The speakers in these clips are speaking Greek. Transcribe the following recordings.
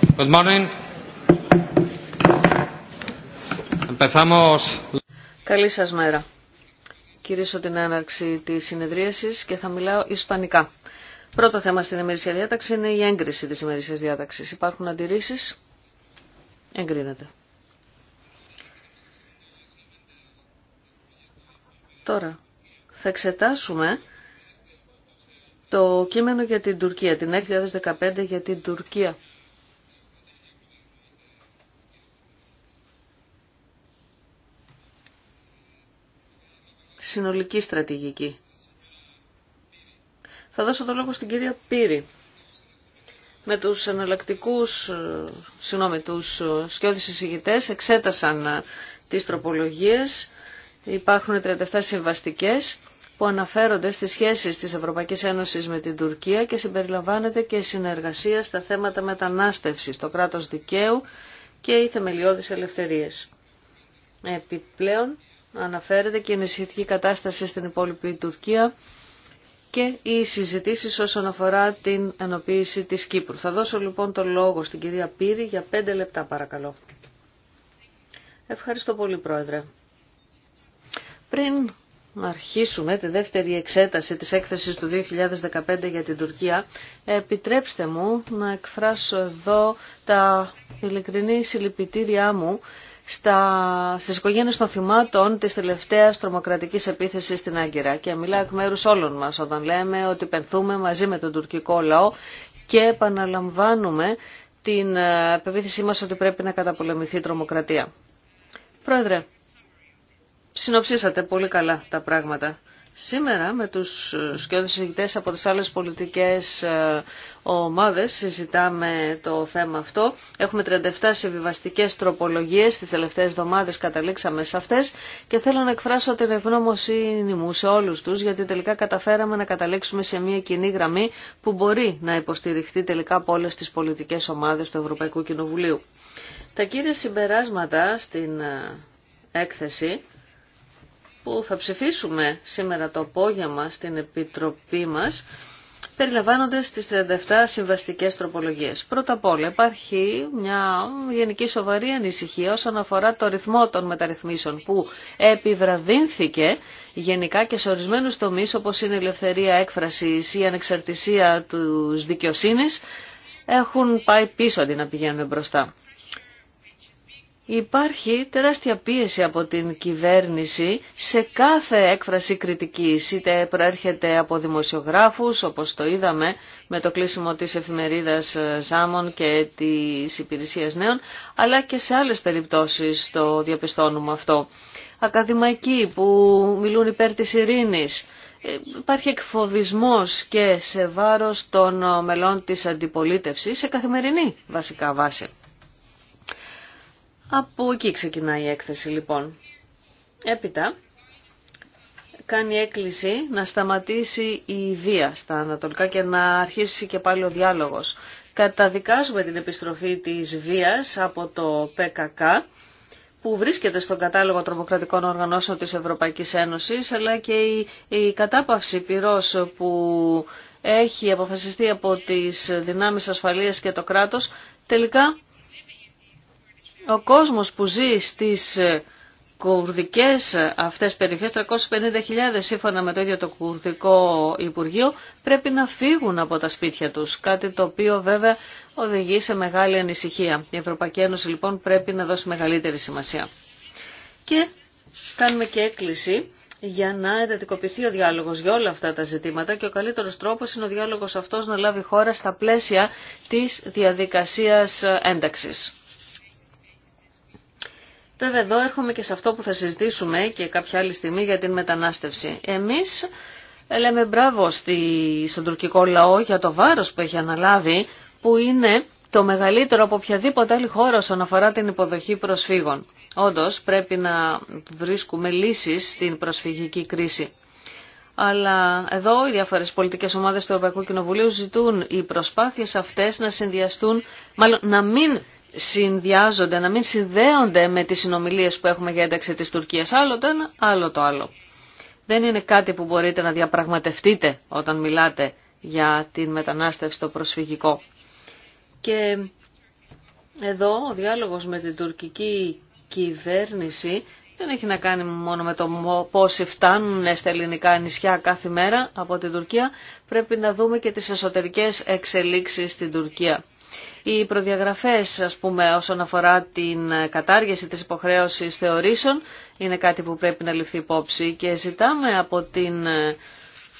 Good morning. Καλή σας μέρα. Κυρίσω την έναρξη της συνεδρίασης και θα μιλάω ισπανικά. Πρώτο θέμα στην ημερήσια διάταξη είναι η έγκριση της ημερήσιας διάταξης. Υπάρχουν αντιρρήσεις. Εγκρίνεται. Τώρα θα εξετάσουμε το κείμενο για την Τουρκία, την 2015 για την Τουρκία. συνολική στρατηγική. Θα δώσω το λόγο στην κυρία Πύρη. Με τους εναλλακτικούς, ε, συγγνώμη, τους ε, εξέτασαν ε, τις τροπολογίες. Υπάρχουν 37 συμβαστικές που αναφέρονται στις σχέσεις της Ευρωπαϊκής Ένωσης με την Τουρκία και συμπεριλαμβάνεται και συνεργασία στα θέματα μετανάστευσης, το κράτος δικαίου και οι θεμελιώδεις ελευθερίες. Επιπλέον, αναφέρεται και η ενισχυτική κατάσταση στην υπόλοιπη Τουρκία και οι συζητήσεις όσον αφορά την ενοποίηση της Κύπρου. Θα δώσω λοιπόν το λόγο στην κυρία Πύρη για πέντε λεπτά παρακαλώ. Ευχαριστώ πολύ Πρόεδρε. Πριν αρχίσουμε τη δεύτερη εξέταση της έκθεσης του 2015 για την Τουρκία, επιτρέψτε μου να εκφράσω εδώ τα ειλικρινή συλληπιτήριά μου στα, στις οικογένειες των θυμάτων της τελευταίας τρομοκρατικής επίθεσης στην Άγκυρα. Και μιλάω εκ μέρους όλων μας όταν λέμε ότι πενθούμε μαζί με τον τουρκικό λαό και επαναλαμβάνουμε την ε, πεποίθησή μας ότι πρέπει να καταπολεμηθεί η τρομοκρατία. Πρόεδρε, συνοψίσατε πολύ καλά τα πράγματα. Σήμερα με τους ε, σκιώδες συζητητές από τις άλλες πολιτικές ε, ομάδες συζητάμε το θέμα αυτό. Έχουμε 37 συμβιβαστικές τροπολογίες, τις τελευταίες εβδομάδες καταλήξαμε σε αυτές και θέλω να εκφράσω την ευγνώμοσύνη μου σε όλους τους γιατί τελικά καταφέραμε να καταλήξουμε σε μια κοινή γραμμή που μπορεί να υποστηριχθεί τελικά από όλες τις πολιτικές ομάδες του Ευρωπαϊκού Κοινοβουλίου. Τα κύρια συμπεράσματα στην ε, έκθεση που θα ψηφίσουμε σήμερα το απόγευμα στην Επιτροπή μας περιλαμβάνονται στις 37 συμβαστικές τροπολογίες. Πρώτα απ' όλα υπάρχει μια γενική σοβαρή ανησυχία όσον αφορά το ρυθμό των μεταρρυθμίσεων που επιβραδύνθηκε γενικά και σε ορισμένους τομείς όπως είναι η ελευθερία έκφρασης ή η ανεξαρτησία τους δικαιοσύνης έχουν πάει πίσω αντί να πηγαίνουν μπροστά. Υπάρχει τεράστια πίεση από την κυβέρνηση σε κάθε έκφραση κριτικής, είτε προέρχεται από δημοσιογράφους, όπως το είδαμε με το κλείσιμο της εφημερίδας ε, Ζάμων και της Υπηρεσίας Νέων, αλλά και σε άλλες περιπτώσεις το διαπιστώνουμε αυτό. Ακαδημαϊκοί που μιλούν υπέρ της ειρήνης, ε, υπάρχει εκφοβισμός και σε βάρος των μελών της αντιπολίτευσης, σε καθημερινή βασικά βάση. Από εκεί ξεκινάει η έκθεση λοιπόν. Έπειτα κάνει έκκληση να σταματήσει η βία στα Ανατολικά και να αρχίσει και πάλι ο διάλογος. Καταδικάζουμε την επιστροφή της βίας από το ΠΚΚ που βρίσκεται στον κατάλογο τρομοκρατικών οργανώσεων της Ευρωπαϊκής Ένωσης αλλά και η, η κατάπαυση πυρός που έχει αποφασιστεί από τις δυνάμεις ασφαλείας και το κράτος τελικά ο κόσμος που ζει στις ε, κουρδικές ε, αυτές περιοχές, 350.000 σύμφωνα με το ίδιο το κουρδικό Υπουργείο, πρέπει να φύγουν από τα σπίτια τους, κάτι το οποίο βέβαια οδηγεί σε μεγάλη ανησυχία. Η Ευρωπαϊκή Ένωση λοιπόν πρέπει να δώσει μεγαλύτερη σημασία. Και κάνουμε και έκκληση για να εντατικοποιηθεί ο διάλογος για όλα αυτά τα ζητήματα και ο καλύτερος τρόπος είναι ο διάλογος αυτός να λάβει χώρα στα πλαίσια της διαδικασίας ε, ένταξης. Βέβαια εδώ έρχομαι και σε αυτό που θα συζητήσουμε και κάποια άλλη στιγμή για την μετανάστευση. Εμείς ε, λέμε μπράβο στη, στον τουρκικό λαό για το βάρος που έχει αναλάβει που είναι το μεγαλύτερο από οποιαδήποτε άλλη χώρα όσον αφορά την υποδοχή προσφύγων. Όντως πρέπει να βρίσκουμε λύσεις στην προσφυγική κρίση. Αλλά εδώ οι διάφορε πολιτικέ ομάδε του Ευρωπαϊκού Κοινοβουλίου ζητούν οι προσπάθειε αυτέ να συνδυαστούν, μάλλον να μην συνδυάζονται, να μην συνδέονται με τις συνομιλίες που έχουμε για ένταξη της Τουρκίας. Άλλο το ένα, άλλο το άλλο. Δεν είναι κάτι που μπορείτε να διαπραγματευτείτε όταν μιλάτε για την μετανάστευση στο προσφυγικό. Και εδώ ο διάλογος με την τουρκική κυβέρνηση δεν έχει να κάνει μόνο με το πόσοι φτάνουν στα ελληνικά νησιά κάθε μέρα από την Τουρκία. Πρέπει να δούμε και τις εσωτερικές εξελίξεις στην Τουρκία οι προδιαγραφές ας πούμε όσον αφορά την κατάργηση της υποχρέωσης θεωρήσεων είναι κάτι που πρέπει να ληφθεί υπόψη και ζητάμε από την ε,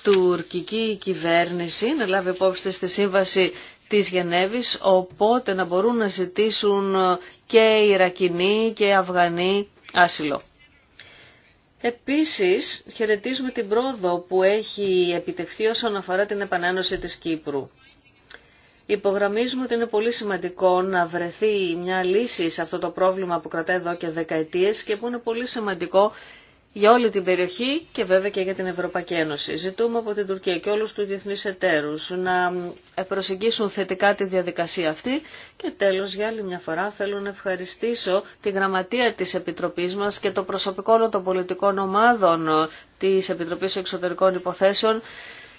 τουρκική κυβέρνηση να λάβει υπόψη στη σύμβαση της Γενέβης οπότε να μπορούν να ζητήσουν ε, και Ιρακινοί και Αφγανοί άσυλο. Επίσης χαιρετίζουμε την πρόοδο που έχει επιτευχθεί όσον αφορά την επανένωση της Κύπρου. Υπογραμμίζουμε ότι είναι πολύ σημαντικό να βρεθεί μια λύση σε αυτό το πρόβλημα που κρατάει εδώ και δεκαετίες και που είναι πολύ σημαντικό για όλη την περιοχή και βέβαια και για την Ευρωπαϊκή Ένωση. Ζητούμε από την Τουρκία και όλους τους διεθνείς εταίρους να προσεγγίσουν θετικά τη διαδικασία αυτή και τέλος για άλλη μια φορά θέλω να ευχαριστήσω τη γραμματεία της Επιτροπής μας και το προσωπικό όλων των πολιτικών ομάδων της Επιτροπής Εξωτερικών Υποθέσεων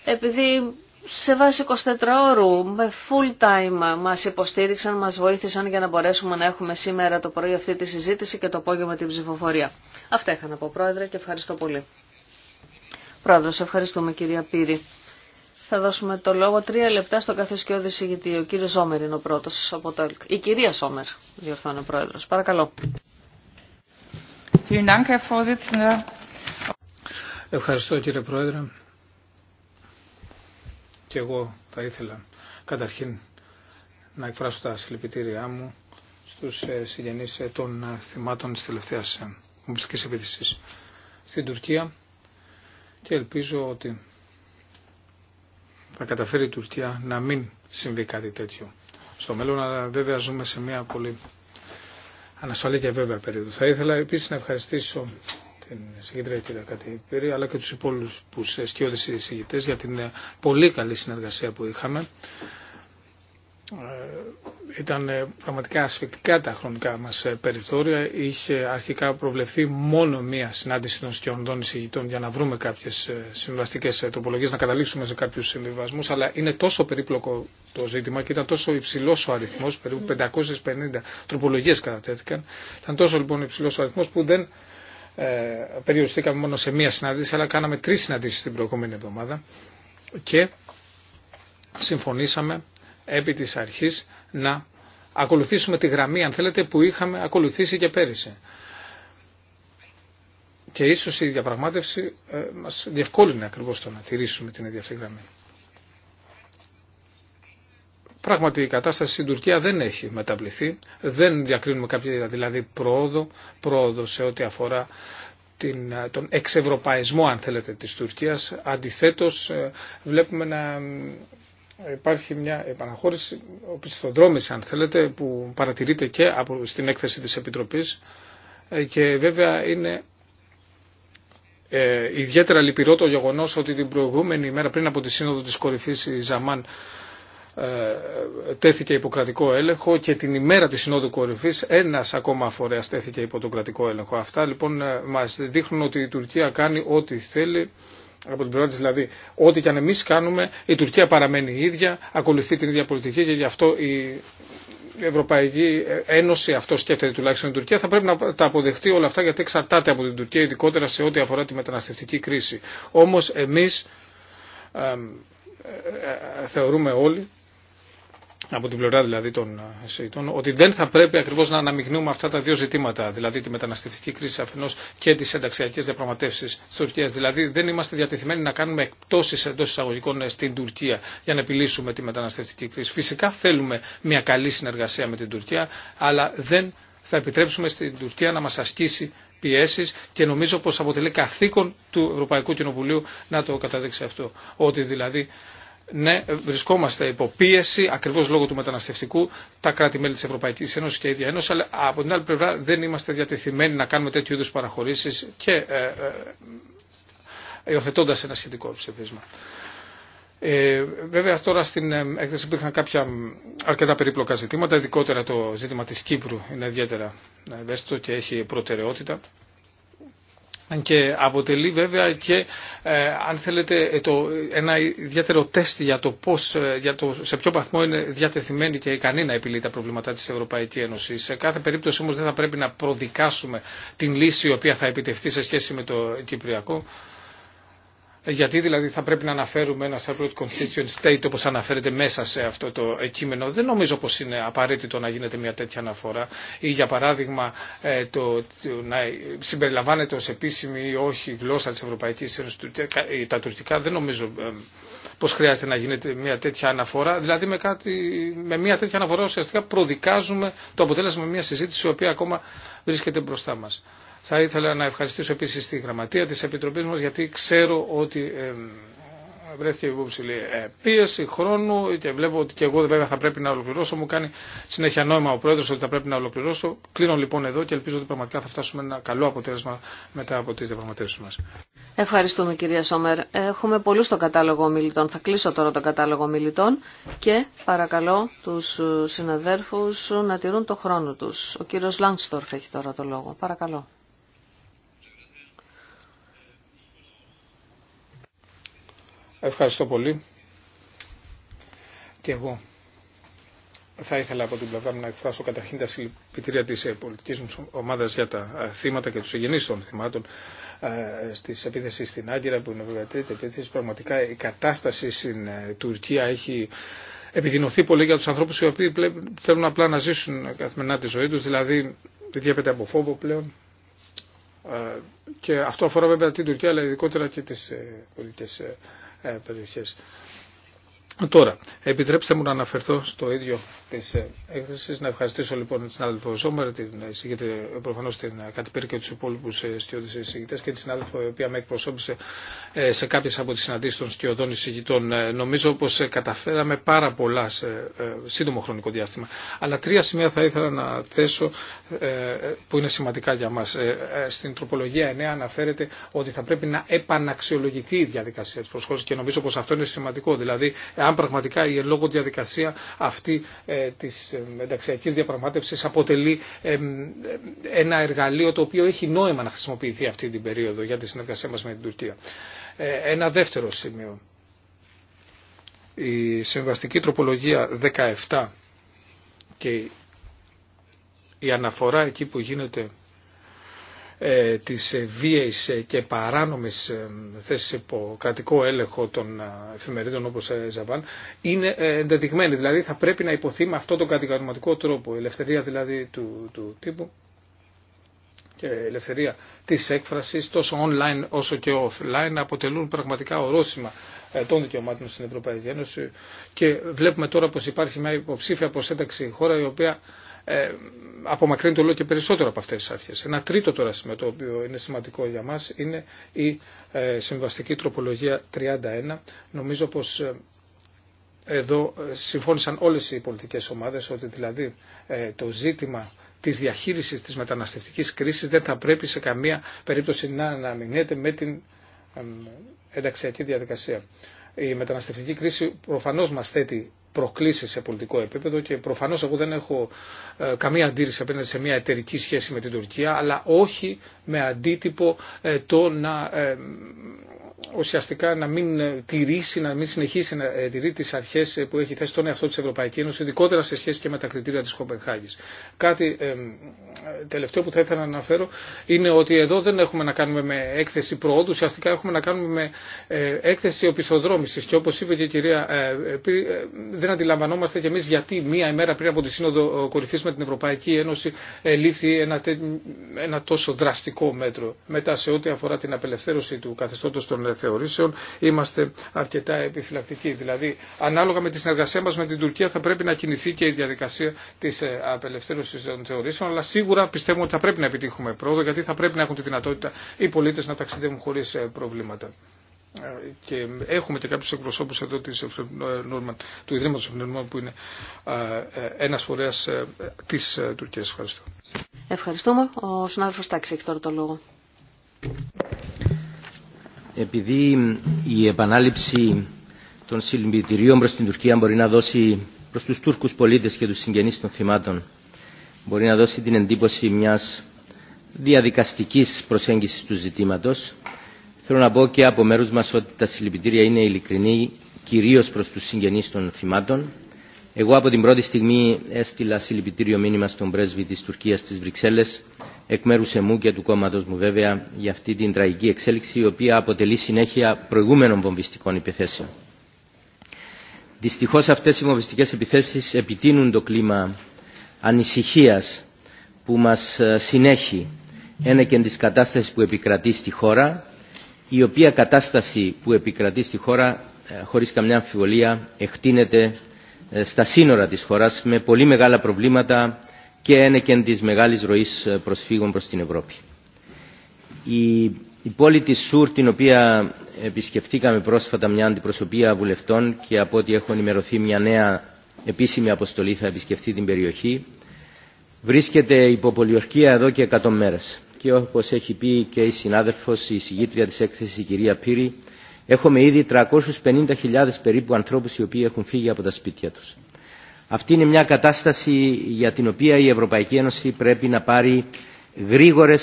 επειδή σε βάση 24 ώρου, με full time μας υποστήριξαν, μας βοήθησαν για να μπορέσουμε να έχουμε σήμερα το πρωί αυτή τη συζήτηση και το απόγευμα την ψηφοφορία. Αυτά είχα να πω πρόεδρε και ευχαριστώ πολύ. Πρόεδρος, ευχαριστούμε κυρία Πύρη. Θα δώσουμε το λόγο τρία λεπτά στο κάθε σκιώδη Ο κύριος Σόμερ είναι ο πρώτος από το Η κυρία Σόμερ, διορθώνει ο πρόεδρος. Παρακαλώ. Ευχαριστώ κύριε πρόεδρε. Και εγώ θα ήθελα καταρχήν να εκφράσω τα συλληπιτήριά μου στους ε, συγγενείς ε, των ε, θυμάτων της τελευταίας κομμουνιστικής επίθεσης στην Τουρκία και ελπίζω ότι θα καταφέρει η Τουρκία να μην συμβεί κάτι τέτοιο στο μέλλον, αλλά βέβαια ζούμε σε μια πολύ ανασφαλή και βέβαια περίοδο. Θα ήθελα επίσης να ευχαριστήσω την συγκεντρία κυρία Κατυπήρη, αλλά και τους υπόλοιπους σκιώδεις εισηγητές για την ε, πολύ καλή συνεργασία που είχαμε. Ε, ήταν ε, πραγματικά ασφικτικά τα χρονικά μας περιθώρια. Είχε αρχικά προβλεφθεί μόνο μία συνάντηση των σκιωδών εισηγητών για να βρούμε κάποιες συμβαστικές τροπολογίες, να καταλήξουμε σε κάποιους συμβιβασμούς, αλλά είναι τόσο περίπλοκο το ζήτημα και ήταν τόσο υψηλός ο αριθμός, περίπου 550 τροπολογίες κατατέθηκαν. Ήταν τόσο λοιπόν ο αριθμός που δεν ε, περιοριστήκαμε μόνο σε μία συνάντηση, αλλά κάναμε τρεις συναντήσεις την προηγούμενη εβδομάδα και συμφωνήσαμε επί της αρχής να ακολουθήσουμε τη γραμμή, αν θέλετε, που είχαμε ακολουθήσει και πέρυσι. Και ίσως η διαπραγμάτευση ε, μας διευκόλυνε ακριβώς το να τηρήσουμε την ίδια αυτή γραμμή. Πράγματι η κατάσταση στην Τουρκία δεν έχει μεταβληθεί, δεν διακρίνουμε κάποια δηλαδή πρόοδο, πρόοδο σε ό,τι αφορά την, τον εξευρωπαϊσμό αν θέλετε της Τουρκίας. Αντιθέτως ε, βλέπουμε να υπάρχει μια επαναχώρηση, οπισθοδρόμηση αν θέλετε, που παρατηρείται και από, στην έκθεση της Επιτροπής ε, και βέβαια είναι ε, ιδιαίτερα λυπηρό το γεγονός ότι την προηγούμενη μέρα πριν από τη σύνοδο της κορυφής η Ζαμάν ε, τέθηκε υπό κρατικό έλεγχο και την ημέρα της Συνόδου Κορυφής ένας ακόμα φορέας τέθηκε υπό τον κρατικό έλεγχο. Αυτά λοιπόν ε, μας δείχνουν ότι η Τουρκία κάνει ό,τι θέλει από την πλευρά της δηλαδή. Ό,τι και αν εμείς κάνουμε η Τουρκία παραμένει η ίδια, ακολουθεί την ίδια πολιτική και γι' αυτό η Ευρωπαϊκή Ένωση, αυτό σκέφτεται τουλάχιστον η Τουρκία, θα πρέπει να τα αποδεχτεί όλα αυτά γιατί εξαρτάται από την Τουρκία, ειδικότερα σε ό,τι αφορά τη μεταναστευτική κρίση. Όμως εμείς ε, θεωρούμε όλοι από την πλευρά δηλαδή των ΣΕΙΤΟΝ, ε, ότι δεν θα πρέπει ακριβώ να αναμειγνύουμε αυτά τα δύο ζητήματα, δηλαδή τη μεταναστευτική κρίση αφενό και τι ενταξιακέ διαπραγματεύσει τη Τουρκία. Δηλαδή δεν είμαστε διατεθειμένοι να κάνουμε εκπτώσει εντό εισαγωγικών ε, στην Τουρκία για να επιλύσουμε τη μεταναστευτική κρίση. Φυσικά θέλουμε μια καλή συνεργασία με την Τουρκία, αλλά δεν θα επιτρέψουμε στην Τουρκία να μα ασκήσει πιέσει και νομίζω πω αποτελεί καθήκον του Ευρωπαϊκού Κοινοβουλίου να το καταδείξει αυτό. Ότι δηλαδή ναι, βρισκόμαστε υπό πίεση ακριβώ λόγω του μεταναστευτικού τα κράτη-μέλη τη Ευρωπαϊκής Ένωση και η ίδια Ένωση, αλλά από την άλλη πλευρά δεν είμαστε διατεθειμένοι να κάνουμε τέτοιου είδου παραχωρήσει και ε, ε υιοθετώντα ένα σχετικό ψηφίσμα. Ε, βέβαια τώρα στην ε, έκθεση υπήρχαν κάποια αρκετά περίπλοκα ζητήματα, ειδικότερα το ζήτημα τη Κύπρου είναι ιδιαίτερα ευαίσθητο και έχει προτεραιότητα και αποτελεί βέβαια και ε, αν θέλετε το, ένα ιδιαίτερο τεστ για το, πώς, ε, για το σε ποιο βαθμό είναι διατεθειμένη και ικανή να επιλύει τα προβλήματά της Ευρωπαϊκή Ένωση. Σε κάθε περίπτωση όμως δεν θα πρέπει να προδικάσουμε την λύση η οποία θα επιτευχθεί σε σχέση με το Κυπριακό. Γιατί δηλαδή θα πρέπει να αναφέρουμε ένα separate constituent state όπως αναφέρεται μέσα σε αυτό το κείμενο. Δεν νομίζω πως είναι απαραίτητο να γίνεται μια τέτοια αναφορά ή για παράδειγμα ε, το, να συμπεριλαμβάνεται ως επίσημη ή όχι γλώσσα της Ευρωπαϊκής Ένωσης ε, τα τουρκικά. Δεν νομίζω ε, πως χρειάζεται να γίνεται μια τέτοια αναφορά. Δηλαδή με, κάτι, με μια τέτοια αναφορά ουσιαστικά προδικάζουμε το αποτέλεσμα μια συζήτηση η οποία ακόμα βρίσκεται μπροστά μας. Θα ήθελα να ευχαριστήσω επίσης τη γραμματεία της Επιτροπής μας γιατί ξέρω ότι βρέθηκε υποψηλή ε, πίεση χρόνου και βλέπω ότι και εγώ βέβαια θα πρέπει να ολοκληρώσω. Μου κάνει συνέχεια νόημα ο πρόεδρο ότι θα πρέπει να ολοκληρώσω. Κλείνω λοιπόν εδώ και ελπίζω ότι πραγματικά θα φτάσουμε ένα καλό αποτέλεσμα μετά από τι διαπραγματεύσει μα. Ευχαριστούμε κυρία Σόμερ. Έχουμε πολλού στο κατάλογο μιλητών. Θα κλείσω τώρα το κατάλογο μιλητών και παρακαλώ του συναδέρφου να τηρούν το χρόνο του. Ο κύριο Λάγκστορφ έχει τώρα το λόγο. Παρακαλώ. Ευχαριστώ πολύ. Και εγώ θα ήθελα από την πλευρά μου να εκφράσω καταρχήν τα συλληπιτήρια της ε, πολιτικής μου ομάδας για τα ε, θύματα και τους εγγενείς των θυμάτων ε, στις επίθεσεις στην Άγκυρα που είναι βέβαια τρίτη επίθεση. Πραγματικά η κατάσταση στην Τουρκία έχει επιδεινωθεί πολύ για τους ανθρώπους οι οποίοι θέλουν απλά να ζήσουν καθημερινά τη ζωή τους, δηλαδή διέπεται από φόβο πλέον. Και αυτό αφορά βέβαια την Τουρκία αλλά ειδικότερα και τις πολιτικές ε, περιοχές. Τώρα, επιτρέψτε μου να αναφερθώ στο ίδιο τη ε, έκθεση. Να ευχαριστήσω λοιπόν την συνάδελφο Ζόμερ, την προφανώ την ε, Κατυπήρ και του υπόλοιπου ε, στιώδει εισηγητέ και την συνάδελφο η οποία με εκπροσώπησε σε κάποιε από τι συναντήσει των στιωδών εισηγητών. Νομίζω πω καταφέραμε πάρα πολλά σε σύντομο χρονικό διάστημα. Αλλά τρία σημεία θα ήθελα να θέσω που είναι σημαντικά για μα. Στην τροπολογία 9 αναφέρεται ότι θα πρέπει να επαναξιολογηθεί η διαδικασία τη προσχώρηση και νομίζω πω αυτό είναι σημαντικό. Δηλαδή, αν πραγματικά η λόγω διαδικασία αυτή ε, της ε, ενταξιακής διαπραγμάτευσης αποτελεί ε, ένα εργαλείο το οποίο έχει νόημα να χρησιμοποιηθεί αυτή την περίοδο για τη συνεργασία μας με την Τουρκία. Ένα δεύτερο σημείο. Η συμβαστική τροπολογία 17 και η αναφορά εκεί που γίνεται ε, της ε, βίαιης ε, και παράνομης θέσης υπό κρατικό έλεγχο των εφημερίδων όπως Ζαβάν είναι ενδεδειγμένη. Δηλαδή θα πρέπει να υποθεί με αυτόν τον κατηγορηματικό τρόπο. Η ελευθερία δηλαδή του, του τύπου και ελευθερία της έκφρασης τόσο online όσο και offline αποτελούν πραγματικά ορόσημα των δικαιωμάτων στην Ευρωπαϊκή Ένωση και βλέπουμε τώρα πως υπάρχει μια υποψήφια προσένταξη χώρα η οποία ε, το λόγο και περισσότερο από αυτές τις αρχές. Ένα τρίτο τώρα το οποίο είναι σημαντικό για μας είναι η ε, συμβαστική τροπολογία 31. Νομίζω πως ε, εδώ συμφώνησαν όλες οι πολιτικές ομάδες ότι δηλαδή το ζήτημα της διαχείρισης της μεταναστευτικής κρίσης δεν θα πρέπει σε καμία περίπτωση να αναμεινέται με την ενταξιακή διαδικασία. Η μεταναστευτική κρίση προφανώς μας θέτει προκλήσεις σε πολιτικό επίπεδο και προφανώς εγώ δεν έχω ε, καμία αντίρρηση απέναντι σε μια εταιρική σχέση με την Τουρκία αλλά όχι με αντίτυπο ε, το να ε, ουσιαστικά να μην τηρήσει, να μην συνεχίσει να τηρεί τις αρχές που έχει θέσει τον εαυτό της Ευρωπαϊκή Ένωση, ειδικότερα σε σχέση και με τα κριτήρια της Κοπενχάγης. Κάτι ε, τελευταίο που θα ήθελα να αναφέρω είναι ότι εδώ δεν έχουμε να κάνουμε με έκθεση προόδου, ουσιαστικά έχουμε να κάνουμε με έκθεση οπισθοδρόμησης και όπως είπε και η κυρία δεν αντιλαμβανόμαστε κι εμεί γιατί μία ημέρα πριν από τη Σύνοδο Κορυφή με την Ευρωπαϊκή Ένωση ε, λήφθη ένα, ένα τόσο δραστικό μέτρο. Μετά σε ό,τι αφορά την απελευθέρωση του καθεστώτο των ε, θεωρήσεων είμαστε αρκετά επιφυλακτικοί. Δηλαδή, ανάλογα με τη συνεργασία μα με την Τουρκία θα πρέπει να κινηθεί και η διαδικασία τη ε, απελευθέρωση των θεωρήσεων, αλλά σίγουρα πιστεύουμε ότι θα πρέπει να επιτύχουμε πρόοδο γιατί θα πρέπει να έχουν τη δυνατότητα οι πολίτε να ταξιδεύουν χωρί προβλήματα και έχουμε και κάποιους εκπροσώπους εδώ της του Ιδρύματος Ευνερμών που είναι ε, ένας φορέας ε, της ε, Τουρκίας. Ευχαριστώ. Ευχαριστούμε. Ο συνάδελφος Τάξη έχει τώρα το λόγο. Επειδή η επανάληψη των συλληπιτηρίων προς την Τουρκία μπορεί να δώσει προς τους Τούρκους πολίτες και τους συγγενείς των θυμάτων μπορεί να δώσει την εντύπωση μιας διαδικαστικής προσέγγισης του ζητήματος Θέλω να πω και από μέρους μας ότι τα συλληπιτήρια είναι ειλικρινή κυρίως προς τους συγγενείς των θυμάτων. Εγώ από την πρώτη στιγμή έστειλα συλληπιτήριο μήνυμα στον πρέσβη της Τουρκίας στις Βρυξέλλες εκ μέρους εμού και του κόμματος μου βέβαια για αυτή την τραγική εξέλιξη η οποία αποτελεί συνέχεια προηγούμενων βομβιστικών επιθέσεων. Δυστυχώς αυτές οι βομβιστικές επιθέσεις επιτείνουν το κλίμα ανησυχίας που μας συνέχει ένα και της κατάστασης που επικρατεί στη χώρα η οποία κατάσταση που επικρατεί στη χώρα ε, χωρίς καμιά αμφιβολία εκτείνεται ε, στα σύνορα της χώρας με πολύ μεγάλα προβλήματα και και της μεγάλης ροής ε, προσφύγων προς την Ευρώπη. Η, η πόλη της Σούρ, την οποία επισκεφτήκαμε πρόσφατα μια αντιπροσωπεία βουλευτών και από ό,τι έχω ενημερωθεί μια νέα επίσημη αποστολή θα επισκεφτεί την περιοχή, βρίσκεται υπό πολιορκία εδώ και 100 μέρες και όπω έχει πει και η συνάδελφο η συγγήτρια τη Έκθεση, η κυρία Πύρη, έχουμε ήδη 350.000 περίπου ανθρώπου οι οποίοι έχουν φύγει από τα σπίτια του. Αυτή είναι μια κατάσταση για την οποία η Ευρωπαϊκή Ένωση πρέπει να πάρει γρήγορε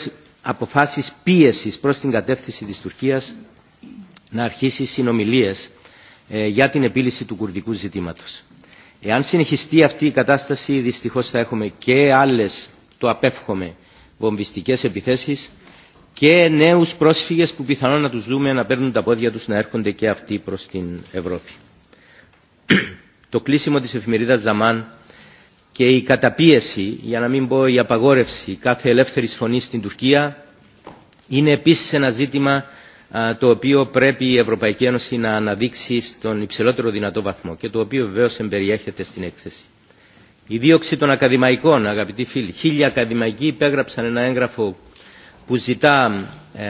αποφάσει πίεση προ την κατεύθυνση τη Τουρκία να αρχίσει συνομιλίε ε, για την επίλυση του κουρδικού ζητήματος. Εάν συνεχιστεί αυτή η κατάσταση δυστυχώς θα έχουμε και άλλες, το απέφχομαι, βομβιστικές επιθέσεις και νέους πρόσφυγες που πιθανόν να τους δούμε να παίρνουν τα πόδια τους να έρχονται και αυτοί προς την Ευρώπη. Το κλείσιμο της εφημερίδας Ζαμάν και η καταπίεση, για να μην πω η απαγόρευση κάθε ελεύθερης φωνής στην Τουρκία είναι επίσης ένα ζήτημα το οποίο πρέπει η Ευρωπαϊκή Ένωση να αναδείξει στον υψηλότερο δυνατό βαθμό και το οποίο βεβαίω εμπεριέχεται στην έκθεση. Η δίωξη των ακαδημαϊκών, αγαπητοί φίλοι. Χίλια ακαδημαϊκοί υπέγραψαν ένα έγγραφο που ζητά ε,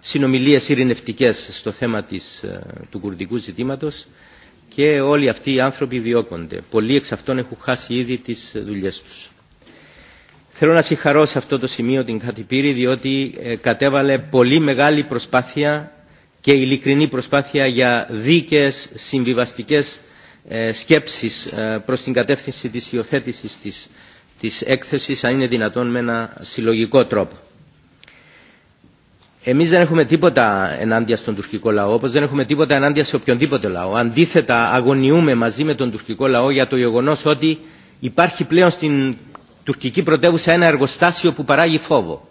συνομιλίες ειρηνευτικές στο θέμα της, ε, του κουρδικού ζητήματος και όλοι αυτοί οι άνθρωποι διώκονται. Πολλοί εξ αυτών έχουν χάσει ήδη τις δουλειές τους. Θέλω να συγχαρώ σε αυτό το σημείο την Κατυπήρη διότι ε, κατέβαλε πολύ μεγάλη προσπάθεια και ειλικρινή προσπάθεια για δίκαιες συμβιβαστικές ε, σκέψεις ε, προς την κατεύθυνση της υιοθέτηση της, της έκθεσης, αν είναι δυνατόν, με ένα συλλογικό τρόπο. Εμείς δεν έχουμε τίποτα ενάντια στον τουρκικό λαό, όπως δεν έχουμε τίποτα ενάντια σε οποιονδήποτε λαό. Αντίθετα, αγωνιούμε μαζί με τον τουρκικό λαό για το γεγονός ότι υπάρχει πλέον στην τουρκική πρωτεύουσα ένα εργοστάσιο που παράγει φόβο.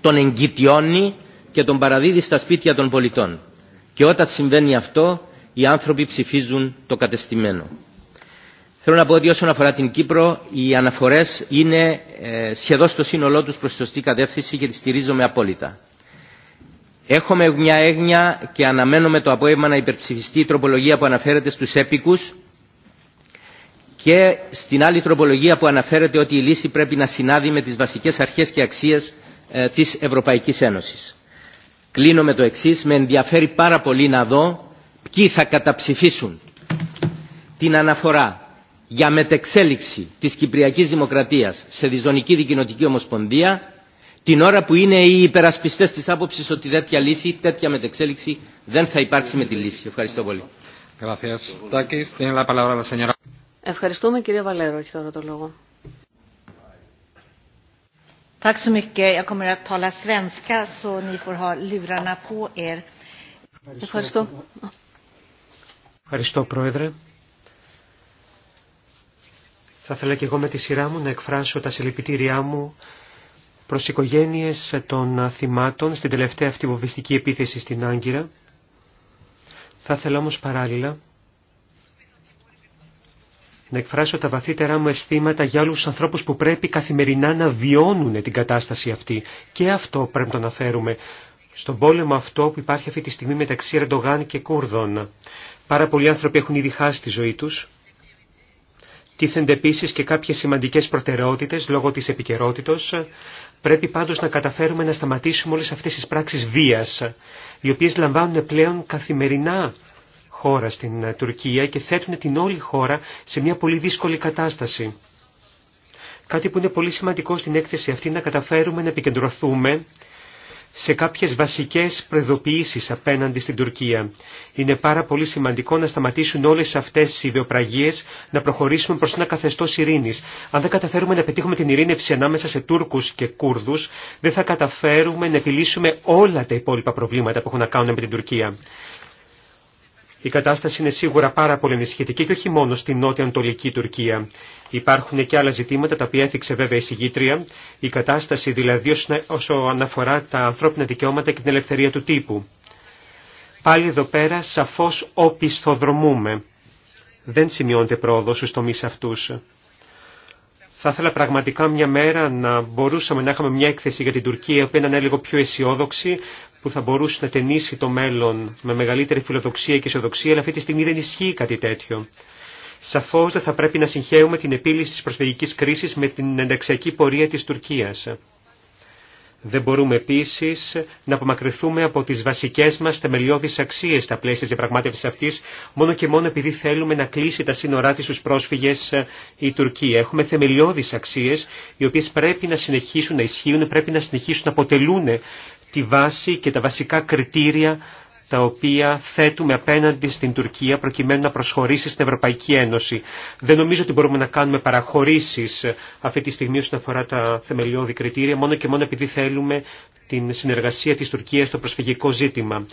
Τον εγκυτιώνει και τον παραδίδει στα σπίτια των πολιτών. Και όταν συμβαίνει αυτό, οι άνθρωποι ψηφίζουν το κατεστημένο. Θέλω να πω ότι όσον αφορά την Κύπρο, οι αναφορέ είναι ε, σχεδόν στο σύνολό του προ σωστή κατεύθυνση και τη στηρίζομαι απόλυτα. Έχουμε μια έγνοια και αναμένουμε το απόγευμα να υπερψηφιστεί η τροπολογία που αναφέρεται στου έπικου και στην άλλη τροπολογία που αναφέρεται ότι η λύση πρέπει να συνάδει με τι βασικέ αρχέ και αξίε ε, τη Ευρωπαϊκή Ένωση. Κλείνω με το εξή. Με ενδιαφέρει πάρα πολύ να δω εκεί θα καταψηφίσουν την αναφορά για μετεξέλιξη της Κυπριακής Δημοκρατίας σε διζωνική δικοινοτική ομοσπονδία την ώρα που είναι οι υπερασπιστές της άποψης ότι τέτοια λύση, τέτοια μετεξέλιξη δεν θα υπάρξει με τη λύση. Ευχαριστώ πολύ. Ευχαριστούμε κύριε Βαλέρο, έχει τώρα το λόγο. Ευχαριστώ. Ευχαριστώ Πρόεδρε. Θα ήθελα και εγώ με τη σειρά μου να εκφράσω τα συλληπιτήριά μου προς οικογένειες των θυμάτων στην τελευταία αυτή επίθεση στην Άγκυρα. Θα ήθελα όμως παράλληλα να εκφράσω τα βαθύτερά μου αισθήματα για όλους τους ανθρώπους που πρέπει καθημερινά να βιώνουν την κατάσταση αυτή. Και αυτό πρέπει να αναφέρουμε στον πόλεμο αυτό που υπάρχει αυτή τη στιγμή μεταξύ Ερντογάν και Κούρδων. Πάρα πολλοί άνθρωποι έχουν ήδη χάσει τη ζωή τους. Τίθενται επίσης και κάποιες σημαντικές προτεραιότητες λόγω της επικαιρότητα. Πρέπει πάντως να καταφέρουμε να σταματήσουμε όλες αυτές τις πράξεις βίας, οι οποίες λαμβάνουν πλέον καθημερινά χώρα στην Τουρκία και θέτουν την όλη χώρα σε μια πολύ δύσκολη κατάσταση. Κάτι που είναι πολύ σημαντικό στην έκθεση αυτή να καταφέρουμε να επικεντρωθούμε σε κάποιες βασικές προειδοποιήσεις απέναντι στην Τουρκία. Είναι πάρα πολύ σημαντικό να σταματήσουν όλες αυτές οι ιδεοπραγίες, να προχωρήσουμε προς ένα καθεστώς ειρήνης. Αν δεν καταφέρουμε να πετύχουμε την ειρήνευση ανάμεσα σε Τούρκους και Κούρδους, δεν θα καταφέρουμε να επιλύσουμε όλα τα υπόλοιπα προβλήματα που έχουν να κάνουν με την Τουρκία. Η κατάσταση είναι σίγουρα πάρα πολύ ενισχυτική και όχι μόνο στην νότια-ανατολική Τουρκία. Υπάρχουν και άλλα ζητήματα τα οποία έθιξε βέβαια η συγγήτρια, η κατάσταση δηλαδή όσο αναφορά τα ανθρώπινα δικαιώματα και την ελευθερία του τύπου. Πάλι εδώ πέρα σαφώς οπισθοδρομούμε. Δεν σημειώνεται πρόοδο στους τομείς αυτούς. Θα ήθελα πραγματικά μια μέρα να μπορούσαμε να είχαμε μια έκθεση για την Τουρκία που είναι λίγο πιο αισιόδοξη, που θα μπορούσε να ταινίσει το μέλλον με μεγαλύτερη φιλοδοξία και αισιοδοξία, αλλά αυτή τη στιγμή δεν ισχύει κάτι τέτοιο. Σαφώς δεν θα πρέπει να συγχαίουμε την επίλυση της προσφυγικής κρίσης με την ενταξιακή πορεία της Τουρκίας. Δεν μπορούμε επίσης να απομακρυνθούμε από τις βασικές μας θεμελιώδεις αξίες στα πλαίσια της διαπραγμάτευσης αυτής, μόνο και μόνο επειδή θέλουμε να κλείσει τα σύνορά της στους πρόσφυγες ε, η Τουρκία. Έχουμε θεμελιώδεις αξίες, οι οποίες πρέπει να συνεχίσουν να ισχύουν, πρέπει να συνεχίσουν να αποτελούν τη βάση και τα βασικά κριτήρια τα οποία θέτουμε απέναντι στην Τουρκία προκειμένου να προσχωρήσει στην Ευρωπαϊκή Ένωση. Δεν νομίζω ότι μπορούμε να κάνουμε παραχωρήσεις αυτή τη στιγμή όσον αφορά τα θεμελιώδη κριτήρια, μόνο και μόνο επειδή θέλουμε την συνεργασία της Τουρκίας στο προσφυγικό ζήτημα.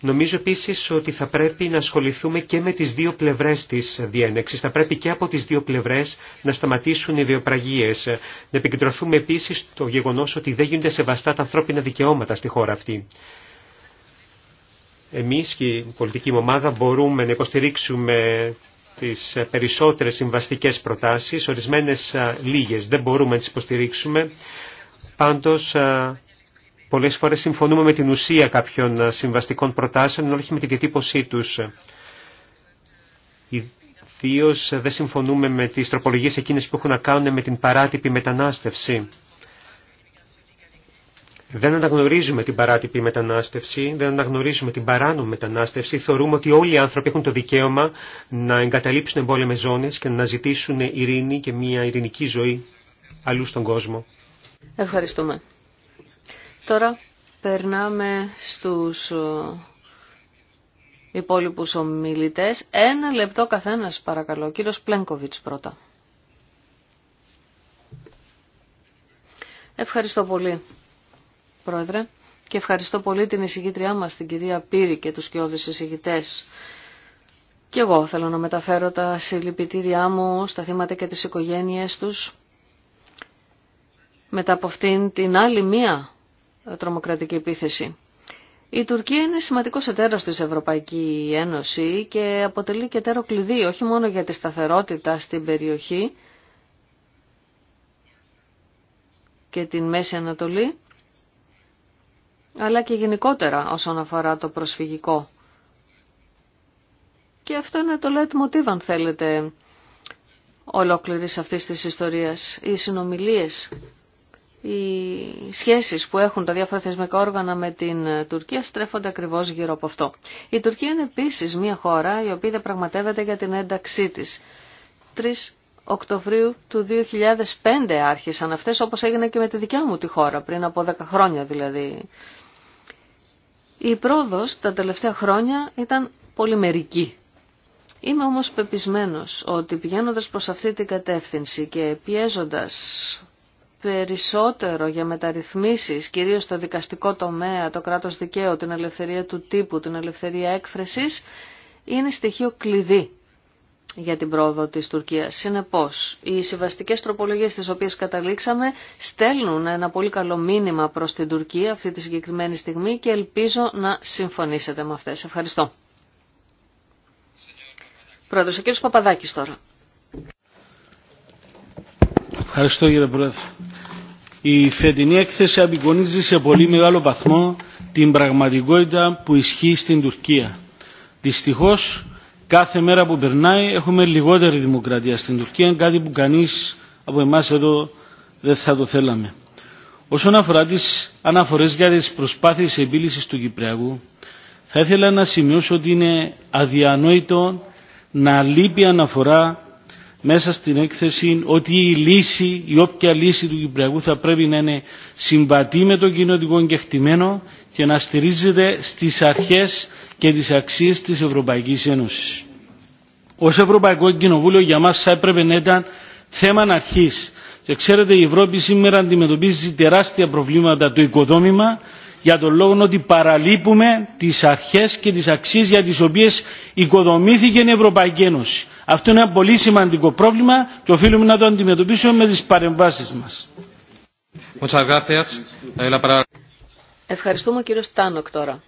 Νομίζω επίσης ότι θα πρέπει να ασχοληθούμε και με τις δύο πλευρές της διένεξης. Θα πρέπει και από τις δύο πλευρές να σταματήσουν οι βιοπραγίες. Να επικεντρωθούμε επίση στο γεγονός ότι δεν γίνονται σεβαστά τα ανθρώπινα δικαιώματα στη χώρα αυτή. Εμείς και η πολιτική ομάδα μπορούμε να υποστηρίξουμε τις περισσότερες συμβαστικές προτάσεις, ορισμένες λίγες δεν μπορούμε να τις υποστηρίξουμε. Πάντως, πολλές φορές συμφωνούμε με την ουσία κάποιων συμβαστικών προτάσεων, όχι με την διατύπωσή τους. Ιδίω ε, δεν συμφωνούμε με τις τροπολογίες εκείνες που έχουν να κάνουν με την παράτυπη μετανάστευση. Δεν αναγνωρίζουμε την παράτυπη μετανάστευση, δεν αναγνωρίζουμε την παράνομη μετανάστευση. Θεωρούμε ότι όλοι οι άνθρωποι έχουν το δικαίωμα να εγκαταλείψουν εμπόλεμε ζώνε και να ζητήσουν ειρήνη και μια ειρηνική ζωή αλλού στον κόσμο. Ευχαριστούμε. Τώρα περνάμε στους ε, υπόλοιπους ομιλητές. Ένα λεπτό καθένας παρακαλώ. Κύριο κύριος πρώτα. Ευχαριστώ πολύ. Πρόεδρε, και ευχαριστώ πολύ την εισηγήτριά μας, την κυρία Πύρη και τους κοιόδες εισηγητές. Και εγώ θέλω να μεταφέρω τα συλληπιτήριά μου στα θύματα και τις οικογένειές τους μετά από αυτήν την άλλη μία τρομοκρατική επίθεση. Η Τουρκία είναι σημαντικό εταίρος της Ευρωπαϊκή Ένωση και αποτελεί και εταίρο κλειδί όχι μόνο για τη σταθερότητα στην περιοχή και την Μέση Ανατολή, αλλά και γενικότερα όσον αφορά το προσφυγικό. Και αυτό είναι το leitmotiv αν θέλετε ολόκληρης αυτής της ιστορίας. Οι συνομιλίες, οι σχέσεις που έχουν τα διάφορα θεσμικά όργανα με την Τουρκία στρέφονται ακριβώς γύρω από αυτό. Η Τουρκία είναι επίσης μια χώρα η οποία πραγματεύεται για την ένταξή της. 3 Οκτωβρίου του 2005 άρχισαν αυτές όπως έγινε και με τη δικιά μου τη χώρα, πριν από 10 χρόνια δηλαδή η πρόοδος τα τελευταία χρόνια ήταν πολυμερική. Είμαι όμως πεπισμένος ότι πηγαίνοντας προς αυτή την κατεύθυνση και πιέζοντας περισσότερο για μεταρρυθμίσεις, κυρίως στο δικαστικό τομέα, το κράτος δικαίου, την ελευθερία του τύπου, την ελευθερία έκφρασης, είναι στοιχείο κλειδί για την πρόοδο της Τουρκίας. Συνεπώς, οι συμβαστικές τροπολογίες στις οποίες καταλήξαμε στέλνουν ένα πολύ καλό μήνυμα προς την Τουρκία αυτή τη συγκεκριμένη στιγμή και ελπίζω να συμφωνήσετε με αυτές. Ευχαριστώ. Πρόεδρος, ο κύριος Παπαδάκης τώρα. Ευχαριστώ κύριε Πρόεδρε. Η φετινή έκθεση απεικονίζει σε πολύ μεγάλο βαθμό την πραγματικότητα που ισχύει στην Τουρκία. Δυστυχώς Κάθε μέρα που περνάει έχουμε λιγότερη δημοκρατία στην Τουρκία, κάτι που κανείς από εμάς εδώ δεν θα το θέλαμε. Όσον αφορά τις αναφορές για τις προσπάθειες επίλυσης του Κυπριακού, θα ήθελα να σημειώσω ότι είναι αδιανόητο να λείπει αναφορά μέσα στην έκθεση ότι η λύση, η όποια λύση του Κυπριακού θα πρέπει να είναι συμβατή με το κοινωτικό εγκεχτημένο και να στηρίζεται στις αρχές και τις αξίες της Ευρωπαϊκής Ένωσης. Ως Ευρωπαϊκό Κοινοβούλιο για μας θα έπρεπε να ήταν θέμα αρχής. Και ξέρετε η Ευρώπη σήμερα αντιμετωπίζει τεράστια προβλήματα το οικοδόμημα για τον λόγο ότι παραλείπουμε τις αρχές και τις αξίες για τις οποίες οικοδομήθηκε η Ευρωπαϊκή Ένωση. Αυτό είναι ένα πολύ σημαντικό πρόβλημα και οφείλουμε να το αντιμετωπίσουμε με τις παρεμβάσεις μας. Ευχαριστούμε κύριο Στάνοκ τώρα.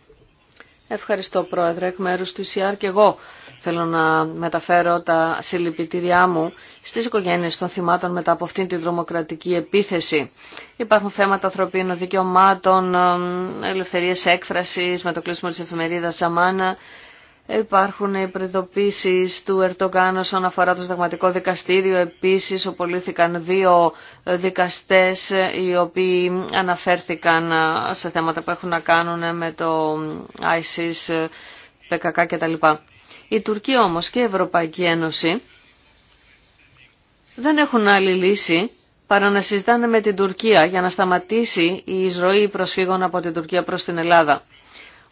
Ευχαριστώ Πρόεδρε, εκ μέρους του ΙΣΙΑΡ και εγώ θέλω να μεταφέρω τα συλληπιτήριά μου στις οικογένειες των θυμάτων μετά από αυτήν την δρομοκρατική επίθεση. Υπάρχουν θέματα ανθρωπίνων δικαιωμάτων, ελευθερίες έκφρασης με το κλείσιμο της εφημερίδας Ζαμάνα Υπάρχουν οι προειδοποίησει του Ερτογκάν όσον αφορά το συνταγματικό δικαστήριο. Επίσης, οπολύθηκαν δύο δικαστές οι οποίοι αναφέρθηκαν σε θέματα που έχουν να κάνουν με το ISIS, PKK κτλ. Η Τουρκία όμως και η Ευρωπαϊκή Ένωση δεν έχουν άλλη λύση παρά να συζητάνε με την Τουρκία για να σταματήσει η εισρωή προσφύγων από την Τουρκία προς την Ελλάδα.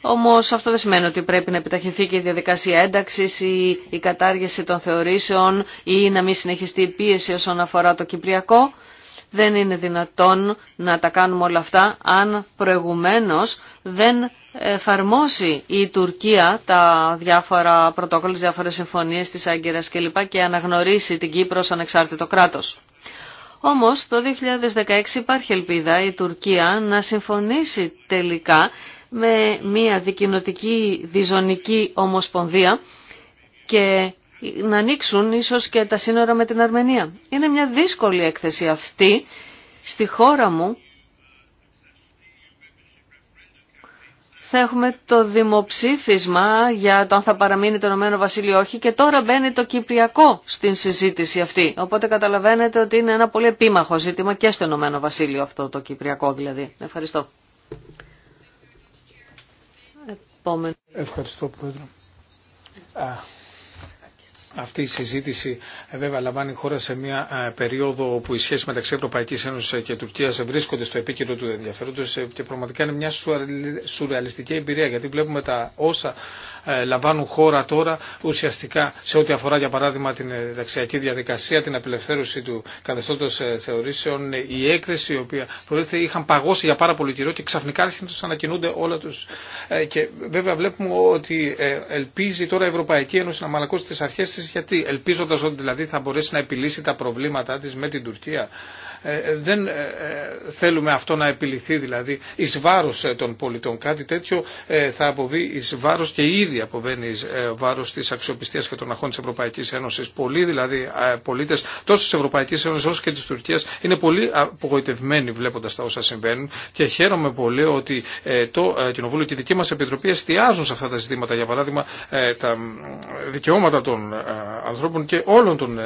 Όμως αυτό δεν σημαίνει ότι πρέπει να επιταχυνθεί και η διαδικασία ένταξης ή η κατάργηση των θεωρήσεων ή να μην συνεχιστεί η πίεση όσον αφορά το Κυπριακό. Δεν είναι δυνατόν να τα κάνουμε όλα αυτά αν προηγουμένως δεν εφαρμόσει η Τουρκία τα διάφορα πρωτόκολλα, διάφορες συμφωνίες της Άγκυρας κλπ. και αναγνωρίσει την Κύπρο ως ανεξάρτητο κράτος. Όμως το 2016 υπάρχει ελπίδα η Τουρκία να συμφωνήσει τελικά με μια δικοινοτική διζωνική ομοσπονδία και να ανοίξουν ίσως και τα σύνορα με την Αρμενία. Είναι μια δύσκολη έκθεση αυτή. Στη χώρα μου θα έχουμε το δημοψήφισμα για το αν θα παραμείνει το Ηνωμένο Βασίλειο όχι και τώρα μπαίνει το Κυπριακό στην συζήτηση αυτή. Οπότε καταλαβαίνετε ότι είναι ένα πολύ επίμαχο ζήτημα και στο Ηνωμένο Βασίλειο αυτό το Κυπριακό δηλαδή. Ευχαριστώ. Ευχαριστώ, Πρόεδρε αυτή η συζήτηση ε, βέβαια λαμβάνει χώρα σε μια ε, περίοδο όπου οι σχέσει μεταξύ Ευρωπαϊκή Ένωση ε, και Τουρκία βρίσκονται στο επίκεντρο του ενδιαφέροντο και πραγματικά είναι μια σουρεαλιστική εμπειρία γιατί βλέπουμε τα όσα λαμβάνουν χώρα τώρα ουσιαστικά σε ό,τι αφορά για παράδειγμα την δεξιακή διαδικασία, την απελευθέρωση του καθεστώτο θεωρήσεων, η έκθεση η οποία προέρχεται είχαν παγώσει για πάρα πολύ καιρό και ξαφνικά άρχισαν να ανακοινούνται όλα του. Και βέβαια βλέπουμε ότι ελπίζει τώρα η Ευρωπαϊκή Ένωση να μαλακώσει τι αρχέ τη γιατί ελπίζοντας ότι δηλαδή θα μπορέσει να επιλύσει τα προβλήματά της με την Τουρκία ε, ε, δεν ε, θέλουμε αυτό να επιληθεί δηλαδή εις βάρος των πολιτών. Κάτι τέτοιο θα αποβεί εις βάρος και ήδη αποβαίνει εις βάρος της αξιοπιστίας και των αρχών της Ευρωπαϊκής Ένωσης. Πολλοί δηλαδή πολίτες τόσο της Ευρωπαϊκής Ένωσης όσο και της Τουρκίας είναι πολύ απογοητευμένοι βλέποντας τα όσα συμβαίνουν και χαίρομαι πολύ ότι το Κοινοβούλιο και η δική μας Επιτροπή εστιάζουν σε αυτά τα ζητήματα. Για παράδειγμα τα δικαιώματα των ανθρώπων και όλων των,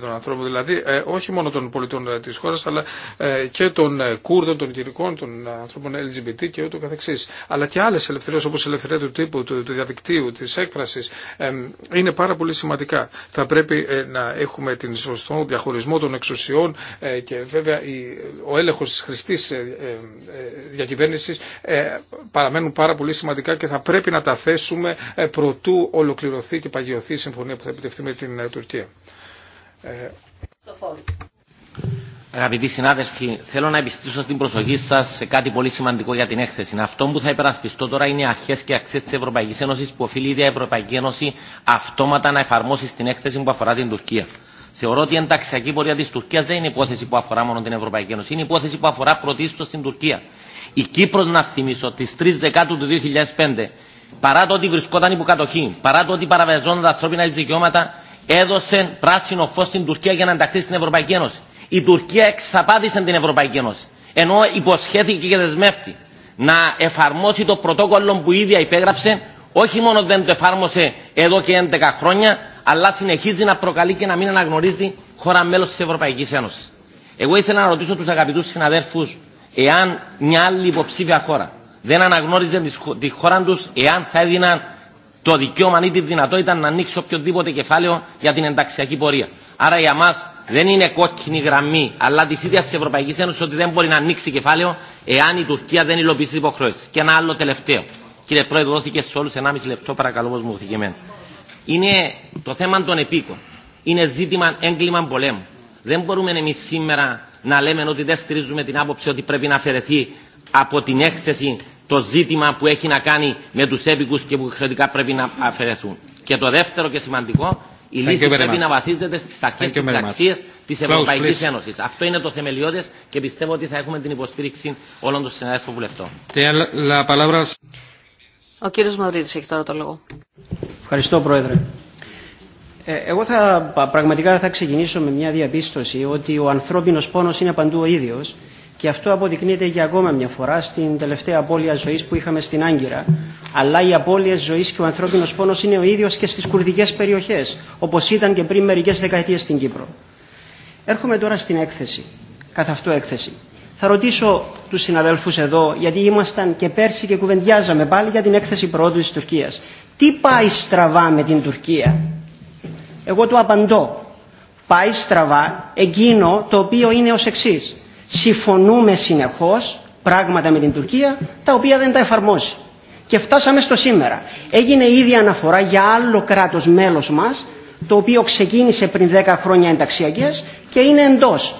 των ανθρώπων, δηλαδή όχι μόνο των πολιτών της χώρας αλλά ε, και των ε, Κούρδων, των Κυρικών των ε, ανθρώπων LGBT και ούτω καθεξής. Αλλά και άλλες ελευθερίες όπως η ελευθερία του τύπου, του, διαδικτύου, της έκφρασης είναι πάρα πολύ σημαντικά. Θα πρέπει να έχουμε την σωστό διαχωρισμό των εξουσιών και βέβαια ο έλεγχος της χρηστής διακυβέρνησης παραμένουν πάρα πολύ σημαντικά και θα πρέπει να τα θέσουμε προτού ολοκληρωθεί και παγιωθεί η συμφωνία που θα επιτευχθεί με την Τουρκία. Αγαπητοί συνάδελφοι, θέλω να επιστήσω στην προσοχή σα σε κάτι πολύ σημαντικό για την έκθεση. Αυτό που θα υπερασπιστώ τώρα είναι οι αρχέ και αξίε τη Ευρωπαϊκή Ένωση που οφείλει η ίδια Ευρωπαϊκή Ένωση αυτόματα να εφαρμόσει στην έκθεση που αφορά την Τουρκία. Θεωρώ ότι η ενταξιακή πορεία τη Τουρκία δεν είναι υπόθεση που αφορά μόνο την Ευρωπαϊκή Ένωση, είναι υπόθεση που αφορά πρωτίστω την Τουρκία. Η Κύπρο, να θυμίσω, τι 3 Δεκάτου του 2005, παρά το ότι βρισκόταν υποκατοχή, παρά το ότι παραβεζόταν τα ανθρώπινα δικαιώματα, έδωσε πράσινο φω στην Τουρκία για να ενταχθεί στην Ευρωπαϊκή Ένωση. Η Τουρκία εξαπάτησε την Ευρωπαϊκή Ένωση. Ενώ υποσχέθηκε και δεσμεύτη να εφαρμόσει το πρωτόκολλο που ίδια υπέγραψε, όχι μόνο δεν το εφάρμοσε εδώ και 11 χρόνια, αλλά συνεχίζει να προκαλεί και να μην αναγνωρίζει χώρα μέλο τη Ευρωπαϊκή Ένωση. Εγώ ήθελα να ρωτήσω του αγαπητού συναδέλφου, εάν μια άλλη υποψήφια χώρα δεν αναγνώριζε τη χώρα του, εάν θα έδιναν το δικαίωμα ή τη δυνατότητα να ανοίξει οποιοδήποτε κεφάλαιο για την ενταξιακή πορεία. Άρα για μας δεν είναι κόκκινη γραμμή, αλλά τη ίδια τη Ευρωπαϊκή Ένωση ότι δεν μπορεί να ανοίξει κεφάλαιο εάν η Τουρκία δεν υλοποιήσει τι υποχρεώσει. Και ένα άλλο τελευταίο. Κύριε Πρόεδρε, δόθηκε σε όλου 1,5 λεπτό, παρακαλώ, όπω μου εμένα. Είναι το θέμα των επίκων. Είναι ζήτημα έγκλημα πολέμου. Δεν μπορούμε εμεί σήμερα να λέμε ότι δεν στηρίζουμε την άποψη ότι πρέπει να αφαιρεθεί από την έκθεση το ζήτημα που έχει να κάνει με του έπικου και που χρεωτικά πρέπει να αφαιρεθούν. Και το δεύτερο και σημαντικό η λύση πρέπει να βασίζεται στι αρχέ και τι αξίε τη Ευρωπαϊκή Ένωση. Αυτό είναι το θεμελιώδε και πιστεύω ότι θα έχουμε την υποστήριξη όλων των συναδέλφων βουλευτών. Ο κύριο Μαυρίδη έχει τώρα το λόγο. Ευχαριστώ, Πρόεδρε. Ε, εγώ θα, πραγματικά θα ξεκινήσω με μια διαπίστωση ότι ο ανθρώπινο πόνο είναι παντού ο ίδιο και αυτό αποδεικνύεται για ακόμα μια φορά στην τελευταία απώλεια ζωή που είχαμε στην Άγκυρα. Αλλά η απώλεια ζωή και ο ανθρώπινο πόνο είναι ο ίδιο και στι κουρδικέ περιοχέ, όπω ήταν και πριν μερικέ δεκαετίε στην Κύπρο. Έρχομαι τώρα στην έκθεση, καθ' αυτό έκθεση. Θα ρωτήσω του συναδέλφου εδώ, γιατί ήμασταν και πέρσι και κουβεντιάζαμε πάλι για την έκθεση προόδου τη Τουρκία. Τι πάει στραβά με την Τουρκία. Εγώ του απαντώ. Πάει στραβά εκείνο το οποίο είναι ω εξή συμφωνούμε συνεχώς πράγματα με την Τουρκία τα οποία δεν τα εφαρμόζει. Και φτάσαμε στο σήμερα. Έγινε ήδη αναφορά για άλλο κράτος μέλος μας το οποίο ξεκίνησε πριν 10 χρόνια ενταξιακές και είναι εντός.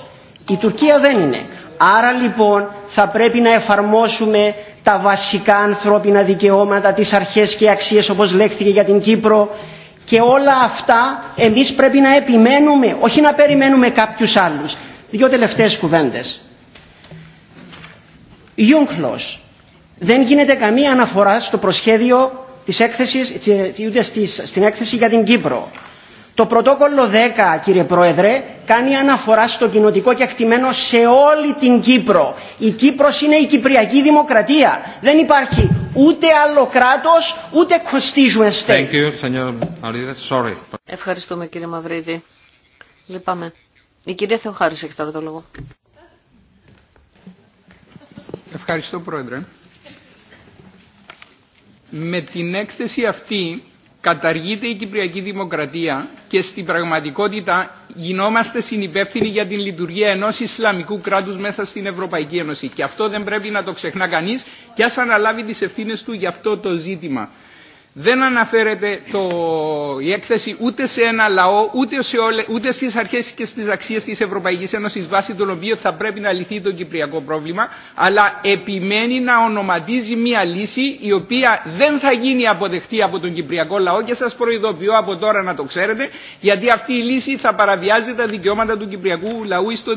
Η Τουρκία δεν είναι. Άρα λοιπόν θα πρέπει να εφαρμόσουμε τα βασικά ανθρώπινα δικαιώματα, τις αρχές και αξίες όπως λέχθηκε για την Κύπρο και όλα αυτά εμείς πρέπει να επιμένουμε, όχι να περιμένουμε κάποιους άλλους. Δύο τελευταίες κουβέντες. Ιούγκλος. Δεν γίνεται καμία αναφορά στο προσχέδιο της έκθεσης, ούτε στην έκθεση για την Κύπρο. Το πρωτόκολλο 10, κύριε Πρόεδρε, κάνει αναφορά στο κοινοτικό ακτιμένο σε όλη την Κύπρο. Η Κύπρος είναι η Κυπριακή Δημοκρατία. Δεν υπάρχει ούτε άλλο κράτος, ούτε constituent state. Thank you, Ευχαριστούμε κύριε Μαυρίδη. Λυπάμαι. Η κυρία Θεοχάρης έχει τώρα το λόγο. Ευχαριστώ Πρόεδρε. Με την έκθεση αυτή καταργείται η Κυπριακή Δημοκρατία και στην πραγματικότητα γινόμαστε συνυπεύθυνοι για την λειτουργία ενός Ισλαμικού κράτους μέσα στην Ευρωπαϊκή Ένωση. Και αυτό δεν πρέπει να το ξεχνά κανείς και ας αναλάβει τις ευθύνες του για αυτό το ζήτημα δεν αναφέρεται το, η έκθεση ούτε σε ένα λαό, ούτε, σε όλε, ούτε στις αρχές και στις αξίες της Ευρωπαϊκής Ένωσης βάσει των οποίων θα πρέπει να λυθεί το κυπριακό πρόβλημα, αλλά επιμένει να ονοματίζει μια λύση η οποία δεν θα γίνει αποδεκτή από τον κυπριακό λαό και σας προειδοποιώ από τώρα να το ξέρετε, γιατί αυτή η λύση θα παραβιάζει τα δικαιώματα του κυπριακού λαού στο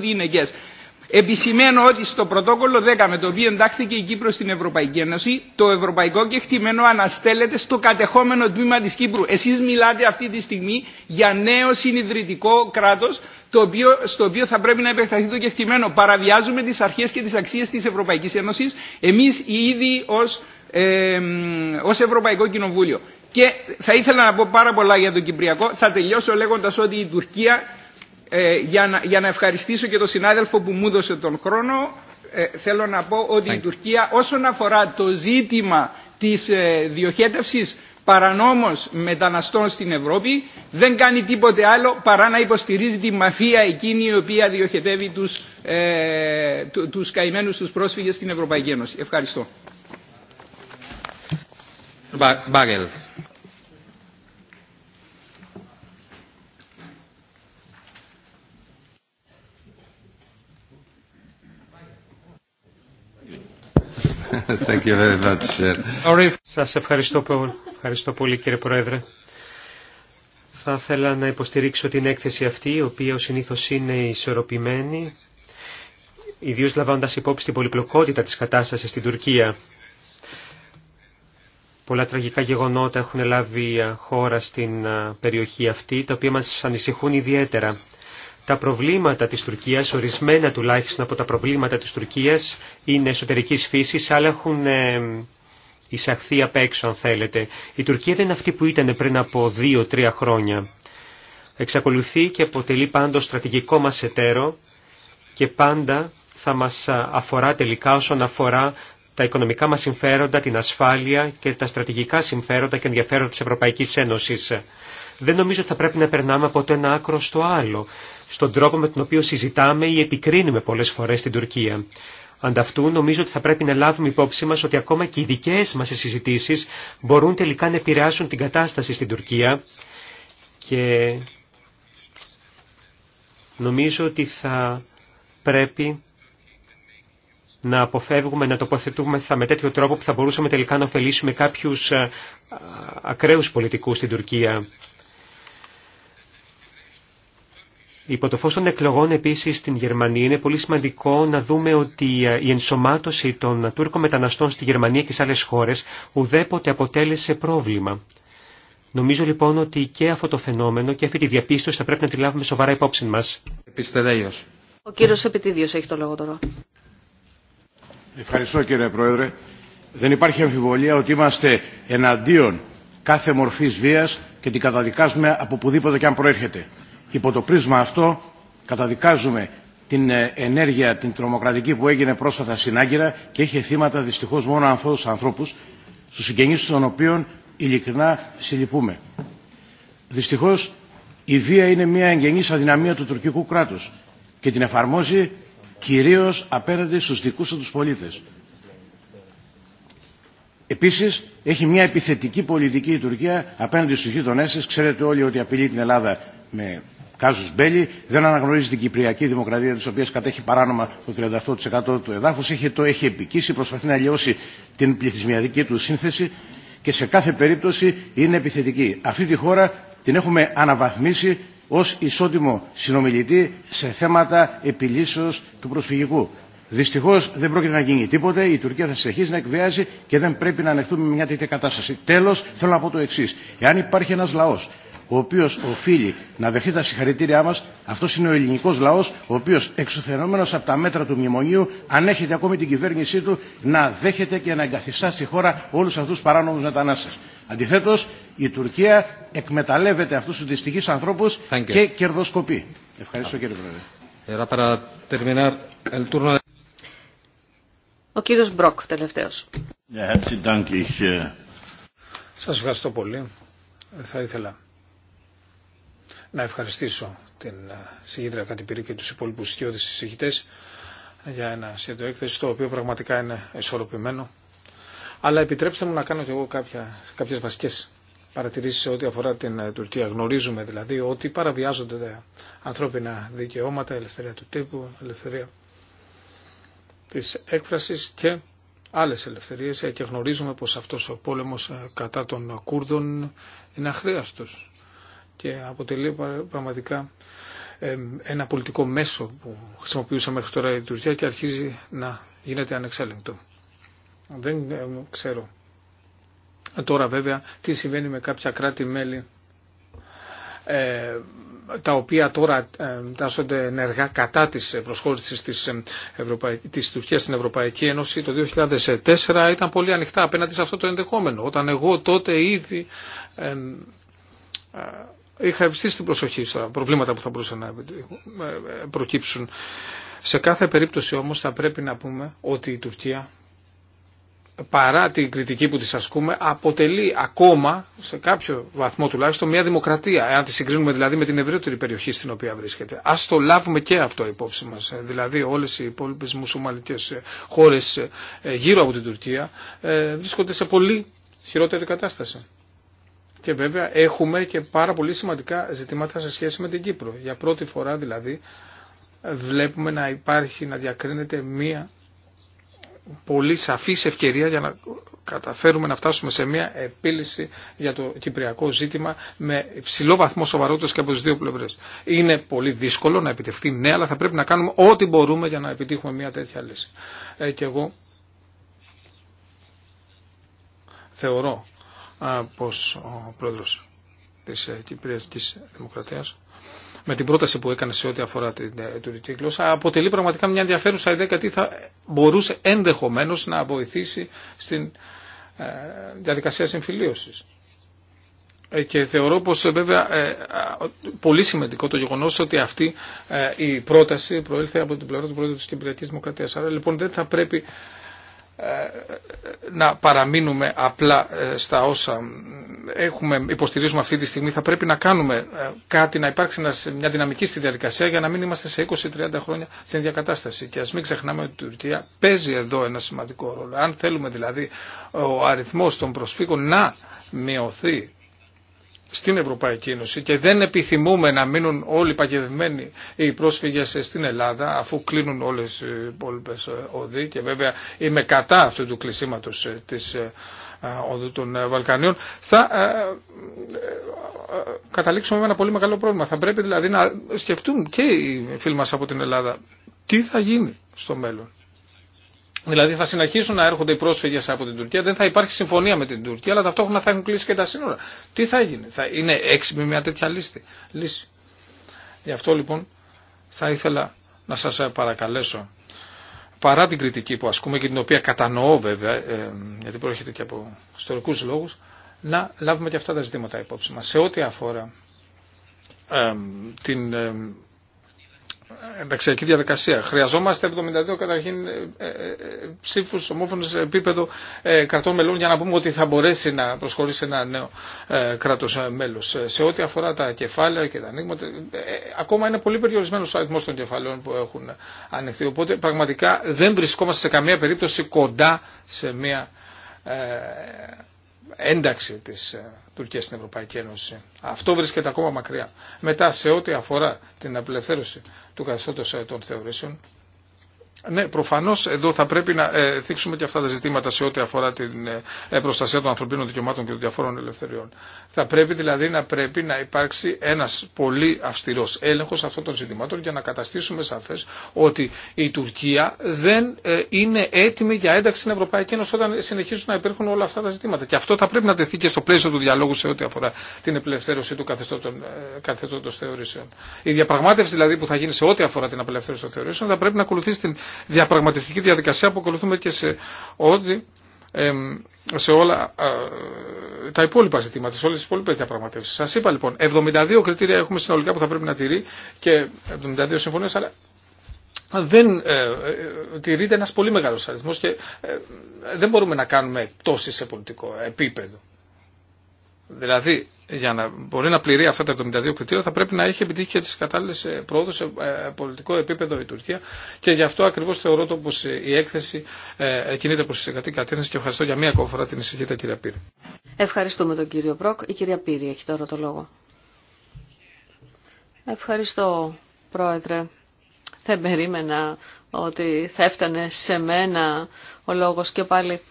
Επισημαίνω ότι στο πρωτόκολλο 10 με το οποίο εντάχθηκε η Κύπρος στην Ευρωπαϊκή Ένωση, το ευρωπαϊκό κεκτημένο αναστέλλεται στο κατεχόμενο τμήμα της Κύπρου. Εσείς μιλάτε αυτή τη στιγμή για νέο συνειδητικό κράτος, το οποίο, στο οποίο θα πρέπει να επεκταθεί το κεκτημένο. Παραβιάζουμε τις αρχές και τις αξίες της Ευρωπαϊκής Ένωσης, εμείς ήδη ως, ε, ως Ευρωπαϊκό Κοινοβούλιο. Και θα ήθελα να πω πάρα πολλά για το Κυπριακό. Θα τελειώσω λέγοντα ότι η Τουρκία ε, για, να, ευχαριστήσω και τον συνάδελφο που μου έδωσε τον χρόνο, ε, θέλω να πω ότι η Τουρκία όσον αφορά το ζήτημα της ε, διοχέτευσης παρανόμως μεταναστών στην Ευρώπη δεν κάνει τίποτε άλλο παρά να υποστηρίζει τη μαφία εκείνη η οποία διοχετεύει τους, ε, τους καημένους τους πρόσφυγες στην Ευρωπαϊκή Ένωση. Ευχαριστώ. Thank you very much. Σας ευχαριστώ πολύ. ευχαριστώ πολύ κύριε Πρόεδρε. Θα ήθελα να υποστηρίξω την έκθεση αυτή, η οποία ο συνήθως είναι ισορροπημένη, ιδίως λαμβάνοντας υπόψη την πολυπλοκότητα της κατάστασης στην Τουρκία. Πολλά τραγικά γεγονότα έχουν λάβει χώρα στην περιοχή αυτή, τα οποία μας ανησυχούν ιδιαίτερα. Τα προβλήματα της Τουρκίας, ορισμένα τουλάχιστον από τα προβλήματα της Τουρκίας, είναι εσωτερικής φύσης, αλλά έχουν ε, εισαχθεί απ' έξω αν θέλετε. Η Τουρκία δεν είναι αυτή που ήταν πριν από δύο-τρία χρόνια. Εξακολουθεί και αποτελεί πάντως στρατηγικό μας εταίρο και πάντα θα μας ε, αφορά τελικά όσον αφορά τα οικονομικά μας συμφέροντα, την ασφάλεια και τα στρατηγικά συμφέροντα και ενδιαφέροντα της Ευρωπαϊκής Ένωσης. Δεν νομίζω ότι θα πρέπει να περνάμε από το ένα άκρο στο άλλο στον τρόπο με τον οποίο συζητάμε ή επικρίνουμε πολλές φορές την Τουρκία. Ανταυτού νομίζω ότι θα πρέπει να λάβουμε υπόψη μας ότι ακόμα και οι δικέ μας συζητήσει μπορούν τελικά να επηρεάσουν την κατάσταση στην Τουρκία και νομίζω ότι θα πρέπει να αποφεύγουμε, να τοποθετούμε θα με τέτοιο τρόπο που θα μπορούσαμε τελικά να ωφελήσουμε κάποιους ε, ακραίους πολιτικούς στην Τουρκία. Υπό το φως των εκλογών επίσης στην Γερμανία είναι πολύ σημαντικό να δούμε ότι ε, η ενσωμάτωση των Τούρκων μεταναστών στη Γερμανία και σε άλλες χώρες ουδέποτε αποτέλεσε πρόβλημα. Νομίζω λοιπόν ότι και αυτό το φαινόμενο και αυτή τη διαπίστωση θα πρέπει να τη λάβουμε σοβαρά υπόψη μας. Επιστελέγιος. Ο κύριος Επιτίδιος έχει το λόγο τώρα. Ευχαριστώ κύριε Πρόεδρε. Δεν υπάρχει αμφιβολία ότι είμαστε εναντίον κάθε μορφής βίας και την καταδικάζουμε από πουδήποτε και αν προέρχεται. Υπό το πρίσμα αυτό καταδικάζουμε την ε, ενέργεια, την τρομοκρατική που έγινε πρόσφατα στην Άγκυρα και είχε θύματα δυστυχώς μόνο ανθρώπους ανθρώπους, στους συγγενείς των οποίων ειλικρινά συλληπούμε. Δυστυχώς η βία είναι μια εγγενής αδυναμία του τουρκικού κράτους και την εφαρμόζει κυρίως απέναντι στους δικούς του πολίτες. Επίσης, έχει μια επιθετική πολιτική η Τουρκία απέναντι στους γείτονές της. Ξέρετε όλοι ότι απειλεί την Ελλάδα με κάζους Μπέλη, δεν αναγνωρίζει την Κυπριακή Δημοκρατία τη οποία κατέχει παράνομα το 38% του εδάφους, έχει, το έχει επικίσει, προσπαθεί να λιώσει την πληθυσμιακή του σύνθεση και σε κάθε περίπτωση είναι επιθετική. Αυτή τη χώρα την έχουμε αναβαθμίσει ως ισότιμο συνομιλητή σε θέματα επιλύσεως του προσφυγικού. Δυστυχώ δεν πρόκειται να γίνει τίποτε. Η Τουρκία θα συνεχίσει να εκβιάζει και δεν πρέπει να ανεχθούμε μια τέτοια κατάσταση. Τέλο, θέλω να πω το εξή. Εάν υπάρχει ένα λαό ο οποίο οφείλει να δεχτεί τα συγχαρητήριά μα, αυτό είναι ο ελληνικό λαό, ο οποίο εξουθενόμενο από τα μέτρα του μνημονίου, ανέχεται ακόμη την κυβέρνησή του να δέχεται και να εγκαθιστά στη χώρα όλου αυτού του παράνομου μετανάστε. Αντιθέτω, η Τουρκία εκμεταλλεύεται αυτού του δυστυχεί ανθρώπου και κερδοσκοπεί. Ευχαριστώ κύριε Πρόεδρε. Ο κύριος Μπροκ, τελευταίος. Äh, Σας ευχαριστώ πολύ. Θα ήθελα να ευχαριστήσω την ε, συγγύτρια Κατυπηρή και τους υπόλοιπους σκιώδεις συζητητές ε, για ένα σχέδιο έκθεση το οποίο πραγματικά είναι ισορροπημένο. Αλλά επιτρέψτε μου να κάνω και εγώ κάποια, κάποιες βασικές παρατηρήσεις σε ό,τι αφορά την ε, Τουρκία. Γνωρίζουμε δηλαδή ότι παραβιάζονται τα ανθρώπινα δικαιώματα, ελευθερία του τύπου, ελευθερία της έκφρασης και άλλες ελευθερίες και γνωρίζουμε πως αυτός ο πόλεμος κατά των Κούρδων είναι αχρίαστος και αποτελεί πραγματικά ένα πολιτικό μέσο που χρησιμοποιούσαμε μέχρι τώρα η Τουρκία και αρχίζει να γίνεται ανεξέλεγκτο. Δεν ξέρω τώρα βέβαια τι συμβαίνει με κάποια κράτη-μέλη ε, τα οποία τώρα τάσσονται ενεργά κατά της προσχώρησης της, Τουρκία της Τουρκίας στην Ευρωπαϊκή Ένωση το 2004 ήταν πολύ ανοιχτά απέναντι σε αυτό το ενδεχόμενο. Όταν εγώ τότε ήδη είχα ευστήσει την προσοχή στα προβλήματα που θα μπορούσαν να προκύψουν. Σε κάθε περίπτωση όμως θα πρέπει να πούμε ότι η Τουρκία παρά την κριτική που της ασκούμε αποτελεί ακόμα σε κάποιο βαθμό τουλάχιστον μια δημοκρατία εάν τη συγκρίνουμε δηλαδή με την ευρύτερη περιοχή στην οποία βρίσκεται. Ας το λάβουμε και αυτό υπόψη μας. Ε, δηλαδή όλες οι υπόλοιπε μουσουμαλικές χώρες ε, γύρω από την Τουρκία ε, βρίσκονται σε πολύ χειρότερη κατάσταση. Και βέβαια έχουμε και πάρα πολύ σημαντικά ζητήματα σε σχέση με την Κύπρο. Για πρώτη φορά δηλαδή βλέπουμε να υπάρχει, να διακρίνεται μία πολύ σαφή ευκαιρία για να καταφέρουμε να φτάσουμε σε μια επίλυση για το κυπριακό ζήτημα με υψηλό βαθμό σοβαρότητας και από τις δύο πλευρές. Είναι πολύ δύσκολο να επιτευχθεί, ναι, αλλά θα πρέπει να κάνουμε ό,τι μπορούμε για να επιτύχουμε μια τέτοια λύση. Ε, και εγώ θεωρώ πως ο πρόεδρος της ε, Κυπρίας της Δημοκρατίας με την πρόταση που έκανε σε ό,τι αφορά την ε, τουρκική γλώσσα, αποτελεί πραγματικά μια ενδιαφέρουσα ιδέα γιατί θα μπορούσε ενδεχομένω να βοηθήσει στην ε, διαδικασία συμφιλίωση. Και θεωρώ πως βέβαια πολύ σημαντικό το γεγονό ότι αυτή η πρόταση προήλθε από την πλευρά του Πρόεδρου τη Κυπριακή Δημοκρατία. Άρα λοιπόν δεν θα πρέπει ε, να παραμείνουμε απλά ε, στα όσα έχουμε, υποστηρίζουμε αυτή τη στιγμή. Θα πρέπει να κάνουμε ε, κάτι, να υπάρξει μια δυναμική στη διαδικασία για να μην είμαστε σε 20-30 χρόνια στην διακατάσταση. Και α μην ξεχνάμε ότι η Τουρκία παίζει εδώ ένα σημαντικό ρόλο. Αν θέλουμε δηλαδή ο αριθμός των προσφύγων να μειωθεί στην Ευρωπαϊκή Ένωση και δεν επιθυμούμε να μείνουν όλοι παγιδευμένοι οι πρόσφυγες στην Ελλάδα αφού κλείνουν όλες οι υπόλοιπε ε, οδοί και βέβαια είμαι κατά αυτού του κλεισίματος ε, της ε, οδού των Βαλκανίων θα καταλήξουμε με ένα πολύ μεγάλο πρόβλημα. Θα πρέπει δηλαδή να σκεφτούν και οι φίλοι μας από την Ελλάδα τι θα γίνει στο μέλλον. Δηλαδή θα συνεχίσουν να έρχονται οι πρόσφυγες από την Τουρκία, δεν θα υπάρχει συμφωνία με την Τουρκία, αλλά ταυτόχρονα θα έχουν κλείσει και τα σύνορα. Τι θα γίνει, θα είναι έξυπνη μια τέτοια λύση. λύση. Γι' αυτό λοιπόν θα ήθελα να σας ε, παρακαλέσω, παρά την κριτική που ασκούμε και την οποία κατανοώ βέβαια, ε, γιατί προέρχεται και από ιστορικούς λόγους, να λάβουμε και αυτά τα ζητήματα υπόψη μας. Σε ό,τι αφορά ε, την ενταξιακή διαδικασία. Χρειαζόμαστε 72 καταρχήν ε, ε, ε, ομόφωνε σε επίπεδο κρατών μελών για να πούμε ότι θα μπορέσει να προσχωρήσει ένα νέο κράτος μέλος. Σε ό,τι αφορά τα κεφάλαια και τα ανοίγματα, ακόμα είναι πολύ περιορισμένο ο αριθμός των κεφαλαίων που έχουν ανοιχθεί. Οπότε πραγματικά δεν βρισκόμαστε σε καμία περίπτωση κοντά σε μια ένταξη της ε, Τουρκίας στην Ευρωπαϊκή Ένωση. Αυτό βρίσκεται ακόμα μακριά. Μετά σε ό,τι αφορά την απελευθέρωση του καθεστώτος ε, των θεωρήσεων, ναι, προφανώ εδώ θα πρέπει να ε, θίξουμε και αυτά τα ζητήματα σε ό,τι αφορά την ε, προστασία των ανθρωπίνων δικαιωμάτων και των διαφόρων ελευθεριών. Θα πρέπει δηλαδή να πρέπει να υπάρξει ένα πολύ αυστηρό έλεγχο αυτών των ζητημάτων για να καταστήσουμε σαφέ ότι η Τουρκία δεν ε, είναι έτοιμη για ένταξη στην Ευρωπαϊκή Ένωση όταν συνεχίζουν να υπάρχουν όλα αυτά τα ζητήματα. Και αυτό θα πρέπει να τεθεί και στο πλαίσιο του διαλόγου σε ό,τι αφορά την απελευθέρωση του καθεστώτο θεωρήσεων. Η διαπραγμάτευση δηλαδή που θα γίνει σε ό,τι αφορά την απελευθέρωση των θεωρήσεων θα πρέπει να ακολουθήσει την διαπραγματευτική διαδικασία που ακολουθούμε και σε ό,τι σε όλα τα υπόλοιπα ζητήματα, σε όλε τι υπόλοιπε διαπραγματεύσει. Σα είπα λοιπόν, 72 κριτήρια έχουμε συνολικά που θα πρέπει να τηρεί και 72 συμφωνίε, αλλά δεν ε, ε, τηρείται ένα πολύ μεγάλο αριθμό και ε, δεν μπορούμε να κάνουμε πτώσει σε πολιτικό επίπεδο. Δηλαδή, για να μπορεί να πληρεί αυτά τα 72 κριτήρια θα πρέπει να έχει επιτύχει και τις κατάλληλε ε, πρόοδου σε ε, πολιτικό επίπεδο η Τουρκία και γι' αυτό ακριβώ θεωρώ το πως ε, η έκθεση κινείται προς τη κατή κατεύθυνση και ευχαριστώ για μία ακόμα φορά την εισηγήτα κυρία Πύρη. Ευχαριστούμε τον κύριο Πρόκ. Η κυρία Πύρη έχει τώρα το λόγο. Ευχαριστώ πρόεδρε. Δεν περίμενα ότι θα έφτανε σε μένα ο λόγος και πάλι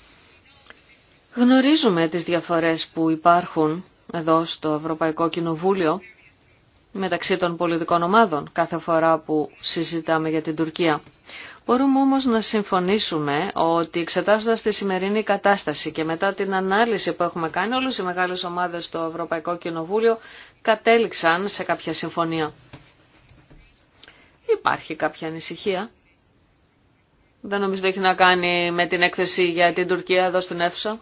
Γνωρίζουμε τις διαφορές που υπάρχουν εδώ στο Ευρωπαϊκό Κοινοβούλιο μεταξύ των πολιτικών ομάδων κάθε φορά που συζητάμε για την Τουρκία. Μπορούμε όμως να συμφωνήσουμε ότι εξετάζοντας τη σημερινή κατάσταση και μετά την ανάλυση που έχουμε κάνει όλες οι μεγάλες ομάδες στο Ευρωπαϊκό Κοινοβούλιο κατέληξαν σε κάποια συμφωνία. Υπάρχει κάποια ανησυχία. Δεν νομίζω ότι έχει να κάνει με την έκθεση για την Τουρκία εδώ στην αίθουσα.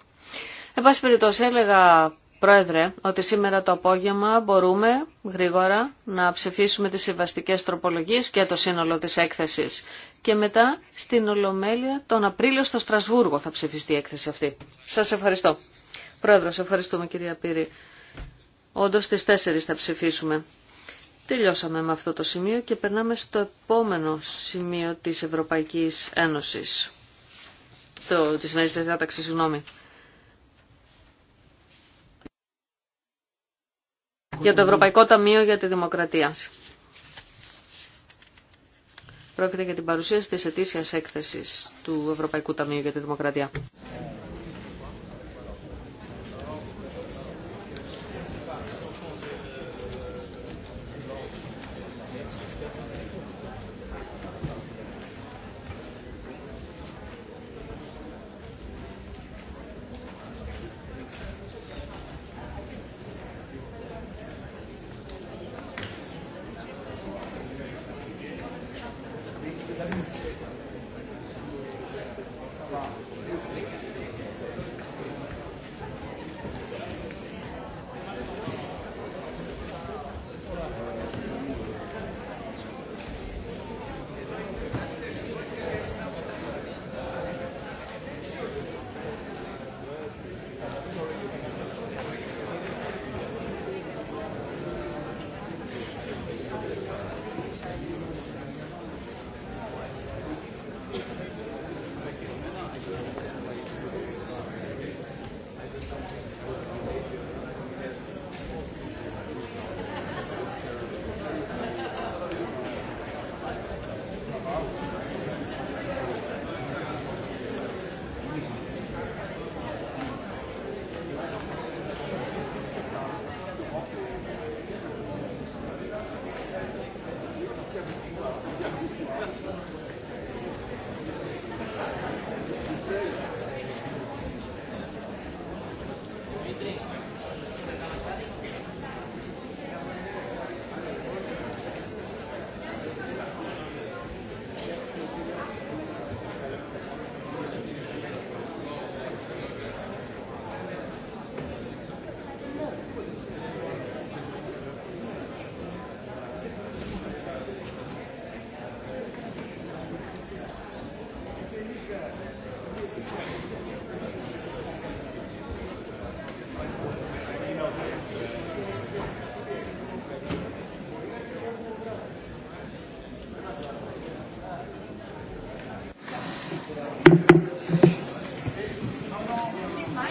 Εν πάση περιπτώσει έλεγα Πρόεδρε, ότι σήμερα το απόγευμα μπορούμε γρήγορα να ψηφίσουμε τις συμβαστικές τροπολογίες και το σύνολο της έκθεσης. Και μετά στην Ολομέλεια τον Απρίλιο στο Στρασβούργο θα ψηφιστεί η έκθεση αυτή. Σας ευχαριστώ. σε ευχαριστούμε κυρία Πύρη. Όντως στις 4 θα ψηφίσουμε. Τελειώσαμε με αυτό το σημείο και περνάμε στο επόμενο σημείο της Ευρωπαϊκής Ένωσης. Το, της Μέρης συγγνώμη. για το Ευρωπαϊκό Ταμείο για τη Δημοκρατία. Πρόκειται για την παρουσίαση της ετήσιας έκθεσης του Ευρωπαϊκού Ταμείου για τη Δημοκρατία.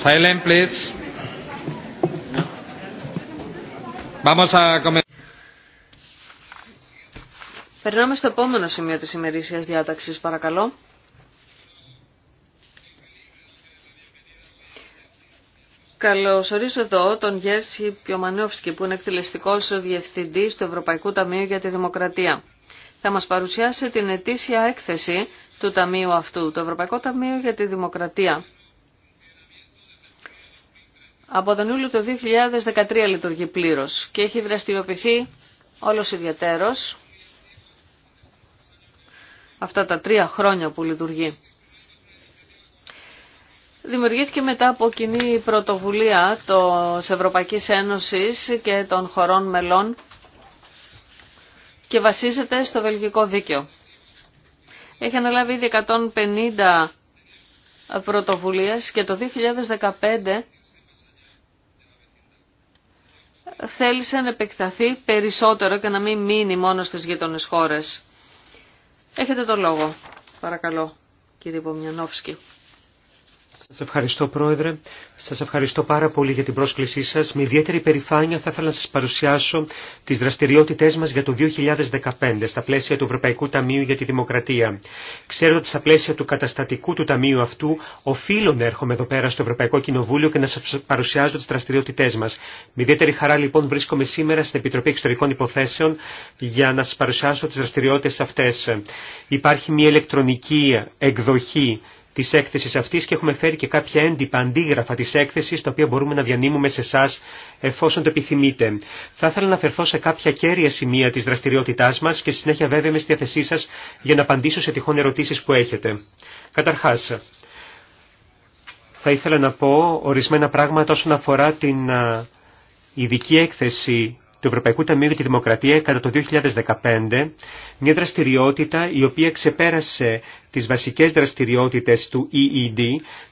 Silent, please. Vamos a Περνάμε στο επόμενο σημείο της ημερήσιας διάταξης, παρακαλώ. Καλωσορίζω εδώ τον Γέρση Πιομανόφσκι, που είναι εκτελεστικός διευθυντής του Ευρωπαϊκού Ταμείου για τη Δημοκρατία. Θα μας παρουσιάσει την ετήσια έκθεση του Ταμείου αυτού, το Ευρωπαϊκό Ταμείο για τη Δημοκρατία από τον Ιούλιο του 2013 λειτουργεί πλήρως και έχει δραστηριοποιηθεί όλος ιδιαίτερος αυτά τα τρία χρόνια που λειτουργεί. Δημιουργήθηκε μετά από κοινή πρωτοβουλία της Ευρωπαϊκής Ένωσης και των χωρών μελών και βασίζεται στο βελγικό δίκαιο. Έχει αναλάβει ήδη 150 πρωτοβουλίες και το 2015 θέλησε να επεκταθεί περισσότερο και να μην μείνει μόνο στις γειτονές χώρες. Έχετε το λόγο. Παρακαλώ, κύριε Πομιανόφσκι. Σας ευχαριστώ Πρόεδρε, σας ευχαριστώ πάρα πολύ για την πρόσκλησή σας. Με ιδιαίτερη περηφάνεια θα ήθελα να σας παρουσιάσω τις δραστηριότητές μας για το 2015 στα πλαίσια του Ευρωπαϊκού Ταμείου για τη Δημοκρατία. Ξέρω ότι στα πλαίσια του καταστατικού του Ταμείου αυτού οφείλω να έρχομαι εδώ πέρα στο Ευρωπαϊκό Κοινοβούλιο και να σας παρουσιάζω τις δραστηριότητές μας. Με ιδιαίτερη χαρά λοιπόν βρίσκομαι σήμερα στην Επιτροπή Εξωτερικών Υποθέσεων για να σας παρουσιάσω τις δραστηριότητες αυτές. Υπάρχει μια ηλεκτρονική εκδοχή Τη έκθεση αυτή και έχουμε φέρει και κάποια έντυπα αντίγραφα τη έκθεση τα οποία μπορούμε να διανύμουμε σε εσά εφόσον το επιθυμείτε. Θα ήθελα να αφαιρθώ σε κάποια κέρια σημεία της δραστηριότητάς μας και στη συνέχεια βέβαια είμαι στη διαθεσή σας για να απαντήσω σε τυχόν ερωτήσεις που έχετε. Καταρχάς, θα ήθελα να πω ορισμένα πράγματα όσον αφορά την ειδική έκθεση του Ευρωπαϊκού Ταμείου για τη Δημοκρατία κατά το 2015, μια δραστηριότητα η οποία ξεπέρασε τις βασικές δραστηριότητες του EED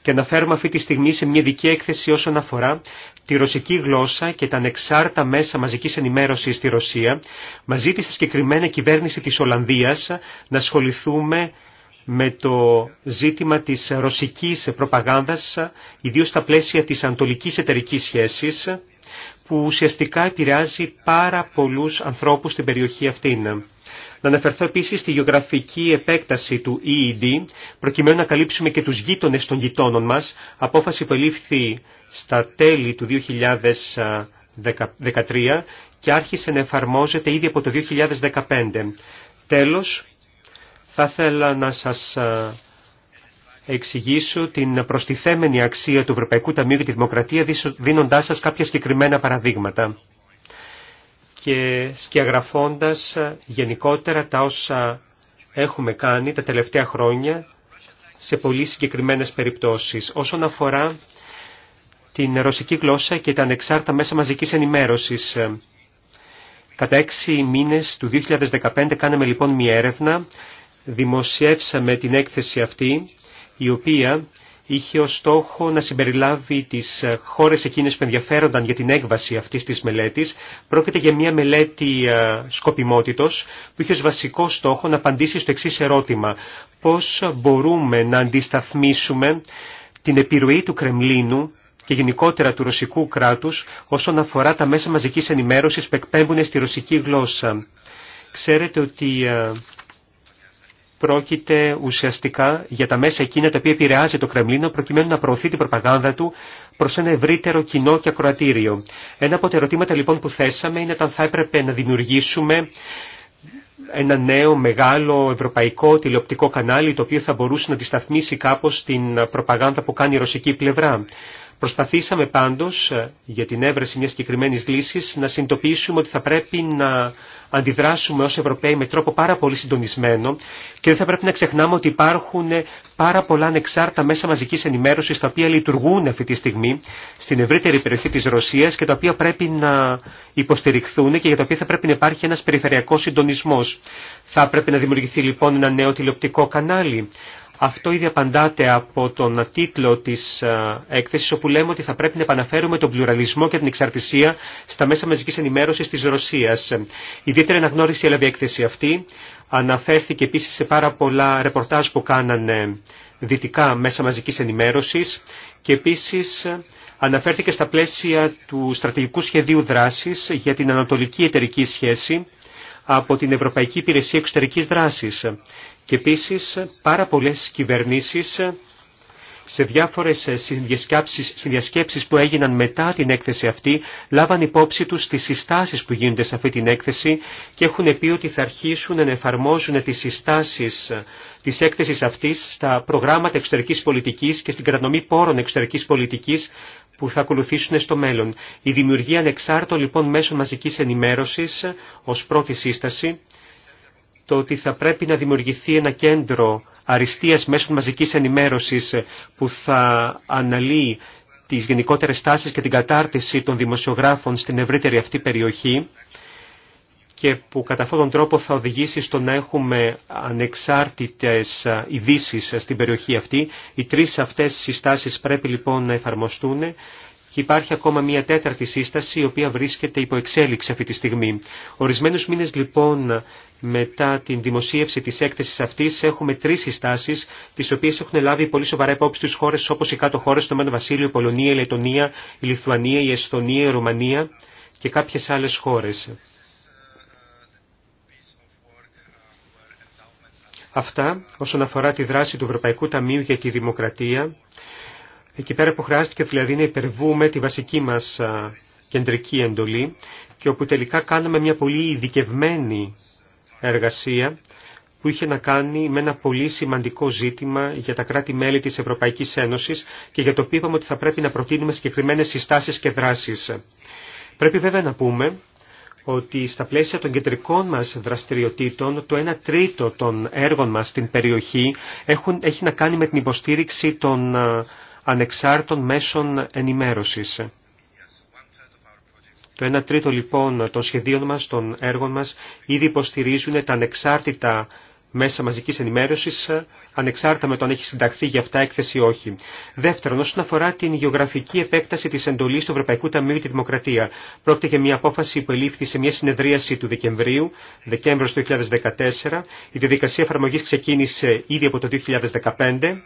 και αναφέρουμε αυτή τη στιγμή σε μια δική έκθεση όσον αφορά τη ρωσική γλώσσα και τα ανεξάρτητα μέσα μαζικής ενημέρωσης στη Ρωσία, μαζί της συγκεκριμένη κυβέρνηση της Ολλανδίας να ασχοληθούμε με το ζήτημα της ρωσικής προπαγάνδας, ιδίως στα πλαίσια της αντολικής εταιρικής σχέσης, που ουσιαστικά επηρεάζει πάρα πολλούς ανθρώπους στην περιοχή αυτήν. Να αναφερθώ επίσης στη γεωγραφική επέκταση του EED, προκειμένου να καλύψουμε και τους γείτονες των γειτόνων μας, απόφαση που ελήφθη στα τέλη του 2013 και άρχισε να εφαρμόζεται ήδη από το 2015. Τέλος, θα ήθελα να σας ε, εξηγήσω την προστιθέμενη αξία του Ευρωπαϊκού Ταμείου για τη Δημοκρατία δίνοντάς σας κάποια συγκεκριμένα παραδείγματα και σκιαγραφώντας γενικότερα τα όσα έχουμε κάνει τα τελευταία χρόνια σε πολύ συγκεκριμένες περιπτώσεις. Όσον αφορά την ρωσική γλώσσα και τα ανεξάρτητα μέσα μαζικής ενημέρωσης. Κατά έξι μήνες του 2015 κάναμε λοιπόν μία έρευνα, δημοσιεύσαμε την έκθεση αυτή η οποία είχε ως στόχο να συμπεριλάβει τις χώρες εκείνες που ενδιαφέρονταν για την έκβαση αυτής της μελέτης. Πρόκειται για μια μελέτη ε, σκοπιμότητος που είχε ως βασικό στόχο να απαντήσει στο εξής ερώτημα. Πώς μπορούμε να αντισταθμίσουμε την επιρροή του Κρεμλίνου και γενικότερα του ρωσικού κράτους όσον αφορά τα μέσα μαζικής ενημέρωσης που εκπέμπουν στη ρωσική γλώσσα. Ξέρετε ότι ε, πρόκειται ουσιαστικά για τα μέσα εκείνα τα οποία επηρεάζει το Κρεμλίνο προκειμένου να προωθεί την προπαγάνδα του προ ένα ευρύτερο κοινό και ακροατήριο. Ένα από τα ερωτήματα λοιπόν που θέσαμε είναι αν θα έπρεπε να δημιουργήσουμε ένα νέο μεγάλο ευρωπαϊκό τηλεοπτικό κανάλι το οποίο θα μπορούσε να αντισταθμίσει κάπως την προπαγάνδα που κάνει η ρωσική πλευρά. Προσπαθήσαμε πάντως για την έβρεση μιας συγκεκριμένη λύσης να συνειδητοποιήσουμε ότι θα πρέπει να αντιδράσουμε ως Ευρωπαίοι με τρόπο πάρα πολύ συντονισμένο και δεν θα πρέπει να ξεχνάμε ότι υπάρχουν πάρα πολλά ανεξάρτητα μέσα μαζικής ενημέρωσης τα οποία λειτουργούν αυτή τη στιγμή στην ευρύτερη περιοχή της Ρωσίας και τα οποία πρέπει να υποστηριχθούν και για τα οποία θα πρέπει να υπάρχει ένας περιφερειακός συντονισμός. Θα πρέπει να δημιουργηθεί λοιπόν ένα νέο τηλεοπτικό κανάλι αυτό ήδη απαντάται από τον τίτλο της ε, έκθεσης όπου λέμε ότι θα πρέπει να επαναφέρουμε τον πλουραλισμό και την εξαρτησία στα μέσα μαζικής ενημέρωσης της Ρωσίας. Ιδιαίτερη αναγνώριση έλαβε η έκθεση αυτή. Αναφέρθηκε επίσης σε πάρα πολλά ρεπορτάζ που κάνανε δυτικά μέσα μαζικής ενημέρωσης και επίσης ε, αναφέρθηκε στα πλαίσια του στρατηγικού σχεδίου δράσης για την ανατολική εταιρική σχέση από την Ευρωπαϊκή Υπηρεσία Εξωτερικής Δράσης. Και επίση, πάρα πολλέ κυβερνήσει σε διάφορε συνδιασκέψει που έγιναν μετά την έκθεση αυτή λάβαν υπόψη του τις συστάσει που γίνονται σε αυτή την έκθεση και έχουν πει ότι θα αρχίσουν να εφαρμόζουν τις συστάσεις της έκθεσης αυτής στα προγράμματα εξωτερική πολιτική και στην κατανομή πόρων εξωτερική πολιτική που θα ακολουθήσουν στο μέλλον. Η δημιουργία ανεξάρτητων λοιπόν μέσων μαζική ενημέρωση ω πρώτη σύσταση το ότι θα πρέπει να δημιουργηθεί ένα κέντρο αριστείας μέσων μαζικής ενημέρωσης που θα αναλύει τις γενικότερες τάσεις και την κατάρτιση των δημοσιογράφων στην ευρύτερη αυτή περιοχή και που κατά αυτόν τον τρόπο θα οδηγήσει στο να έχουμε ανεξάρτητες ειδήσει στην περιοχή αυτή. Οι τρεις αυτές συστάσεις πρέπει λοιπόν να εφαρμοστούν και υπάρχει ακόμα μια τέταρτη σύσταση η οποία βρίσκεται υπό εξέλιξη αυτή τη στιγμή. Ορισμένους μήνες λοιπόν μετά την δημοσίευση της έκθεσης αυτής έχουμε τρεις συστάσεις τις οποίες έχουν λάβει πολύ σοβαρά υπόψη του χώρες όπως οι κάτω χώρες, το Μένο Βασίλειο, η Πολωνία, η Λετωνία, η Λιθουανία, η Εσθονία, η Ρουμανία και κάποιες άλλες χώρες. Αυτά όσον αφορά τη δράση του Ευρωπαϊκού Ταμείου για τη Δημοκρατία εκεί πέρα που χρειάστηκε δηλαδή να υπερβούμε τη βασική μας κεντρική εντολή και όπου τελικά κάναμε μια πολύ ειδικευμένη εργασία που είχε να κάνει με ένα πολύ σημαντικό ζήτημα για τα κράτη-μέλη της Ευρωπαϊκής Ένωσης και για το οποίο είπαμε ότι θα πρέπει να προτείνουμε συγκεκριμένες συστάσεις και δράσεις. Πρέπει βέβαια να πούμε ότι στα πλαίσια των κεντρικών μας δραστηριοτήτων το 1 τρίτο των έργων μας στην περιοχή έχουν, έχει να κάνει με την υποστήριξη των ανεξάρτητων μέσων ενημέρωσης. Το 1 τρίτο λοιπόν των σχεδίων μας, των έργων μας, ήδη υποστηρίζουν τα ανεξάρτητα μέσα μαζικής ενημέρωσης, ανεξάρτητα με το αν έχει συνταχθεί για αυτά έκθεση ή όχι. Δεύτερον, όσον αφορά την γεωγραφική επέκταση της εντολής του Ευρωπαϊκού Ταμείου για τη Δημοκρατία, πρόκειται για μια απόφαση που ελήφθη σε μια συνεδρίαση του Δεκεμβρίου, Δεκέμβριος του 2014. Η διαδικασία εφαρμογής ξεκίνησε ήδη από το 2015.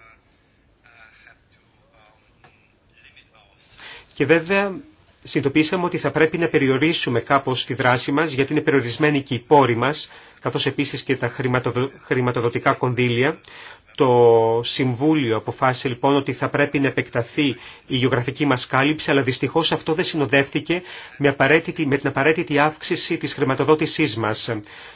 Και βέβαια συνειδητοποίησαμε ότι θα πρέπει να περιορίσουμε κάπως τη δράση μας γιατί είναι περιορισμένοι και οι πόροι μας καθώς επίσης και τα χρηματοδοτικά κονδύλια. Το Συμβούλιο αποφάσισε λοιπόν ότι θα πρέπει να επεκταθεί η γεωγραφική μας κάλυψη αλλά δυστυχώς αυτό δεν συνοδεύτηκε με, με την απαραίτητη αύξηση της χρηματοδότησής μας.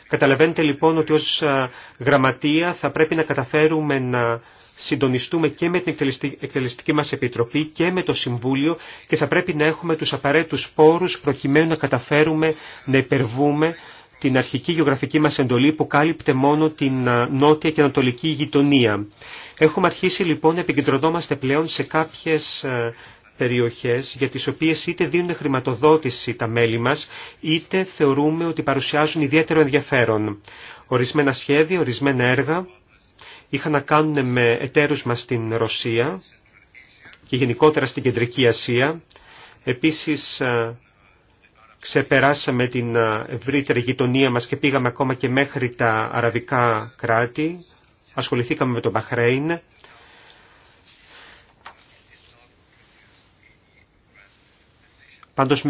Καταλαβαίνετε λοιπόν ότι ως ε, γραμματεία θα πρέπει να καταφέρουμε να συντονιστούμε και με την εκτελεστική μας επιτροπή και με το Συμβούλιο και θα πρέπει να έχουμε τους απαραίτητους πόρους προκειμένου να καταφέρουμε να υπερβούμε την αρχική γεωγραφική μας εντολή που κάλυπτε μόνο την νότια και ανατολική γειτονία. Έχουμε αρχίσει λοιπόν να επικεντρωνόμαστε πλέον σε κάποιες ε, περιοχές για τις οποίες είτε δίνουν χρηματοδότηση τα μέλη μας, είτε θεωρούμε ότι παρουσιάζουν ιδιαίτερο ενδιαφέρον. Ορισμένα σχέδια, ορισμένα έργα είχαν να κάνουν με εταίρους μας στην Ρωσία και γενικότερα στην Κεντρική Ασία. Επίσης ε, ξεπεράσαμε την ε, ευρύτερη γειτονία μας και πήγαμε ακόμα και μέχρι τα αραβικά κράτη. Ασχοληθήκαμε με τον Μπαχρέιν. Πάντως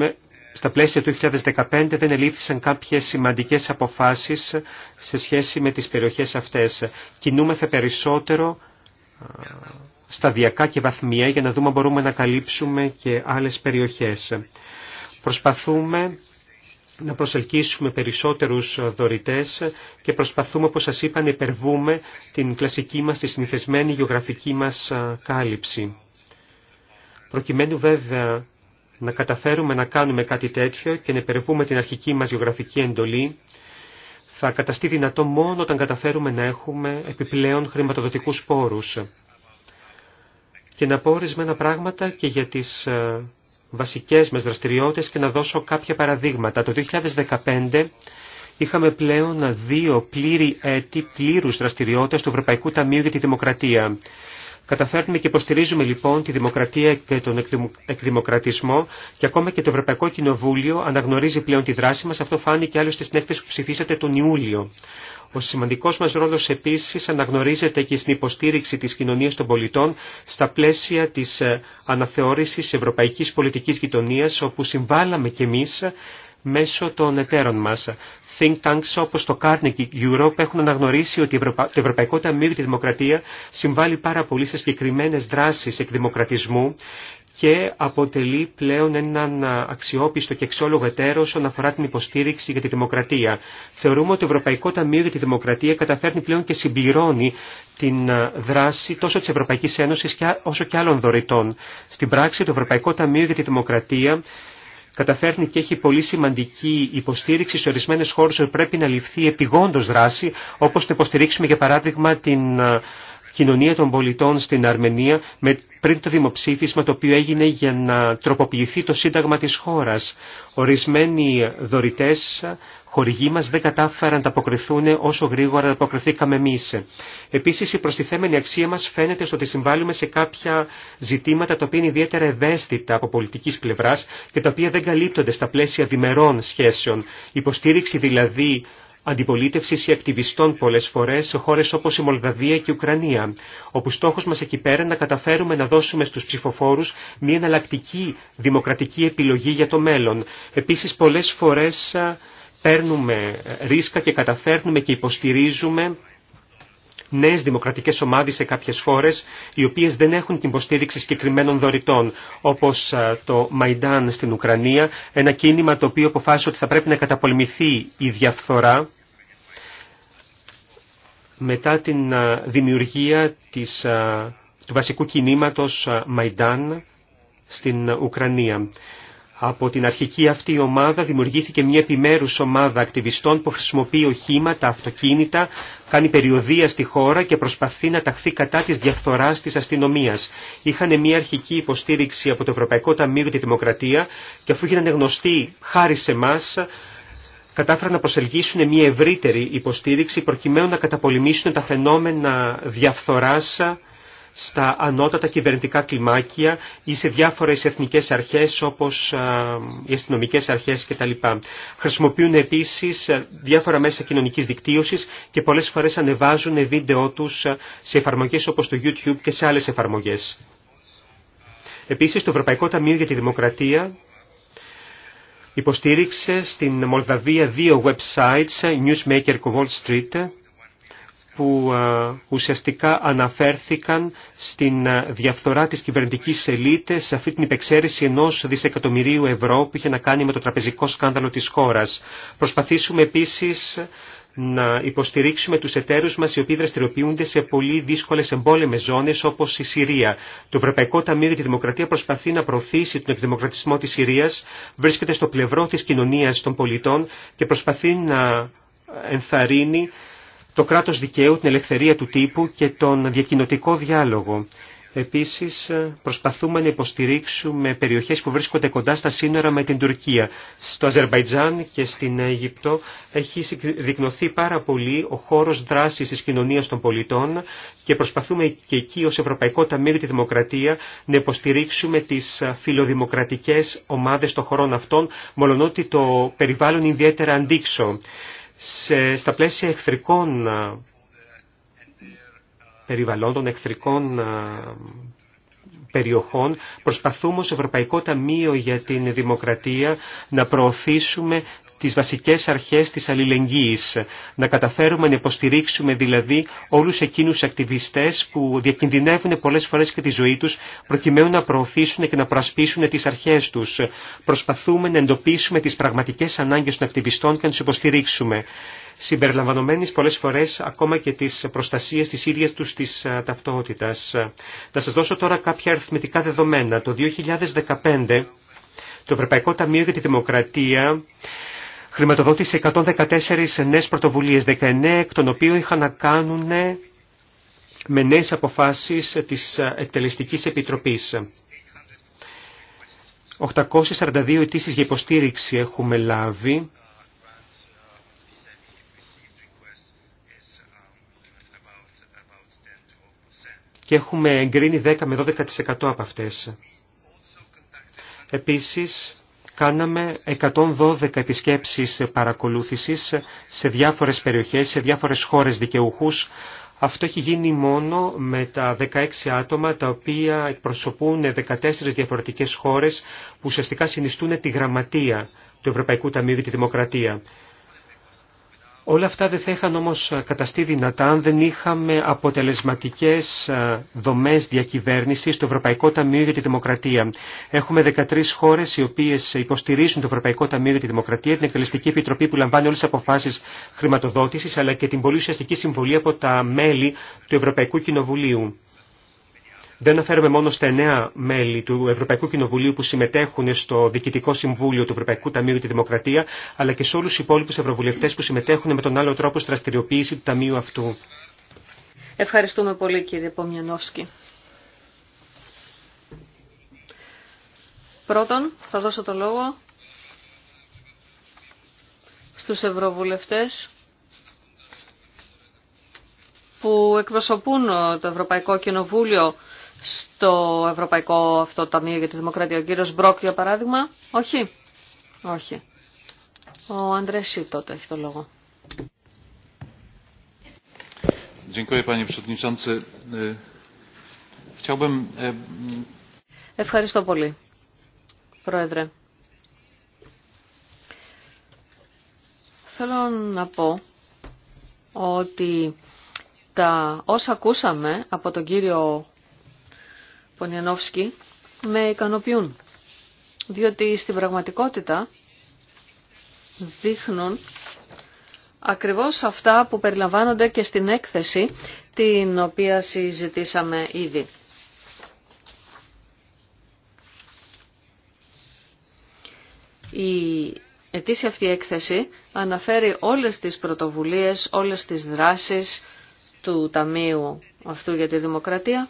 στα πλαίσια του 2015 δεν ελήφθησαν κάποιες σημαντικές αποφάσεις σε σχέση με τις περιοχές αυτές. Κινούμεθα περισσότερο σταδιακά και βαθμία για να δούμε αν μπορούμε να καλύψουμε και άλλες περιοχές. Προσπαθούμε να προσελκύσουμε περισσότερους δωρητές και προσπαθούμε, όπως σας είπα, να υπερβούμε την κλασική μας, τη συνηθισμένη γεωγραφική μας κάλυψη. Προκειμένου βέβαια να καταφέρουμε να κάνουμε κάτι τέτοιο και να υπερβούμε την αρχική μας γεωγραφική εντολή θα καταστεί δυνατό μόνο όταν καταφέρουμε να έχουμε επιπλέον χρηματοδοτικούς πόρους. Και να πω ορισμένα πράγματα και για τις ε, βασικές μας δραστηριότητες και να δώσω κάποια παραδείγματα. Το 2015 είχαμε πλέον δύο πλήρη έτη πλήρους δραστηριότητες του Ευρωπαϊκού Ταμείου για τη Δημοκρατία. Καταφέρνουμε και υποστηρίζουμε λοιπόν τη δημοκρατία και τον εκδημοκρατισμό και ακόμα και το Ευρωπαϊκό Κοινοβούλιο αναγνωρίζει πλέον τη δράση μας. Αυτό φάνηκε άλλωστε στην έκθεση που ψηφίσατε τον Ιούλιο. Ο σημαντικό μα ρόλο επίση αναγνωρίζεται και στην υποστήριξη τη κοινωνία των πολιτών στα πλαίσια τη ε, αναθεώρηση ευρωπαϊκή πολιτική γειτονία, όπου συμβάλαμε κι εμεί μέσω των εταίρων μας. Think tanks όπως το Carnegie Europe έχουν αναγνωρίσει ότι το Ευρωπαϊκό Ταμείο για τη Δημοκρατία συμβάλλει πάρα πολύ σε συγκεκριμένε δράσεις εκδημοκρατισμού και αποτελεί πλέον έναν αξιόπιστο και εξόλογο εταίρο όσον αφορά την υποστήριξη για τη δημοκρατία. Θεωρούμε ότι το Ευρωπαϊκό Ταμείο για τη Δημοκρατία καταφέρνει πλέον και συμπληρώνει την δράση τόσο της Ευρωπαϊκής Ένωσης όσο και άλλων δωρητών. Στην πράξη, το Ευρωπαϊκό Ταμείο για τη Δημοκρατία καταφέρνει και έχει πολύ σημαντική υποστήριξη σε ορισμένες χώρες όπου πρέπει να ληφθεί επιγόντως δράση, όπως να υποστηρίξουμε για παράδειγμα την ε, κοινωνία των πολιτών στην Αρμενία με, πριν το δημοψήφισμα το οποίο έγινε για να τροποποιηθεί το σύνταγμα της χώρας. Ορισμένοι δωρητές χορηγοί μας δεν κατάφεραν να αποκριθούν όσο γρήγορα αποκριθήκαμε εμείς. Επίσης η προστιθέμενη αξία μας φαίνεται στο ότι συμβάλλουμε σε κάποια ζητήματα τα οποία είναι ιδιαίτερα ευαίσθητα από πολιτικής πλευράς και τα οποία δεν καλύπτονται στα πλαίσια διμερών σχέσεων. Υποστήριξη δηλαδή Αντιπολίτευση η Μολδαβία και η Ουκρανία, όπου στόχος μας εκεί πέρα να καταφέρουμε να δώσουμε στους ψηφοφόρου μια εναλλακτική δημοκρατική επιλογή για το μέλλον. Επίσης πολλές φορές παίρνουμε ε, ρίσκα και καταφέρνουμε και υποστηρίζουμε νέε δημοκρατικέ ομάδε σε κάποιε χώρε, οι οποίε δεν έχουν την υποστήριξη συγκεκριμένων δωρητών, όπω ε, το Μαϊντάν στην Ουκρανία, ένα κίνημα το οποίο αποφάσισε ότι θα πρέπει να καταπολεμηθεί η διαφθορά μετά την ε, δημιουργία της, ε, του βασικού κινήματος Μαϊντάν στην Ουκρανία. Από την αρχική αυτή ομάδα δημιουργήθηκε μια επιμέρους ομάδα ακτιβιστών που χρησιμοποιεί οχήματα, αυτοκίνητα, κάνει περιοδία στη χώρα και προσπαθεί να ταχθεί κατά της διαφθοράς της αστυνομίας. Είχαν μια αρχική υποστήριξη από το Ευρωπαϊκό Ταμείο για τη Δημοκρατία και αφού γίνανε γνωστοί χάρη σε εμάς, κατάφεραν να προσελγίσουν μια ευρύτερη υποστήριξη προκειμένου να καταπολεμήσουν τα φαινόμενα διαφθοράς στα ανώτατα κυβερνητικά κλιμάκια ή σε διάφορες εθνικές αρχές όπως οι αστυνομικές αρχές κτλ. Χρησιμοποιούν επίσης διάφορα μέσα κοινωνικής δικτύωσης και πολλές φορές ανεβάζουν βίντεο τους σε εφαρμογές όπως το YouTube και σε άλλες εφαρμογές. Επίσης το Ευρωπαϊκό Ταμείο για τη Δημοκρατία υποστήριξε στην Μολδαβία δύο websites, Newsmaker και Wall Street, που ε, ουσιαστικά αναφέρθηκαν στην ε, διαφθορά της κυβερνητικής ελίτες σε αυτή την υπεξαίρεση ενός δισεκατομμυρίου ευρώ που είχε να κάνει με το τραπεζικό σκάνδαλο της χώρας. Προσπαθήσουμε επίσης να υποστηρίξουμε τους εταίρους μας οι οποίοι δραστηριοποιούνται σε πολύ δύσκολες εμπόλεμες ζώνες όπως η Συρία. Το Ευρωπαϊκό Ταμείο για τη Δημοκρατία προσπαθεί να προωθήσει τον εκδημοκρατισμό της Συρίας, βρίσκεται στο πλευρό της κοινωνίας των πολιτών και προσπαθεί να ενθαρρύνει το κράτος δικαίου, την ελευθερία του τύπου και τον διακοινωτικό διάλογο. Επίσης προσπαθούμε να υποστηρίξουμε περιοχές που βρίσκονται κοντά στα σύνορα με την Τουρκία. Στο Αζερβαϊτζάν και στην Αίγυπτο έχει δεικνωθεί πάρα πολύ ο χώρος δράσης της κοινωνίας των πολιτών και προσπαθούμε και εκεί ως Ευρωπαϊκό Ταμείο για τη Δημοκρατία να υποστηρίξουμε τις φιλοδημοκρατικές ομάδες των χωρών αυτών, ότι το περιβάλλον είναι ιδιαίτερα αντίξω σε, στα πλαίσια εχθρικών ε, περιβαλλόντων, εχθρικών ε, περιοχών. Προσπαθούμε ως Ευρωπαϊκό Ταμείο για την Δημοκρατία να προωθήσουμε τις βασικές αρχές της αλληλεγγύης. Να καταφέρουμε να υποστηρίξουμε δηλαδή όλους εκείνους ακτιβιστές που διακινδυνεύουν πολλές φορές και τη ζωή τους προκειμένου να προωθήσουν και να προασπίσουν τις αρχές τους. Προσπαθούμε να εντοπίσουμε τις πραγματικές ανάγκες των ακτιβιστών και να τους υποστηρίξουμε συμπεριλαμβανομένης πολλές φορές ακόμα και της προστασίας της ίδιας τους της ε, ταυτότητας. Θα σας δώσω τώρα κάποια αριθμητικά δεδομένα. Το 2015 το Ευρωπαϊκό Ταμείο για τη Δημοκρατία χρηματοδότησε 114 νέες πρωτοβουλίες, 19 εκ των οποίων είχαν να κάνουν με νέες αποφάσεις της Εκτελεστικής Επιτροπής. 842 αιτήσει για υποστήριξη έχουμε λάβει. Και έχουμε εγκρίνει 10 με 12% από αυτές. Επίσης, Κάναμε 112 επισκέψεις παρακολούθησης σε διάφορες περιοχές, σε διάφορες χώρες δικαιούχους. Αυτό έχει γίνει μόνο με τα 16 άτομα τα οποία εκπροσωπούν 14 διαφορετικές χώρες που ουσιαστικά συνιστούν τη γραμματεία του Ευρωπαϊκού Ταμείου για τη Δημοκρατία. Όλα αυτά δεν θα είχαν όμως καταστεί δυνατά αν δεν είχαμε αποτελεσματικές ε, δομές διακυβέρνησης στο Ευρωπαϊκό Ταμείο για τη Δημοκρατία. Έχουμε 13 χώρες οι οποίες υποστηρίζουν το Ευρωπαϊκό Ταμείο για τη Δημοκρατία, την Εκκληστική Επιτροπή που λαμβάνει όλες τις αποφάσεις χρηματοδότησης, αλλά και την πολύ ουσιαστική συμβολή από τα μέλη του Ευρωπαϊκού Κοινοβουλίου. Δεν αναφέρομαι μόνο στα εννέα μέλη του Ευρωπαϊκού Κοινοβουλίου που συμμετέχουν στο Διοικητικό Συμβούλιο του Ευρωπαϊκού Ταμείου για τη Δημοκρατία, αλλά και σε όλου του υπόλοιπου ευρωβουλευτέ που συμμετέχουν με τον άλλο τρόπο στη δραστηριοποίηση του Ταμείου αυτού. Ευχαριστούμε πολύ κύριε Πομιανόφσκι. Πρώτον, θα δώσω το λόγο στους ευρωβουλευτές που εκπροσωπούν το Ευρωπαϊκό Κοινοβούλιο στο Ευρωπαϊκό αυτό Ταμείο για τη Δημοκρατία. Ο κύριος Μπρόκ, για παράδειγμα. Όχι. Όχι. Ο Αντρέσι τότε έχει το λόγο. Ε, ε, Ευχαριστώ πολύ, Πρόεδρε. Θέλω να πω ότι τα όσα ακούσαμε από τον κύριο Πονιανόφσκι με ικανοποιούν. Διότι στην πραγματικότητα δείχνουν ακριβώς αυτά που περιλαμβάνονται και στην έκθεση την οποία συζητήσαμε ήδη. Η ετήσια αυτή έκθεση αναφέρει όλες τις πρωτοβουλίες, όλες τις δράσεις του Ταμείου αυτού για τη Δημοκρατία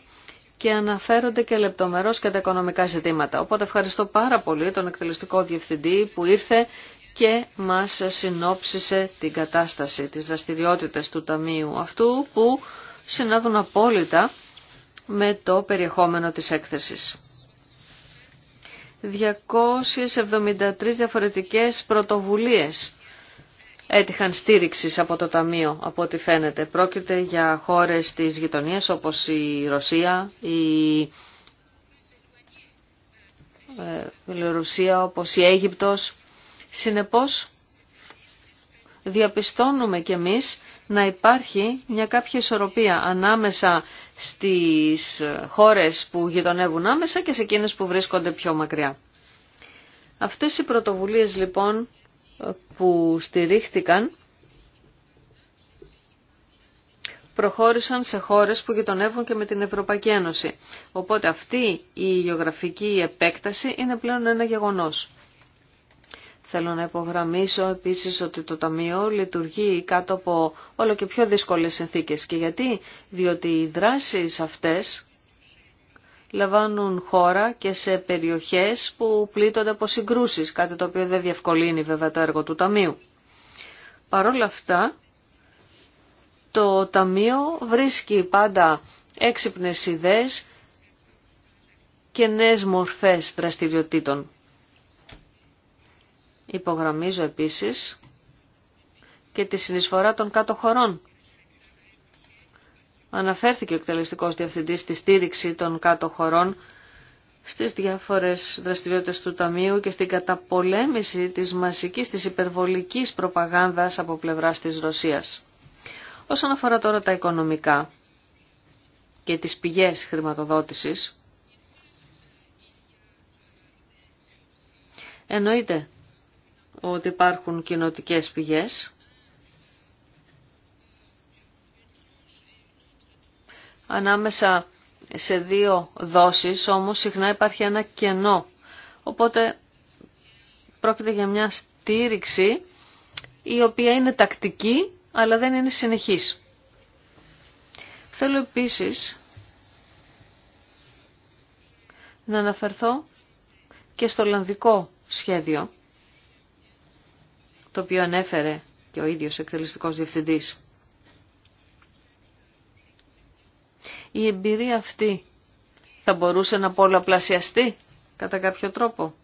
και αναφέρονται και λεπτομερώς και τα οικονομικά ζητήματα. Οπότε ευχαριστώ πάρα πολύ τον εκτελεστικό διευθυντή που ήρθε και μας συνόψισε την κατάσταση της δραστηριότητε του Ταμείου αυτού που συνάδουν απόλυτα με το περιεχόμενο της έκθεσης. 273 διαφορετικές πρωτοβουλίες έτυχαν στήριξη από το Ταμείο, από ό,τι φαίνεται. Πρόκειται για χώρες της γειτονίας όπως η Ρωσία, η ε, Βελορουσία, όπως η Αίγυπτος. Συνεπώς, διαπιστώνουμε κι εμείς να υπάρχει μια κάποια ισορροπία ανάμεσα στις χώρες που γειτονεύουν άμεσα και σε εκείνες που βρίσκονται πιο μακριά. Αυτές οι πρωτοβουλίες λοιπόν που στηρίχτηκαν προχώρησαν σε χώρες που γειτονεύουν και με την Ευρωπαϊκή Ένωση. Οπότε αυτή η γεωγραφική επέκταση είναι πλέον ένα γεγονός. Θέλω να υπογραμμίσω επίσης ότι το Ταμείο λειτουργεί κάτω από όλο και πιο δύσκολες συνθήκες. Και γιατί, διότι οι δράσεις αυτές λαμβάνουν χώρα και σε περιοχές που πλήττονται από συγκρούσεις, κάτι το οποίο δεν διευκολύνει βέβαια το έργο του Ταμείου. Παρ' όλα αυτά, το Ταμείο βρίσκει πάντα έξυπνες ιδέες και νέες μορφές δραστηριοτήτων. Υπογραμμίζω επίσης και τη συνεισφορά των κάτω χωρών αναφέρθηκε ο εκτελεστικός διευθυντής στη στήριξη των κάτω χωρών στις διάφορες δραστηριότητες του Ταμείου και στην καταπολέμηση της μασικής της υπερβολικής προπαγάνδας από πλευράς της Ρωσίας. Όσον αφορά τώρα τα οικονομικά και τις πηγές χρηματοδότησης, εννοείται ότι υπάρχουν κοινοτικές πηγές ανάμεσα σε δύο δόσεις, όμως συχνά υπάρχει ένα κενό. Οπότε πρόκειται για μια στήριξη η οποία είναι τακτική αλλά δεν είναι συνεχής. Θέλω επίσης να αναφερθώ και στο Ολλανδικό σχέδιο, το οποίο ανέφερε και ο ίδιος εκτελεστικός διευθυντής. Η εμπειρία αυτή θα μπορούσε να πολλαπλασιαστεί κατά κάποιο τρόπο.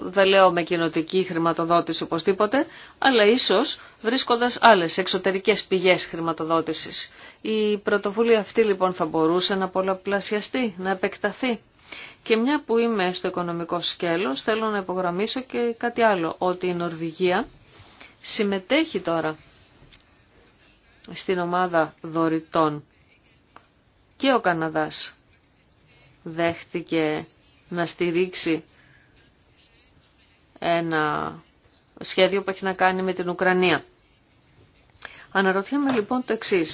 Δεν λέω με κοινοτική χρηματοδότηση οπωσδήποτε, αλλά ίσως βρίσκοντας άλλες εξωτερικές πηγές χρηματοδότησης. Η πρωτοβουλία αυτή λοιπόν θα μπορούσε να πολλαπλασιαστεί, να επεκταθεί. Και μια που είμαι στο οικονομικό σκέλος, θέλω να υπογραμμίσω και κάτι άλλο, ότι η Νορβηγία συμμετέχει τώρα στην ομάδα δωρητών. Και ο Καναδάς δέχτηκε να στηρίξει ένα σχέδιο που έχει να κάνει με την Ουκρανία. Αναρωτιέμαι λοιπόν το εξή.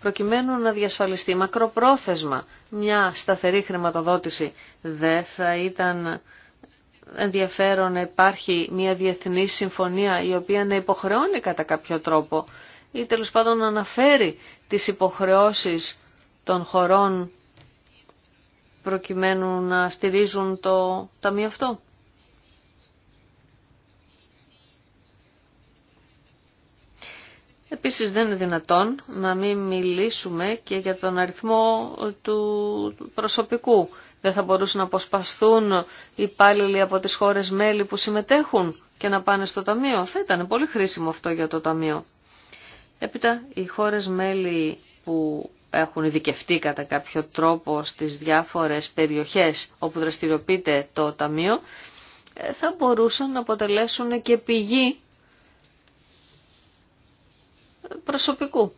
Προκειμένου να διασφαλιστεί μακροπρόθεσμα μια σταθερή χρηματοδότηση, δεν θα ήταν ενδιαφέρον να υπάρχει μια διεθνή συμφωνία η οποία να υποχρεώνει κατά κάποιο τρόπο ή τέλο πάντων αναφέρει τις υποχρεώσεις των χωρών προκειμένου να στηρίζουν το ταμείο αυτό. Επίσης δεν είναι δυνατόν να μην μιλήσουμε και για τον αριθμό του προσωπικού. Δεν θα μπορούσαν να αποσπαστούν οι υπάλληλοι από τις χώρες μέλη που συμμετέχουν και να πάνε στο Ταμείο. Θα ήταν πολύ χρήσιμο αυτό για το Ταμείο. Έπειτα, οι χώρες μέλη που έχουν ειδικευτεί κατά κάποιο τρόπο στις διάφορες περιοχές όπου δραστηριοποιείται το Ταμείο, ε, θα μπορούσαν να αποτελέσουν και πηγή προσωπικού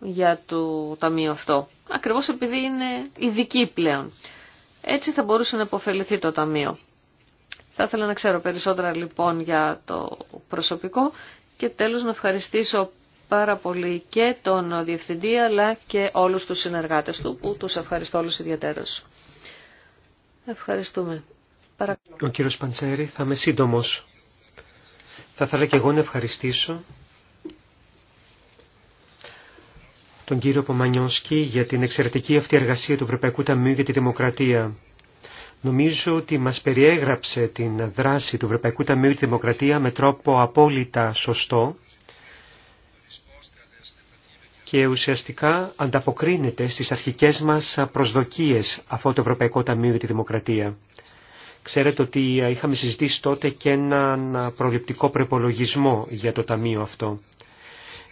για το Ταμείο αυτό. Ακριβώς επειδή είναι ειδική πλέον. Έτσι θα μπορούσε να υποφεληθεί το Ταμείο. Θα ήθελα να ξέρω περισσότερα λοιπόν για το προσωπικό και τέλος να ευχαριστήσω πάρα πολύ και τον Διευθυντή αλλά και όλους τους συνεργάτες του που τους ευχαριστώ όλους ιδιαίτερως. Ευχαριστούμε. Ο κύριος Παντσέρη θα είμαι σύντομο. Θα ήθελα και εγώ να ευχαριστήσω τον κύριο Πομανιώσκη για την εξαιρετική αυτή εργασία του Ευρωπαϊκού Ταμείου για τη Δημοκρατία. Νομίζω ότι μας περιέγραψε την δράση του Ευρωπαϊκού Ταμείου για τη Δημοκρατία με τρόπο απόλυτα σωστό και ουσιαστικά ανταποκρίνεται στις αρχικές μας προσδοκίες αυτό το Ευρωπαϊκό Ταμείο για τη Δημοκρατία. Ξέρετε ότι ε, είχαμε συζητήσει τότε και έναν ε, προληπτικό προπολογισμό για το Ταμείο αυτό.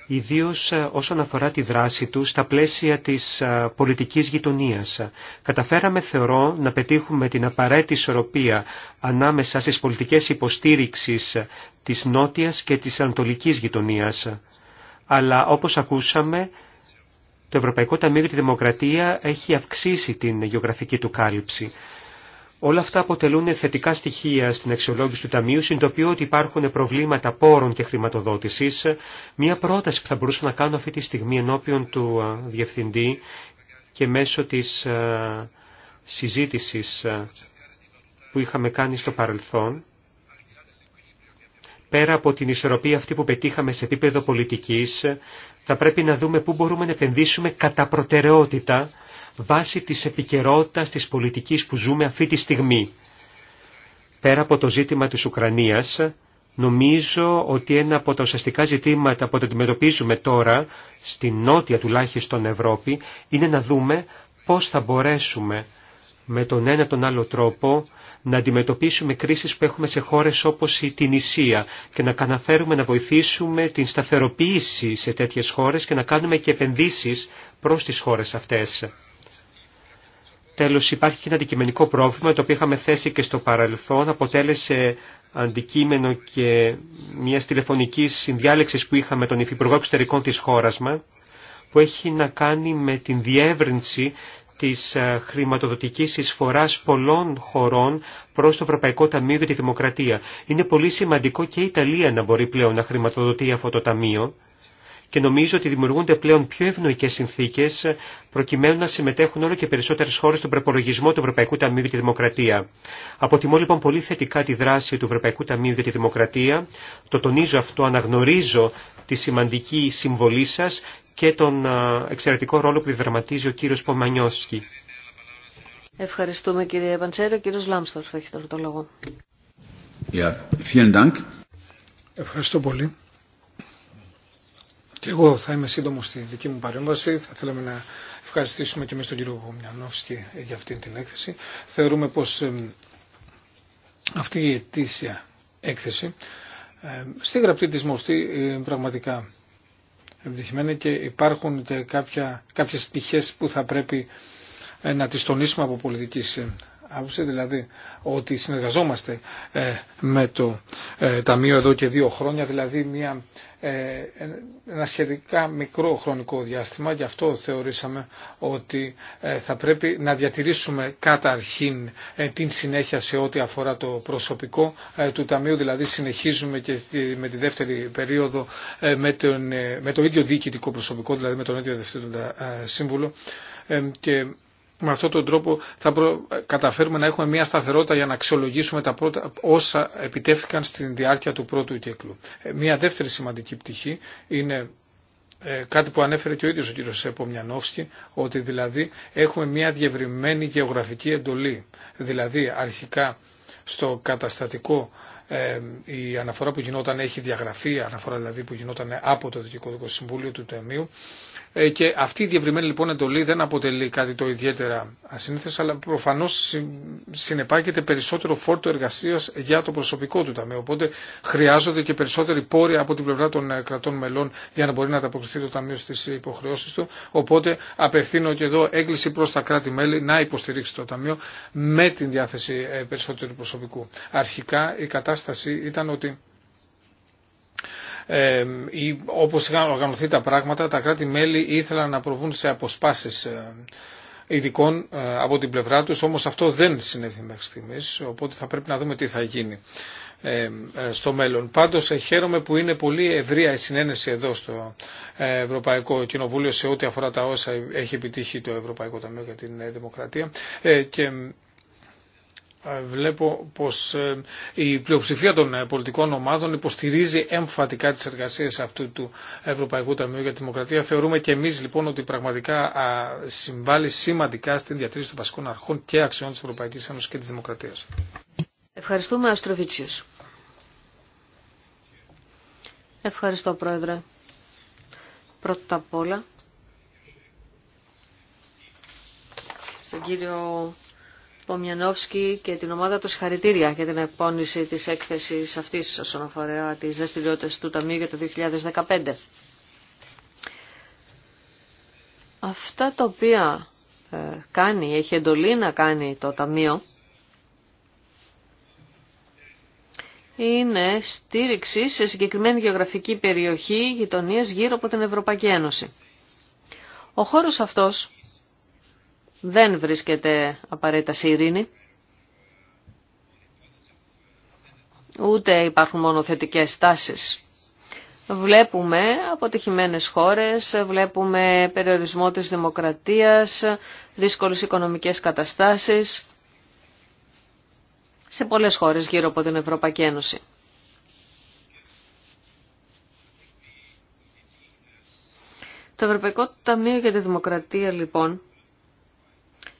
Ιδίω ε, όσον αφορά τη δράση του στα πλαίσια της πολιτικής γειτονίας. Καταφέραμε, θεωρώ, να πετύχουμε την απαραίτητη ισορροπία ανάμεσα στις πολιτικές υποστήριξης της νότιας και της ανατολικής γειτονίας αλλά όπως ακούσαμε το Ευρωπαϊκό Ταμείο για τη Δημοκρατία έχει αυξήσει την γεωγραφική του κάλυψη. Όλα αυτά αποτελούν θετικά στοιχεία στην αξιολόγηση του Ταμείου, συνειδητοποιώ ότι υπάρχουν προβλήματα πόρων και χρηματοδότησης. Μία πρόταση που θα μπορούσα να κάνω αυτή τη στιγμή ενώπιον του Διευθυντή και μέσω της συζήτησης που είχαμε κάνει στο παρελθόν πέρα από την ισορροπία αυτή που πετύχαμε σε επίπεδο πολιτικής, θα πρέπει να δούμε πού μπορούμε να επενδύσουμε κατά προτεραιότητα βάσει της επικαιρότητα της πολιτικής που ζούμε αυτή τη στιγμή. Πέρα από το ζήτημα της Ουκρανίας, νομίζω ότι ένα από τα ουσιαστικά ζητήματα που αντιμετωπίζουμε τώρα, στην νότια τουλάχιστον Ευρώπη, είναι να δούμε πώς θα μπορέσουμε με τον ένα τον άλλο τρόπο να αντιμετωπίσουμε κρίσεις που έχουμε σε χώρες όπως η Τινησία και να καταφέρουμε να βοηθήσουμε την σταθεροποίηση σε τέτοιες χώρες και να κάνουμε και επενδύσεις προς τις χώρες αυτές. Τέλος, υπάρχει και ένα αντικειμενικό πρόβλημα το οποίο είχαμε θέσει και στο παρελθόν, αποτέλεσε αντικείμενο και μια τηλεφωνική συνδιάλεξης που είχαμε τον Υφυπουργό Εξωτερικών της χώρας μας, που έχει να κάνει με την διεύρυνση της ε, χρηματοδοτικής εισφοράς πολλών χωρών προς το Ευρωπαϊκό Ταμείο για τη Δημοκρατία. Είναι πολύ σημαντικό και η Ιταλία να μπορεί πλέον να χρηματοδοτεί αυτό το ταμείο και νομίζω ότι δημιουργούνται πλέον πιο ευνοϊκέ συνθήκε προκειμένου να συμμετέχουν όλο και περισσότερε χώρε στον προπολογισμό του Ευρωπαϊκού Ταμείου για τη Δημοκρατία. Αποτιμώ λοιπόν πολύ θετικά τη δράση του Ευρωπαϊκού Ταμείου για τη Δημοκρατία. Το τονίζω αυτό, αναγνωρίζω τη σημαντική συμβολή σα και τον εξαιρετικό ρόλο που διδραματίζει ο κύριο Πομανιώσκη. Ευχαριστούμε κύριε Παντσέρο. Κύριος Λάμστορφ έχει τώρα το λόγο. Yeah. Ευχαριστώ πολύ εγώ θα είμαι σύντομο στη δική μου παρέμβαση. Θα θέλαμε να ευχαριστήσουμε και εμείς τον κύριο Γομιανόφσκι ε, για αυτή την έκθεση. Θεωρούμε πως ε, αυτή η ετήσια έκθεση ε, στη γραπτή της μορφή πραγματικά επιτυχημένη και υπάρχουν και κάποια, κάποιες πτυχές που θα πρέπει να τις τονίσουμε από πολιτικής άποψη, δηλαδή ότι συνεργαζόμαστε ε, με το ε, Ταμείο εδώ και δύο χρόνια, δηλαδή μια, ε, ένα σχετικά μικρό χρονικό διάστημα. Γι' αυτό θεωρήσαμε ότι θα πρέπει να διατηρήσουμε καταρχήν την συνέχεια σε ό,τι αφορά το προσωπικό του Ταμείου, δηλαδή συνεχίζουμε και με τη δεύτερη περίοδο με, τον, με το ίδιο διοικητικό προσωπικό, δηλαδή με τον ίδιο ε, σύμβουλο και με αυτόν τον τρόπο θα καταφέρουμε να έχουμε μια σταθερότητα για να αξιολογήσουμε τα πρώτα όσα επιτεύχθηκαν στην διάρκεια του πρώτου κύκλου. Ε, μια δεύτερη σημαντική πτυχή είναι ε, κάτι που ανέφερε και ο ίδιος ο κ. Σεπομιανόφσκι, ότι δηλαδή έχουμε μια διευρυμένη γεωγραφική εντολή. Δηλαδή αρχικά στο καταστατικό ε, η αναφορά που γινόταν έχει διαγραφεί, η αναφορά δηλαδή που γινόταν από το Διοικητικό Συμβούλιο του Τεμείου. Ε, και αυτή η διευρυμένη λοιπόν εντολή δεν αποτελεί κάτι το ιδιαίτερα ασύνηθες, αλλά προφανώς συνεπάγεται περισσότερο φόρτο εργασίας για το προσωπικό του ταμείο. Οπότε χρειάζονται και περισσότεροι πόροι από την πλευρά των ε, κρατών μελών για να μπορεί να ανταποκριθεί το ταμείο στις υποχρεώσεις του. Οπότε απευθύνω και εδώ έγκληση προς τα κράτη-μέλη να υποστηρίξει το ταμείο με την διάθεση ε, περισσότερου προσωπικού. Αρχικά η κατάσταση ήταν ότι ή όπως είχαν οργανωθεί τα πράγματα, τα κράτη-μέλη ήθελαν να προβούν σε αποσπάσεις ε, ειδικών ε, από την πλευρά τους, όμως αυτό δεν συνέβη μέχρι στιγμής, οπότε θα πρέπει να δούμε τι θα γίνει ε, στο μέλλον. Πάντως χαίρομαι που είναι πολύ ευρία η συνένεση εδώ στο Ευρωπαϊκό Κοινοβούλιο σε ό,τι αφορά τα όσα έχει επιτύχει το Ευρωπαϊκό Ταμείο για την Δημοκρατία και ε, βλέπω πως ε, η πλειοψηφία των ε, πολιτικών ομάδων υποστηρίζει εμφατικά τις εργασίες αυτού του Ευρωπαϊκού Ταμείου για τη Δημοκρατία. Θεωρούμε και εμείς λοιπόν ότι πραγματικά συμβάλλει σημαντικά στην διατήρηση των βασικών αρχών και αξιών της Ευρωπαϊκής Ένωσης και της Δημοκρατίας. Ευχαριστούμε Αστροβίτσιος. Ευχαριστώ Πρόεδρε. Πρώτα απ' όλα, κύριο Πομιανόφσκι και την ομάδα του συγχαρητήρια για την εκπόνηση της έκθεσης αυτής όσον αφορά τις δραστηριότητε του Ταμείου για το 2015. Αυτά τα οποία ε, κάνει, έχει εντολή να κάνει το Ταμείο, είναι στήριξη σε συγκεκριμένη γεωγραφική περιοχή γειτονίας γύρω από την Ευρωπαϊκή Ένωση. Ο χώρος αυτός δεν βρίσκεται απαραίτητα σε ειρήνη. Ούτε υπάρχουν μόνο θετικές τάσεις. Βλέπουμε αποτυχημένες χώρες, βλέπουμε περιορισμό της δημοκρατίας, δύσκολες οικονομικές καταστάσεις σε πολλές χώρες γύρω από την Ευρωπαϊκή Ένωση. Το Ευρωπαϊκό Ταμείο για τη Δημοκρατία λοιπόν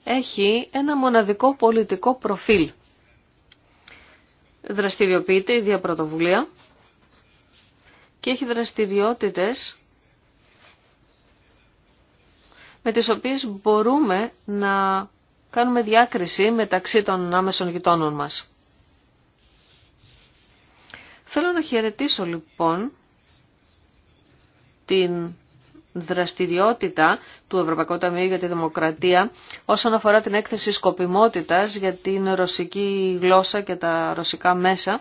έχει ένα μοναδικό πολιτικό προφίλ. Δραστηριοποιείται η διαπρωτοβουλία και έχει δραστηριότητες με τις οποίες μπορούμε να κάνουμε διάκριση μεταξύ των άμεσων γειτόνων μας. Θέλω να χαιρετήσω λοιπόν την δραστηριότητα του Ευρωπαϊκού Ταμείου για τη Δημοκρατία όσον αφορά την έκθεση σκοπιμότητας για την ρωσική γλώσσα και τα ρωσικά μέσα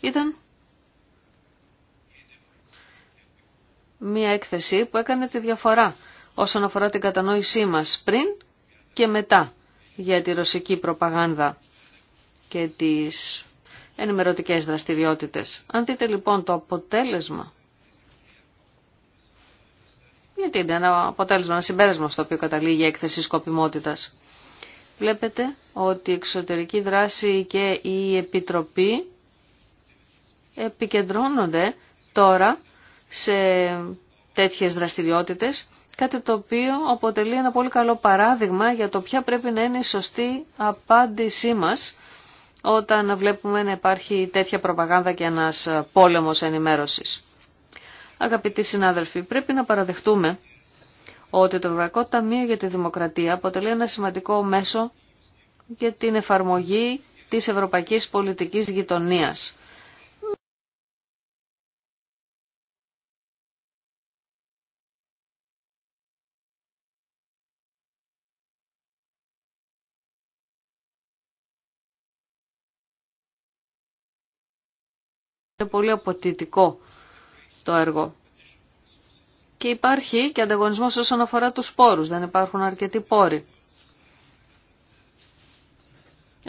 ήταν μία έκθεση που έκανε τη διαφορά όσον αφορά την κατανόησή μας πριν και μετά για τη ρωσική προπαγάνδα και τις ενημερωτικές δραστηριότητες. Αν δείτε λοιπόν το αποτέλεσμα γιατί είναι ένα αποτέλεσμα, ένα συμπέρασμα στο οποίο καταλήγει η έκθεση σκοπιμότητας. Βλέπετε ότι η εξωτερική δράση και η Επιτροπή επικεντρώνονται τώρα σε τέτοιες δραστηριότητες, κάτι το οποίο αποτελεί ένα πολύ καλό παράδειγμα για το ποια πρέπει να είναι η σωστή απάντησή μας όταν βλέπουμε να υπάρχει τέτοια προπαγάνδα και ένας πόλεμος ενημέρωσης. Αγαπητοί συνάδελφοι, πρέπει να παραδεχτούμε ότι το Ευρωπαϊκό Ταμείο για τη Δημοκρατία αποτελεί ένα σημαντικό μέσο για την εφαρμογή της ευρωπαϊκής πολιτικής γειτονίας. Είναι πολύ αποτητικό το έργο. Και υπάρχει και ανταγωνισμός όσον αφορά τους πόρους, δεν υπάρχουν αρκετοί πόροι.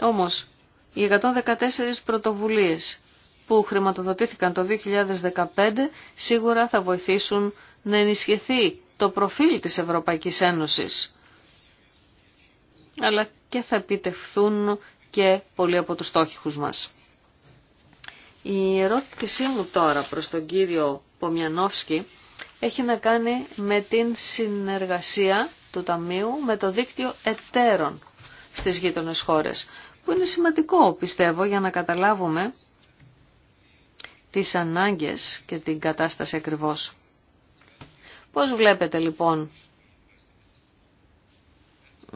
Όμως, οι 114 πρωτοβουλίες που χρηματοδοτήθηκαν το 2015 σίγουρα θα βοηθήσουν να ενισχυθεί το προφίλ της Ευρωπαϊκής Ένωσης, αλλά και θα επιτευχθούν και πολλοί από τους στόχους μας. Η ερώτησή μου τώρα προς τον κύριο Πομιανόφσκι έχει να κάνει με την συνεργασία του Ταμείου με το δίκτυο εταίρων στις γείτονες χώρες, που είναι σημαντικό πιστεύω για να καταλάβουμε τις ανάγκες και την κατάσταση ακριβώς. Πώς βλέπετε λοιπόν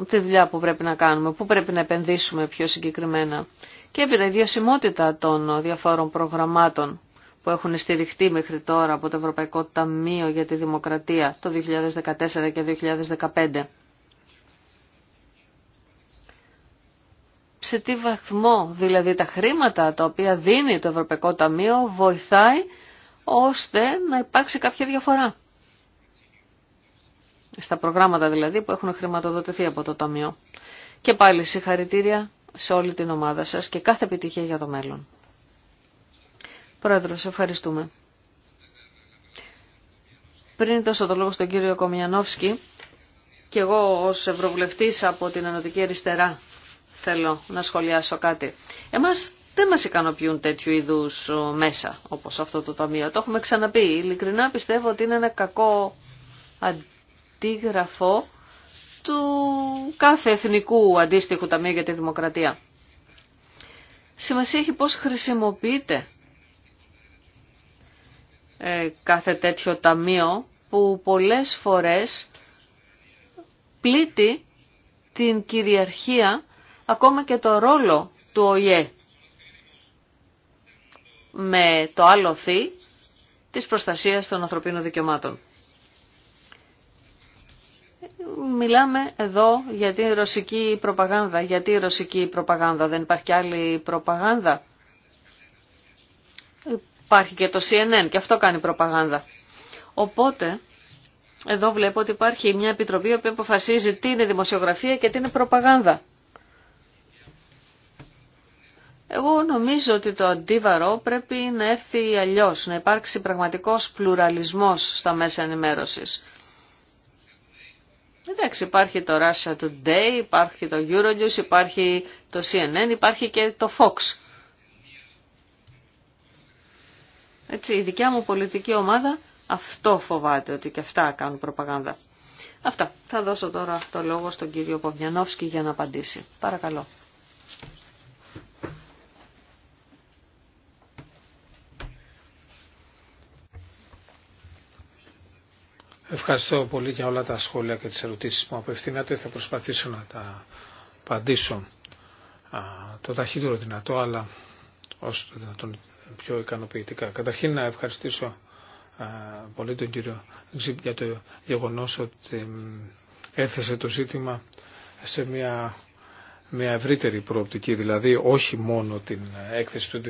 τη δουλειά που πρέπει να κάνουμε, πού πρέπει να επενδύσουμε πιο συγκεκριμένα και έπειτα η ιδιωσιμότητα των διαφόρων προγραμμάτων που έχουν στηριχτεί μέχρι τώρα από το Ευρωπαϊκό Ταμείο για τη Δημοκρατία το 2014 και 2015. Σε τι βαθμό δηλαδή τα χρήματα τα οποία δίνει το Ευρωπαϊκό Ταμείο βοηθάει ώστε να υπάρξει κάποια διαφορά. Στα προγράμματα δηλαδή που έχουν χρηματοδοτηθεί από το Ταμείο. Και πάλι συγχαρητήρια σε όλη την ομάδα σας και κάθε επιτυχία για το μέλλον. Πρόεδρος, ευχαριστούμε. Πριν δώσω το λόγο στον κύριο Κομιανόφσκι, και εγώ ως Ευρωβουλευτής από την Ενωτική Αριστερά θέλω να σχολιάσω κάτι. Εμάς δεν μας ικανοποιούν τέτοιου είδους μέσα όπως αυτό το ταμείο. Το έχουμε ξαναπεί. Ειλικρινά πιστεύω ότι είναι ένα κακό αντίγραφο του κάθε εθνικού αντίστοιχου ταμείου για τη δημοκρατία. Σημασία έχει πώς χρησιμοποιείται ε, κάθε τέτοιο ταμείο που πολλές φορές πλήττει την κυριαρχία ακόμα και το ρόλο του ΟΗΕ με το άλλο της προστασίας των ανθρωπίνων δικαιωμάτων. Μιλάμε εδώ για την ρωσική προπαγάνδα. Γιατί η ρωσική προπαγάνδα, δεν υπάρχει και άλλη προπαγάνδα. Υπάρχει και το CNN και αυτό κάνει προπαγάνδα. Οπότε, εδώ βλέπω ότι υπάρχει μια επιτροπή που αποφασίζει τι είναι δημοσιογραφία και τι είναι προπαγάνδα. Εγώ νομίζω ότι το αντίβαρο πρέπει να έρθει αλλιώς, να υπάρξει πραγματικός πλουραλισμός στα μέσα ενημέρωσης. Εντάξει, υπάρχει το Russia Today, υπάρχει το Euronews, υπάρχει το CNN, υπάρχει και το Fox. Έτσι, η δικιά μου πολιτική ομάδα αυτό φοβάται, ότι και αυτά κάνουν προπαγάνδα. Αυτά. Θα δώσω τώρα το λόγο στον κύριο Ποβιανόφσκι για να απαντήσει. Παρακαλώ. Ευχαριστώ πολύ για όλα τα σχόλια και τις ερωτήσεις που απευθύνατε. Θα προσπαθήσω να τα απαντήσω το ταχύτερο δυνατό, αλλά όσο το δυνατόν πιο ικανοποιητικά. Καταρχήν να ευχαριστήσω πολύ τον κύριο Ξύπ για το γεγονός ότι έθεσε το ζήτημα σε μια μια ευρύτερη προοπτική, δηλαδή όχι μόνο την έκθεση του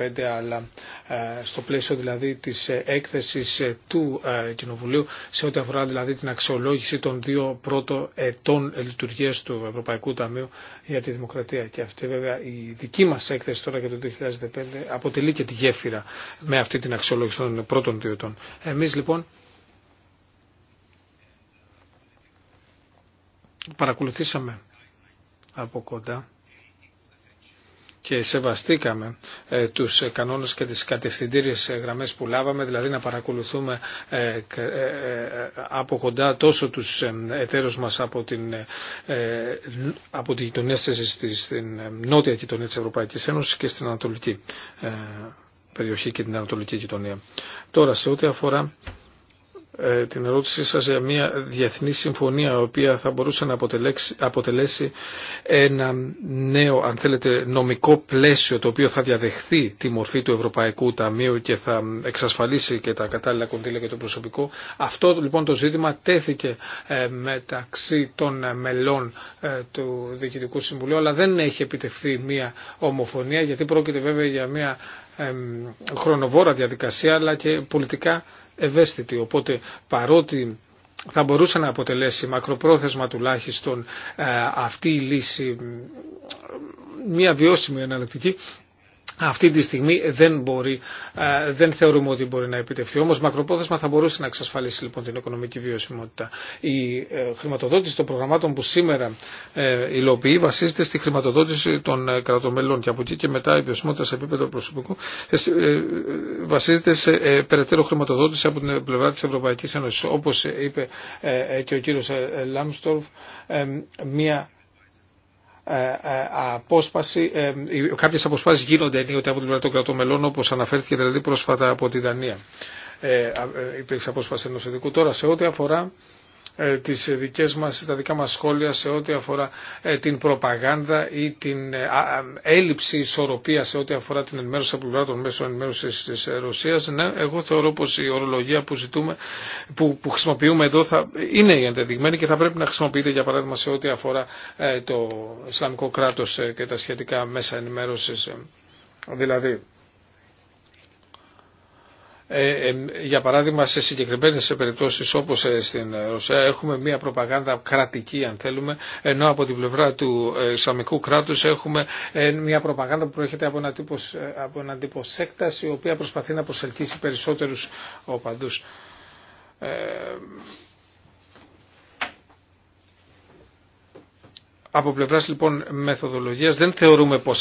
2015, αλλά ε, στο πλαίσιο δηλαδή της ε, έκθεσης ε, του Κοινοβουλίου σε ό,τι αφορά δηλαδή την αξιολόγηση των δύο πρώτων ετών λειτουργίας του Ευρωπαϊκού Ταμείου για τη Δημοκρατία. Και αυτή βέβαια η δική μας έκθεση τώρα για το 2015 αποτελεί και τη γέφυρα με αυτή την αξιολόγηση των πρώτων δύο ετών. Εμείς λοιπόν παρακολουθήσαμε από κοντά και σεβαστήκαμε ε, τους κανόνες και τις κατευθυντήριες ε, γραμμές που λάβαμε, δηλαδή να παρακολουθούμε ε, από κοντά τόσο τους εταίρους μας από, την, από την γειτονία στην νότια γειτονία της Ευρωπαϊκής Ένωσης και στην ανατολική περιοχή και την ανατολική γειτονία. Τώρα, σε ό,τι αφορά ε, την ερώτησή σας για μια διεθνή συμφωνία η οποία θα μπορούσε να αποτελέσει ένα νέο αν θέλετε νομικό πλαίσιο το οποίο θα διαδεχθεί τη μορφή του Ευρωπαϊκού Ταμείου και θα εξασφαλίσει και τα κατάλληλα κονδύλια και το προσωπικό. Αυτό λοιπόν το ζήτημα τέθηκε ε, μεταξύ των μελών ε, του Διοικητικού Συμβουλίου αλλά δεν έχει επιτευχθεί μια ομοφωνία γιατί πρόκειται βέβαια για μια χρονοβόρα διαδικασία αλλά και πολιτικά ευαίσθητη. Οπότε παρότι θα μπορούσε να αποτελέσει μακροπρόθεσμα τουλάχιστον ε, αυτή η λύση μια βιώσιμη εναλλακτική αυτή τη στιγμή δεν, μπορεί, ε, δεν θεωρούμε ότι μπορεί να επιτευχθεί. Όμως μακροπρόθεσμα θα μπορούσε να εξασφαλίσει λοιπόν την οικονομική βιωσιμότητα. Η ε, χρηματοδότηση των προγραμμάτων που σήμερα ε, υλοποιεί βασίζεται στη χρηματοδότηση των κρατομέλων και από εκεί και μετά η βιωσιμότητα σε επίπεδο προσωπικού βασίζεται σε περαιτέρω χρηματοδότηση από την πλευρά της Ευρωπαϊκής Ένωσης. Όπως είπε και ο κύριος Λάμστορφ, μια ε, ε, απόσπαση, ε, κάποιες αποσπάσεις γίνονται ενίοτε από την πλευρά των κρατών μελών όπως αναφέρθηκε δηλαδή πρόσφατα από τη Δανία. Ε, υπήρξε απόσπαση ενός ειδικού. Τώρα σε ό,τι αφορά ε, τις δικές μας, τα δικά μας σχόλια σε ό,τι αφορά ε, την προπαγάνδα ή την ε, έλλειψη ισορροπία σε ό,τι αφορά την ενημέρωση από πλευρά των μέσων ενημέρωσης της Ρωσίας. Ναι, εγώ θεωρώ πως η ορολογία που ζητούμε, που, χρησιμοποιούμε εδώ θα, είναι η ενδεδειγμένη και θα πρέπει να χρησιμοποιείται για παράδειγμα σε ό,τι αφορά το Ισλαμικό κράτος και τα σχετικά μέσα ενημέρωσης. Δηλαδή, ε, ε, για παράδειγμα σε συγκεκριμένες περιπτώσεις όπως ε, στην Ρωσία έχουμε μια προπαγάνδα κρατική αν θέλουμε ενώ από την πλευρά του Ισλαμικού κράτους έχουμε μια προπαγάνδα που προέρχεται από έναν τύπο, από ένα τύπο σέκτας η οποία προσπαθεί να προσελκύσει περισσότερους οπαδούς. Από πλευρά λοιπόν μεθοδολογία, δεν θεωρούμε πω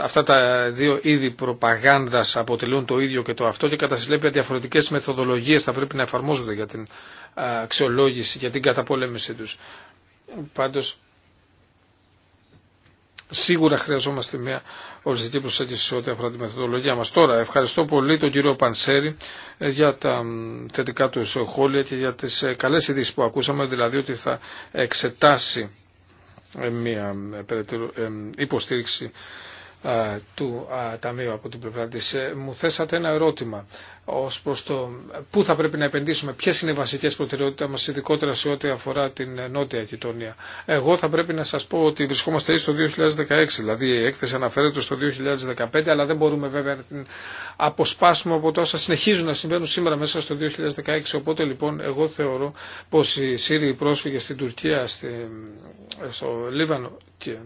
αυτά τα δύο είδη προπαγάνδα αποτελούν το ίδιο και το αυτό και κατά συνέπεια διαφορετικέ μεθοδολογίε θα πρέπει να εφαρμόζονται για την αξιολόγηση, για την καταπολέμησή του. Πάντω, σίγουρα χρειαζόμαστε μια οριστική προσέγγιση σε ό,τι αφορά τη μεθοδολογία μα. Τώρα ευχαριστώ πολύ τον κύριο Πανσέρη ε, για τα θετικά του σχόλια και για τι ε, καλέ ειδήσει που ακούσαμε, δηλαδή ότι θα εξετάσει ε, μια ε, ε, υποστήριξη του Ταμείου από την πλευρά της. Ε, μου θέσατε ένα ερώτημα ως προς το πού θα πρέπει να επενδύσουμε, ποιες είναι οι βασικές προτεραιότητες μας, ειδικότερα σε ό,τι αφορά την νότια κοιτωνία Εγώ θα πρέπει να σας πω ότι βρισκόμαστε ήδη στο 2016, δηλαδή η έκθεση αναφέρεται στο 2015, αλλά δεν μπορούμε βέβαια να την αποσπάσουμε από τόσα συνεχίζουν να συμβαίνουν σήμερα μέσα στο 2016. Οπότε λοιπόν εγώ θεωρώ πως οι Σύριοι πρόσφυγες στην Τουρκία, στο Λίβανο και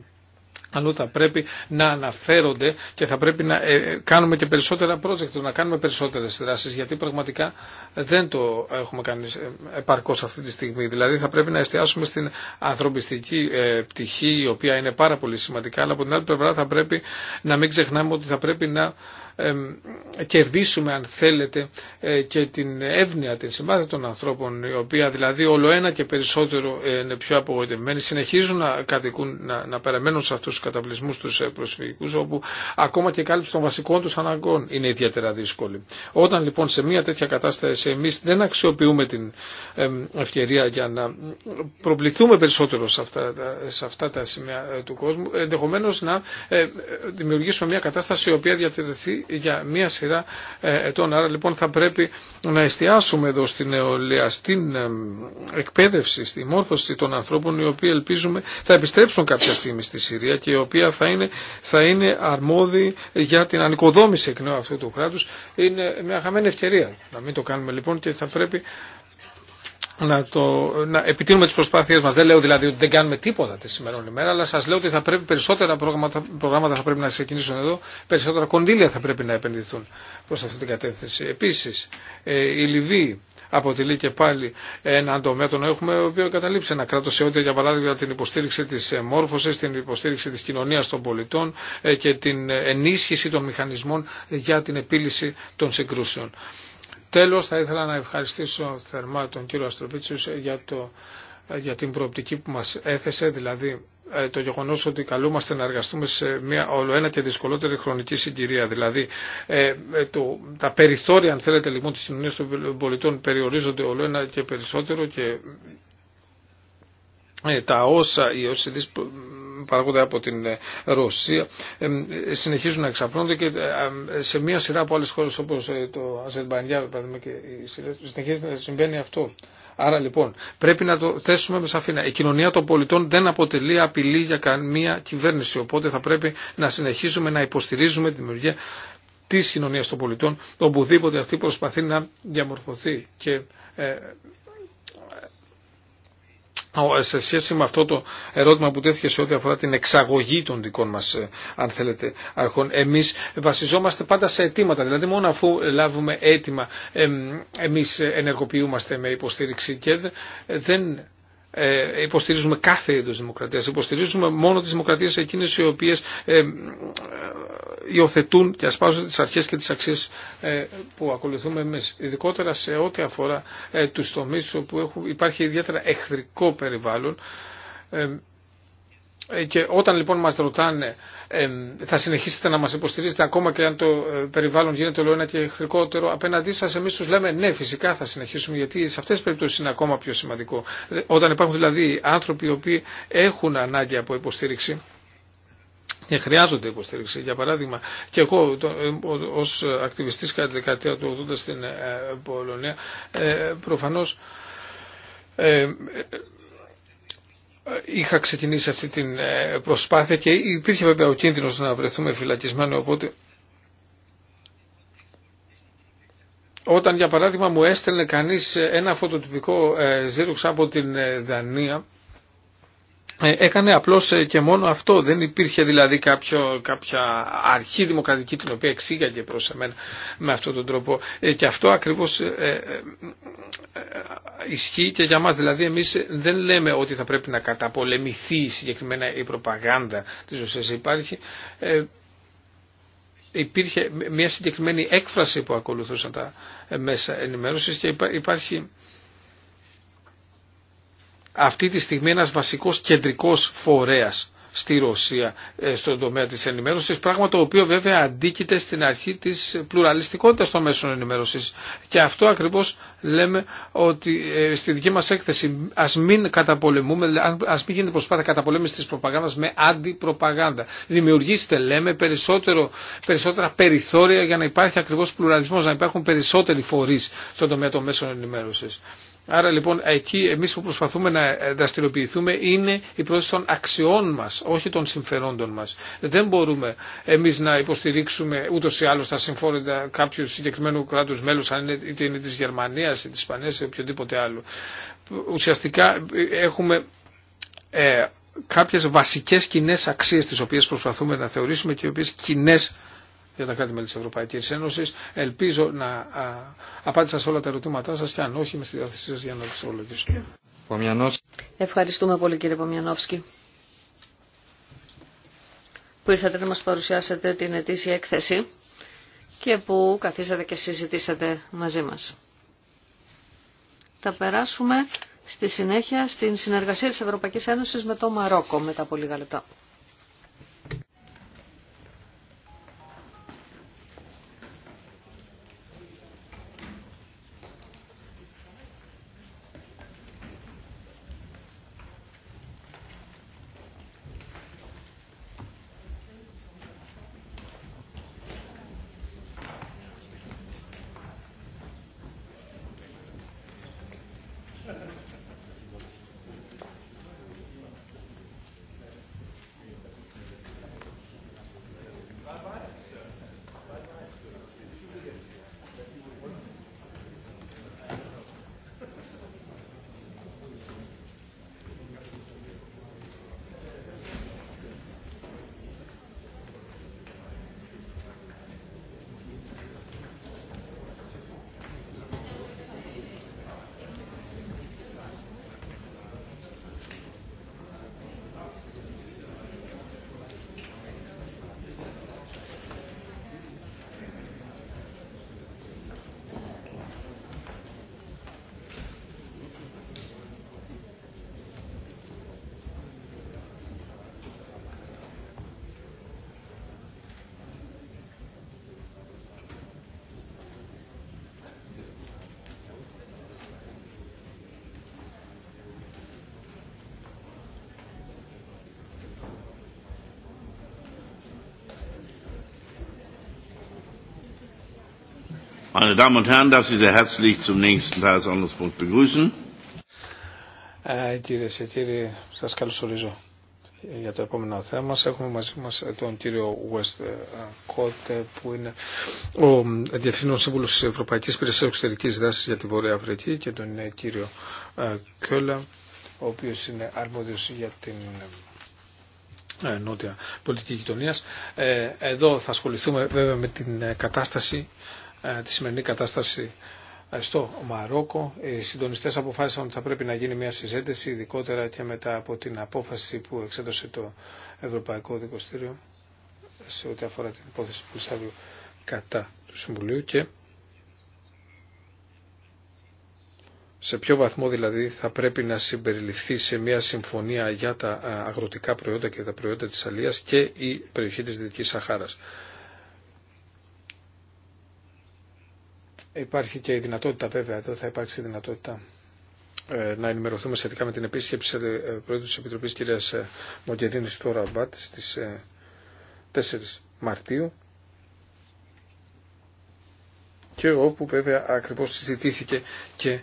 αλλού θα πρέπει να αναφέρονται και θα πρέπει να ε, κάνουμε και περισσότερα project, να κάνουμε περισσότερες δράσεις, γιατί πραγματικά δεν το έχουμε κάνει ε, επαρκώς αυτή τη στιγμή. Δηλαδή θα πρέπει να εστιάσουμε στην ανθρωπιστική ε, πτυχή, η οποία είναι πάρα πολύ σημαντικά, αλλά από την άλλη πλευρά θα πρέπει να μην ξεχνάμε ότι θα πρέπει να κερδίσουμε αν θέλετε ε, και την εύνοια, την συμπάθεια των ανθρώπων η οποία δηλαδή όλο ένα και περισσότερο ε, είναι πιο απογοητευμένοι συνεχίζουν να κατοικούν, να, να παραμένουν σε αυτούς τους καταπλησμούς τους ε, προσφυγικούς όπου ακόμα και η κάλυψη των βασικών τους αναγκών είναι ιδιαίτερα δύσκολη. Όταν λοιπόν σε μια τέτοια κατάσταση εμείς δεν αξιοποιούμε την ευκαιρία για να προβληθούμε περισσότερο σε αυτά, σε αυτά τα σημεία του κόσμου ενδεχομένως να δημιουργήσουμε μια κατάσταση η οποία διατηρηθεί για μία σειρά ε, ετών. Άρα λοιπόν θα πρέπει να εστιάσουμε εδώ στην νεολαία, στην ε, εκπαίδευση, στη μόρφωση των ανθρώπων οι οποίοι ελπίζουμε θα επιστρέψουν κάποια στιγμή στη Συρία και οι οποία θα είναι, θα είναι αρμόδιοι για την ανοικοδόμηση εκ νέου αυτού του κράτους. Είναι μια χαμένη ευκαιρία να μην το κάνουμε λοιπόν και θα πρέπει να, το, να επιτείνουμε τις προσπάθειές μας. Δεν λέω δηλαδή ότι δεν κάνουμε τίποτα τη σημερινή ημέρα, αλλά σας λέω ότι θα πρέπει περισσότερα προγράμματα, προγράμματα θα πρέπει να ξεκινήσουν εδώ, περισσότερα κονδύλια θα πρέπει να επενδυθούν προς αυτή την κατεύθυνση. Επίσης, ε, η Λιβύη αποτελεί και πάλι έναν τομέα τον έχουμε, ο οποίο καταλήψει ένα κράτο σε ό,τι για παράδειγμα την υποστήριξη τη μόρφωση, την υποστήριξη τη κοινωνία των πολιτών ε, και την ενίσχυση των μηχανισμών για την επίλυση των συγκρούσεων. Τέλος θα ήθελα να ευχαριστήσω θερμά τον κύριο Αστροπίτσιους για, το, για την προοπτική που μας έθεσε, δηλαδή ε, το γεγονός ότι καλούμαστε να εργαστούμε σε μια ολοένα και δυσκολότερη χρονική συγκυρία. Δηλαδή ε, ε, το, τα περιθώρια αν θέλετε λοιπόν της κοινωνίας των πολιτών περιορίζονται ολοένα και περισσότερο και ε, τα όσα οι παράγονται από την ε, Ρωσία ε, συνεχίζουν να εξαπλώνονται και ε, σε μία σειρά από άλλες χώρες όπως το Αζερμπανιά και συνεχίζει να συμβαίνει αυτό. Άρα λοιπόν πρέπει να το θέσουμε με σαφήνα. Η κοινωνία των πολιτών δεν αποτελεί απειλή για καμία κυβέρνηση. Οπότε θα πρέπει να συνεχίζουμε να υποστηρίζουμε τη δημιουργία τη κοινωνία των πολιτών, οπουδήποτε αυτή προσπαθεί να διαμορφωθεί. Και σε σχέση με αυτό το ερώτημα που τέθηκε σε ό,τι αφορά την εξαγωγή των δικών μας, ε, αν θέλετε, αρχών, εμείς βασιζόμαστε πάντα σε αιτήματα. Δηλαδή μόνο αφού λάβουμε αίτημα εμείς ενεργοποιούμαστε με υποστήριξη και δεν ε, υποστηρίζουμε κάθε είδο δημοκρατία. Υποστηρίζουμε μόνο τι δημοκρατίες εκείνε οι οποίε υιοθετούν και ασπάζονται τις αρχές και τις αξίες ε, που ακολουθούμε εμείς. Ειδικότερα σε ό,τι αφορά ε, τους τομείς όπου υπάρχει ιδιαίτερα εχθρικό περιβάλλον ε, και όταν λοιπόν μας ρωτάνε θα συνεχίσετε να μας υποστηρίζετε ακόμα και αν το περιβάλλον γίνεται όλο και εχθρικότερο απέναντί σας εμείς τους λέμε ναι φυσικά θα συνεχίσουμε γιατί σε αυτές τις περιπτώσεις είναι ακόμα πιο σημαντικό. Όταν υπάρχουν δηλαδή άνθρωποι οι οποίοι έχουν ανάγκη από υποστήριξη και χρειάζονται υποστήριξη. Για παράδειγμα, και εγώ ε, ως ακτιβιστής κατά τη δεκαετία του 80 στην ε, Πολωνία, ε, προφανώς είχα ξεκινήσει αυτή την προσπάθεια και υπήρχε βέβαια ο κίνδυνος να βρεθούμε φυλακισμένοι, οπότε όταν για παράδειγμα μου έστελνε κανείς ένα φωτοτυπικό ζήρουξ από την Δανία, ε, έκανε απλώς ε, και μόνο αυτό. Δεν υπήρχε δηλαδή κάποιο, κάποια αρχή δημοκρατική την οποία εξήγαγε προς εμένα με αυτόν τον τρόπο. Ε, και αυτό ακριβώς ισχύει και για μας. Δηλαδή εμείς δεν λέμε ότι θα πρέπει να καταπολεμηθεί συγκεκριμένα η προπαγάνδα της ουσίας. Υπάρχει υπήρχε μια συγκεκριμένη έκφραση που ακολουθούσαν τα μέσα ενημέρωσης και υπάρχει αυτή τη στιγμή ένας βασικός κεντρικός φορέας στη Ρωσία ε, στον τομέα της ενημέρωσης, πράγμα το οποίο βέβαια αντίκειται στην αρχή της πλουραλιστικότητας των μέσων ενημέρωσης. Και αυτό ακριβώς λέμε ότι ε, στη δική μας έκθεση ας μην καταπολεμούμε, ας μην γίνεται προσπάθεια καταπολέμησης της προπαγάνδας με αντιπροπαγάνδα. Δημιουργήστε λέμε περισσότερο, περισσότερα περιθώρια για να υπάρχει ακριβώς πλουραλισμός, να υπάρχουν περισσότεροι φορείς στον τομέα των μέσων ενημέρωσης. Άρα λοιπόν εκεί εμείς που προσπαθούμε να δραστηριοποιηθούμε είναι η πρόσθεση των αξιών μας, όχι των συμφερόντων μας. Δεν μπορούμε εμείς να υποστηρίξουμε ούτως ή άλλως τα συμφέροντα κάποιου συγκεκριμένου κράτους μέλους, αν είναι, είτε είναι της Γερμανίας, ή της Ισπανίας ή οποιοδήποτε άλλο. Ουσιαστικά ε, έχουμε... Ε, κάποιες βασικές κοινέ αξίες τις οποίες προσπαθούμε να θεωρήσουμε και οι οποίες κοινέ για τα κράτη-μέλη της Ευρωπαϊκής Ένωσης. Ελπίζω να απάντησα σε όλα τα ερωτήματά σας και αν όχι με στη διάθεσή σας για να εξολογήσω. Ευχαριστούμε πολύ κύριε Πομιανόφσκι που ήρθατε να μας παρουσιάσετε την ετήσια έκθεση και που καθίσατε και συζητήσατε μαζί μας. Θα περάσουμε στη συνέχεια στην συνεργασία της Ευρωπαϊκής Ένωσης με το Μαρόκο μετά από λίγα λεπτά. Meine Damen und Herren, darf Sie sehr herzlich zum nächsten Tagesordnungspunkt begrüßen. Ε, κύριε και κύριοι, σας καλωσορίζω για το επόμενο θέμα Έχουμε μαζί μας τον κύριο West Cote που είναι ο Διευθύνων Σύμβουλος τη Ευρωπαϊκής Περισσέως Εξωτερικής Δράσης για τη Βόρεια Αφρική και τον ε, κύριο ε, Κιόλα, ο οποίος είναι αρμόδιος για την νότια πολιτική γειτονία. Εδώ θα ασχοληθούμε βέβαια με την κατάσταση ε, τη σημερινή κατάσταση ε, στο Μαρόκο. Οι συντονιστές αποφάσισαν ότι θα πρέπει να γίνει μια συζήτηση, ειδικότερα και μετά από την απόφαση που εξέδωσε το Ευρωπαϊκό Δικοστήριο σε ό,τι αφορά την υπόθεση που Ισάβιου κατά του Συμβουλίου και σε ποιο βαθμό δηλαδή θα πρέπει να συμπεριληφθεί σε μια συμφωνία για τα ε, αγροτικά προϊόντα και τα προϊόντα της Αλίας και η περιοχή της Δυτικής Σαχάρας. Υπάρχει και η δυνατότητα βέβαια, εδώ θα υπάρξει η δυνατότητα ε, να ενημερωθούμε σχετικά με την επίσκεψη ε, ε, Πρόεδρου της Επιτροπής κυρίας Μογκερίνη στο Ραμπάτ στις 4 Μαρτίου και όπου βέβαια ακριβώς συζητήθηκε και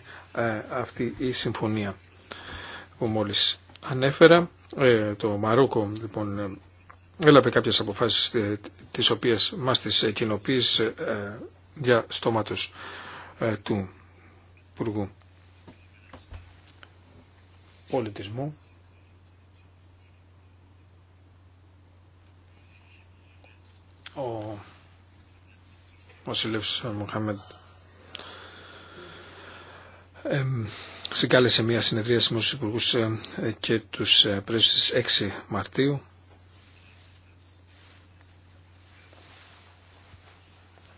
αυτή η συμφωνία που μόλις ανέφερα. Το Μαρόκο λοιπόν έλαβε κάποιες αποφάσεις τις οποίες μας τις κοινοποίησε για διαστόματος ε, του Υπουργού Πολιτισμού. Ο Βασιλεύς Μοχάμεντ συγκάλεσε μια συνεδρία με τους υπουργούς ε, και τους ε, πρέσβες 6 Μαρτίου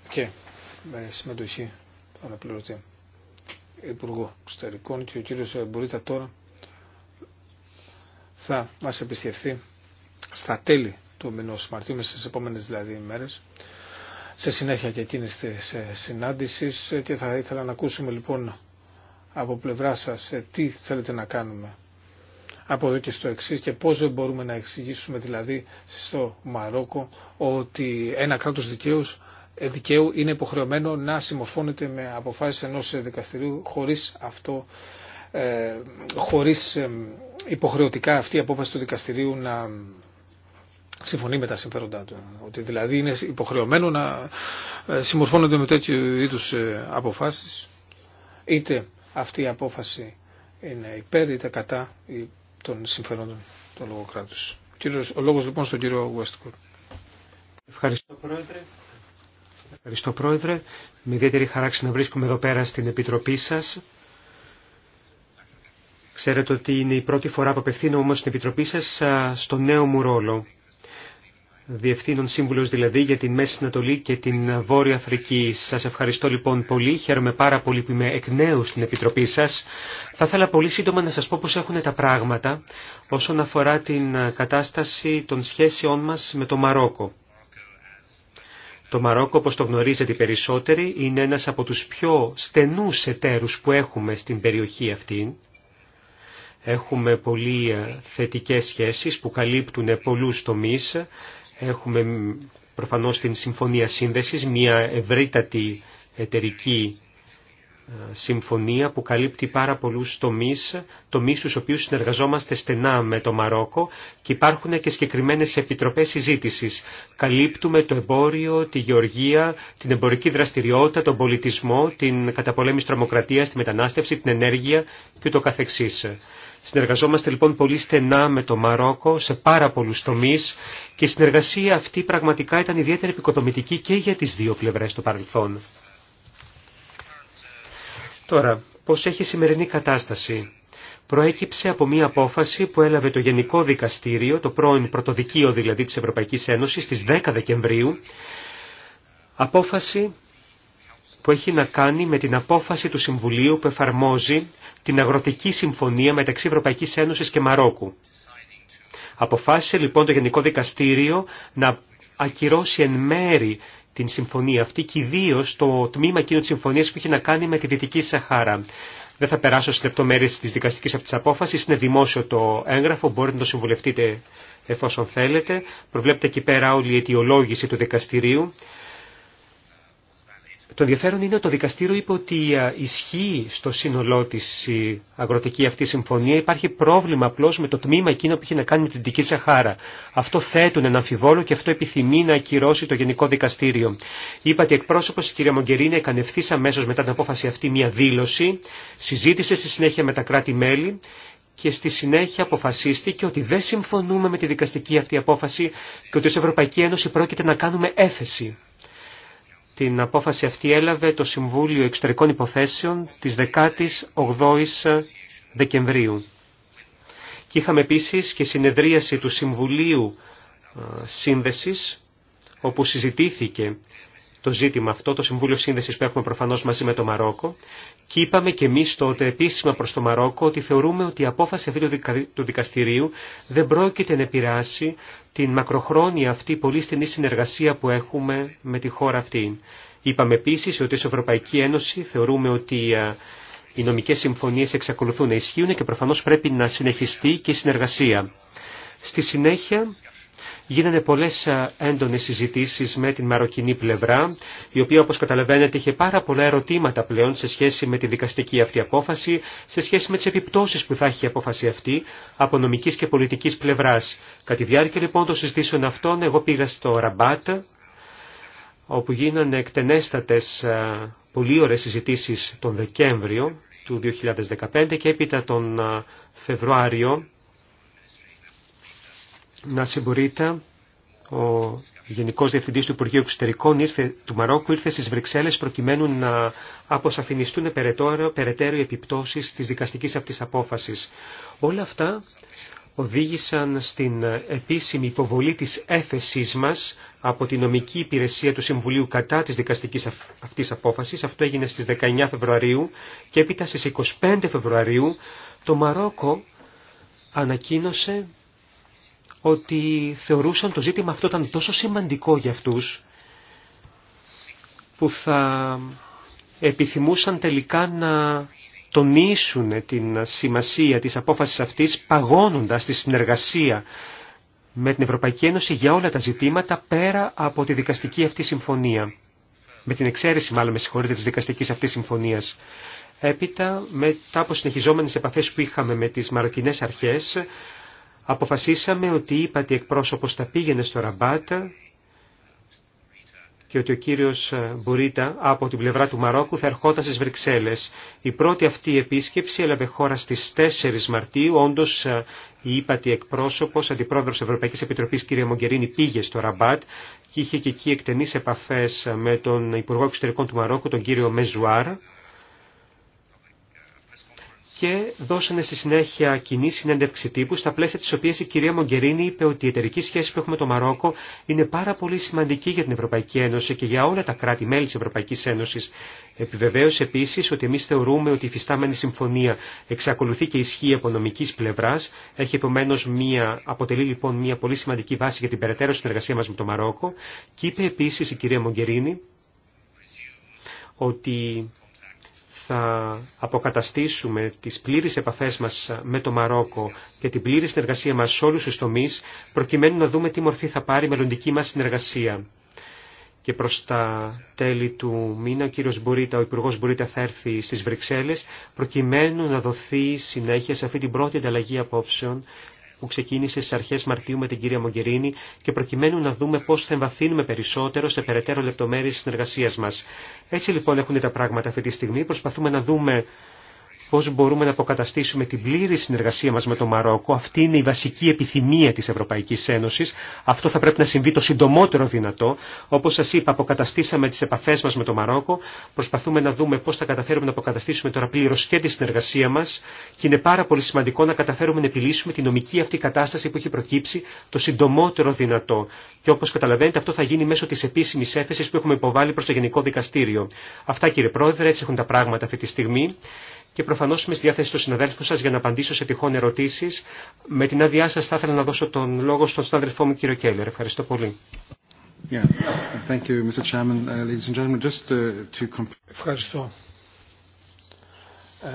και με συμμετοχή του αναπληρωτή Υπουργού Εξωτερικών και ο κύριος Μπορίτα τώρα θα μας επισκεφθεί στα τέλη του μηνός Μαρτίου, μέσα στις επόμενες δηλαδή ημέρες, σε συνέχεια και εκείνη της ε, συνάντησης και θα ήθελα να ακούσουμε λοιπόν από πλευρά σας ε, τι θέλετε να κάνουμε από εδώ και στο εξή και πώς μπορούμε να εξηγήσουμε δηλαδή στο Μαρόκο ότι ένα κράτο δικαίου δικαίου είναι υποχρεωμένο να συμμορφώνεται με αποφάσεις ενός δικαστηρίου χωρίς αυτό ε, χωρίς ε, υποχρεωτικά αυτή η απόφαση του δικαστηρίου να συμφωνεί με τα συμφέροντά του. Ότι δηλαδή είναι υποχρεωμένο να ε, συμμορφώνονται με τέτοιου είδου αποφάσεις είτε αυτή η απόφαση είναι υπέρ είτε κατά των συμφερόντων του λογοκράτους. Ο λόγος λοιπόν στον κύριο Westcourt. Ευχαριστώ πρόεδρε. Ευχαριστώ Πρόεδρε. Με ιδιαίτερη χαράξη να βρίσκομαι εδώ πέρα στην Επιτροπή σας. Ξέρετε ότι είναι η πρώτη φορά που απευθύνω όμως στην Επιτροπή σας στο νέο μου ρόλο. Διευθύνων Σύμβουλος δηλαδή για την Μέση Ανατολή και την Βόρεια Αφρική. Σας ευχαριστώ λοιπόν πολύ. Χαίρομαι πάρα πολύ που είμαι εκ νέου στην Επιτροπή σας. Θα ήθελα πολύ σύντομα να σας πω πώς έχουν τα πράγματα όσον αφορά την κατάσταση των σχέσεών μας με το Μαρόκο. Το Μαρόκο, όπως το γνωρίζετε περισσότεροι, είναι ένας από τους πιο στενούς εταίρους που έχουμε στην περιοχή αυτή. Έχουμε πολύ ε, θετικές σχέσεις που καλύπτουν πολλούς τομείς. Έχουμε προφανώς την Συμφωνία Σύνδεσης, μια ευρύτατη εταιρική ε, συμφωνία που καλύπτει πάρα πολλούς τομείς, τομείς στους οποίους συνεργαζόμαστε στενά με το Μαρόκο και υπάρχουν και συγκεκριμένες επιτροπές συζήτησης. Καλύπτουμε το εμπόριο, τη γεωργία, την εμπορική δραστηριότητα, τον πολιτισμό, την καταπολέμηση τρομοκρατία, τη μετανάστευση, την ενέργεια και το καθεξής. Συνεργαζόμαστε λοιπόν πολύ στενά με το Μαρόκο σε πάρα πολλού τομεί και η συνεργασία αυτή πραγματικά ήταν ιδιαίτερα επικοδομητική και για τι δύο πλευρέ του παρελθόν. Τώρα, πώς έχει η σημερινή κατάσταση. Προέκυψε από μία απόφαση που έλαβε το Γενικό Δικαστήριο, το πρώην πρωτοδικείο δηλαδή της Ευρωπαϊκής Ένωσης, στις 10 Δεκεμβρίου. Απόφαση που έχει να κάνει με την απόφαση του Συμβουλίου που εφαρμόζει την Αγροτική Συμφωνία μεταξύ Ευρωπαϊκής Ένωσης και Μαρόκου. Αποφάσισε λοιπόν το Γενικό Δικαστήριο να ακυρώσει εν μέρη την συμφωνία αυτή και ιδίω το τμήμα εκείνο τη συμφωνία που έχει να κάνει με τη Δυτική Σαχάρα. Δεν θα περάσω στι λεπτομέρειε τη δικαστική αυτή απόφαση. Είναι δημόσιο το έγγραφο, μπορείτε να το συμβουλευτείτε εφόσον θέλετε. Προβλέπετε εκεί πέρα όλη η αιτιολόγηση του δικαστηρίου. Το ενδιαφέρον είναι ότι το δικαστήριο είπε ότι ισχύει στο σύνολό τη η αγροτική αυτή συμφωνία. Υπάρχει πρόβλημα απλώ με το τμήμα εκείνο που είχε να κάνει με την Δυτική Σαχάρα. Αυτό θέτουν ένα αμφιβόλο και αυτό επιθυμεί να ακυρώσει το Γενικό Δικαστήριο. Είπα ότι εκπρόσωπο η κυρία Μογκερίνη έκανε ευθύ αμέσω μετά την απόφαση αυτή μια δήλωση, συζήτησε στη συνέχεια με τα κράτη-μέλη και στη συνέχεια αποφασίστηκε ότι δεν συμφωνούμε με τη δικαστική αυτή απόφαση και ότι ω Ευρωπαϊκή Ένωση πρόκειται να κάνουμε έφεση. Την απόφαση αυτή έλαβε το Συμβούλιο Εξωτερικών Υποθέσεων της 18ης Δεκεμβρίου. Και είχαμε επίσης και συνεδρίαση του Συμβουλίου ε, Σύνδεσης, όπου συζητήθηκε το ζήτημα αυτό, το Συμβούλιο Σύνδεσης που έχουμε προφανώς μαζί με το Μαρόκο, και είπαμε και εμεί τότε επίσημα προ το Μαρόκο ότι θεωρούμε ότι η απόφαση αυτή του δικαστηρίου δεν πρόκειται να επηρεάσει την μακροχρόνια αυτή πολύ στενή συνεργασία που έχουμε με τη χώρα αυτή. Είπαμε επίση ότι ω Ευρωπαϊκή Ένωση θεωρούμε ότι οι νομικέ συμφωνίε εξακολουθούν να ισχύουν και προφανώ πρέπει να συνεχιστεί και η συνεργασία. Στη συνέχεια Γίνανε πολλές έντονες συζητήσεις με την μαροκινή πλευρά, η οποία όπως καταλαβαίνετε είχε πάρα πολλά ερωτήματα πλέον σε σχέση με τη δικαστική αυτή απόφαση, σε σχέση με τις επιπτώσεις που θα έχει η απόφαση αυτή από νομικής και πολιτικής πλευράς. Κατά τη διάρκεια λοιπόν των συζητήσεων αυτών εγώ πήγα στο Ραμπάτ, όπου γίνανε εκτενέστατες πολύ ωραίες συζητήσεις τον Δεκέμβριο του 2015 και έπειτα τον Φεβρουάριο να συμπορείτε, ο Γενικό Διευθυντή του Υπουργείου Εξωτερικών ήρθε, του Μαρόκου ήρθε στι Βρυξέλλε προκειμένου να αποσαφινιστούν περαιτέρω, περαιτέρω οι επιπτώσει τη δικαστική αυτή απόφαση. Όλα αυτά οδήγησαν στην επίσημη υποβολή της έφεσή μας από τη νομική υπηρεσία του Συμβουλίου κατά της δικαστικής αυτής απόφασης. Αυτό έγινε στις 19 Φεβρουαρίου και έπειτα στις 25 Φεβρουαρίου το Μαρόκο ανακοίνωσε ότι θεωρούσαν το ζήτημα αυτό ήταν τόσο σημαντικό για αυτούς που θα επιθυμούσαν τελικά να τονίσουν την σημασία της απόφασης αυτής παγώνοντας τη συνεργασία με την Ευρωπαϊκή Ένωση για όλα τα ζητήματα πέρα από τη δικαστική αυτή συμφωνία. Με την εξαίρεση μάλλον με συγχωρείτε της δικαστικής αυτής συμφωνίας. Έπειτα, μετά από συνεχιζόμενες επαφές που είχαμε με τις μαροκινές αρχές, αποφασίσαμε ότι η ύπατη εκπρόσωπος θα πήγαινε στο Ραμπάτα και ότι ο κύριος Μπουρίτα από την πλευρά του Μαρόκου θα ερχόταν στις Βρυξέλλες. Η πρώτη αυτή επίσκεψη έλαβε χώρα στις 4 Μαρτίου. Όντως η ύπατη εκπρόσωπος, αντιπρόεδρος Ευρωπαϊκής Επιτροπής κ. Μογκερίνη πήγε στο Ραμπάτ και είχε και εκεί εκτενείς επαφές με τον Υπουργό Εξωτερικών του Μαρόκου, τον κύριο Μεζουάρα και δώσανε στη συνέχεια κοινή συνέντευξη τύπου, στα πλαίσια τη οποία η κυρία Μογκερίνη είπε ότι η εταιρική σχέση που έχουμε με το Μαρόκο είναι πάρα πολύ σημαντική για την Ευρωπαϊκή Ένωση και για όλα τα κράτη-μέλη τη Ευρωπαϊκή Ένωση. Επιβεβαίωσε επίση ότι εμεί θεωρούμε ότι η φυστάμενη συμφωνία εξακολουθεί και ισχύει από νομική πλευρά. Έχει επομένω μία, αποτελεί λοιπόν μία πολύ σημαντική βάση για την περαιτέρω συνεργασία μα με το Μαρόκο. Και είπε επίση η κυρία Μογκερίνη ότι θα αποκαταστήσουμε τις πλήρεις επαφές μας με το Μαρόκο και την πλήρη συνεργασία μας σε όλους τους τομείς, προκειμένου να δούμε τι μορφή θα πάρει η μελλοντική μας συνεργασία. Και προς τα τέλη του μήνα ο κύριος Μπουρίτα, ο Υπουργός Μπουρίτα θα έρθει στις Βρυξέλλες, προκειμένου να δοθεί συνέχεια σε αυτή την πρώτη ανταλλαγή απόψεων που ξεκίνησε στι αρχέ Μαρτίου με την κυρία Μογκερίνη και προκειμένου να δούμε πώ θα εμβαθύνουμε περισσότερο σε περαιτέρω λεπτομέρειε τη συνεργασία μα. Έτσι λοιπόν έχουν τα πράγματα αυτή τη στιγμή. Προσπαθούμε να δούμε πώς μπορούμε να αποκαταστήσουμε την πλήρη συνεργασία μας με το Μαρόκο. Αυτή είναι η βασική επιθυμία της Ευρωπαϊκής Ένωσης. Αυτό θα πρέπει να συμβεί το συντομότερο δυνατό. Όπως σας είπα, αποκαταστήσαμε τις επαφές μας με το Μαρόκο. Προσπαθούμε να δούμε πώς θα καταφέρουμε να αποκαταστήσουμε τώρα πλήρως και τη συνεργασία μας. Και είναι πάρα πολύ σημαντικό να καταφέρουμε να επιλύσουμε την νομική αυτή κατάσταση που έχει προκύψει το συντομότερο δυνατό. Και όπως καταλαβαίνετε αυτό θα γίνει μέσω της επίσημης έφεσης που έχουμε υποβάλει προς το Γενικό Δικαστήριο. Αυτά κύριε Πρόεδρε, έτσι έχουν τα πράγματα αυτή τη στιγμή και προφανώ είμαι στη διάθεση του συναδέλφου σα για να απαντήσω σε τυχόν ερωτήσει. Με την άδειά σα θα ήθελα να δώσω τον λόγο στον συνάδελφό μου κύριο Κέλλερ. Ευχαριστώ πολύ. Uh, uh, Ευχαριστώ. Ε,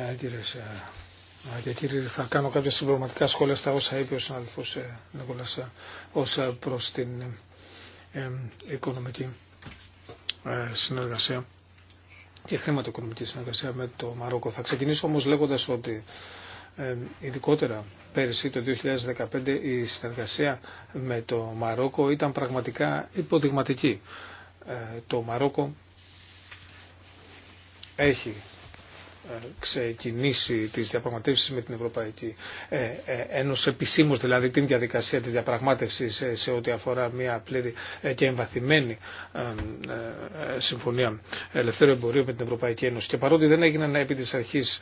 ε, ε, κύριε, θα κάνω κάποια συμπληρωματικά σχόλια στα όσα είπε ο συνάδελφος Νικόλα ω προ την οικονομική συνεργασία και χρηματοοικονομική συνεργασία με το Μαρόκο. Θα ξεκινήσω όμως λέγοντας ότι ε, ειδικότερα πέρυσι το 2015 η συνεργασία με το Μαρόκο ήταν πραγματικά υποδειγματική. Ε, το Μαρόκο έχει ε, ξεκινήσει τις διαπραγματεύσεις με την Ευρωπαϊκή ε, ε, Ένωση, επισήμως δηλαδή την διαδικασία της διαπραγμάτευσης σε ό,τι αφορά μια πλήρη και εμβαθυμένη συμφωνία ελευθέρω εμπορίου με την Ευρωπαϊκή Ένωση. Και παρότι δεν έγιναν επί της αρχής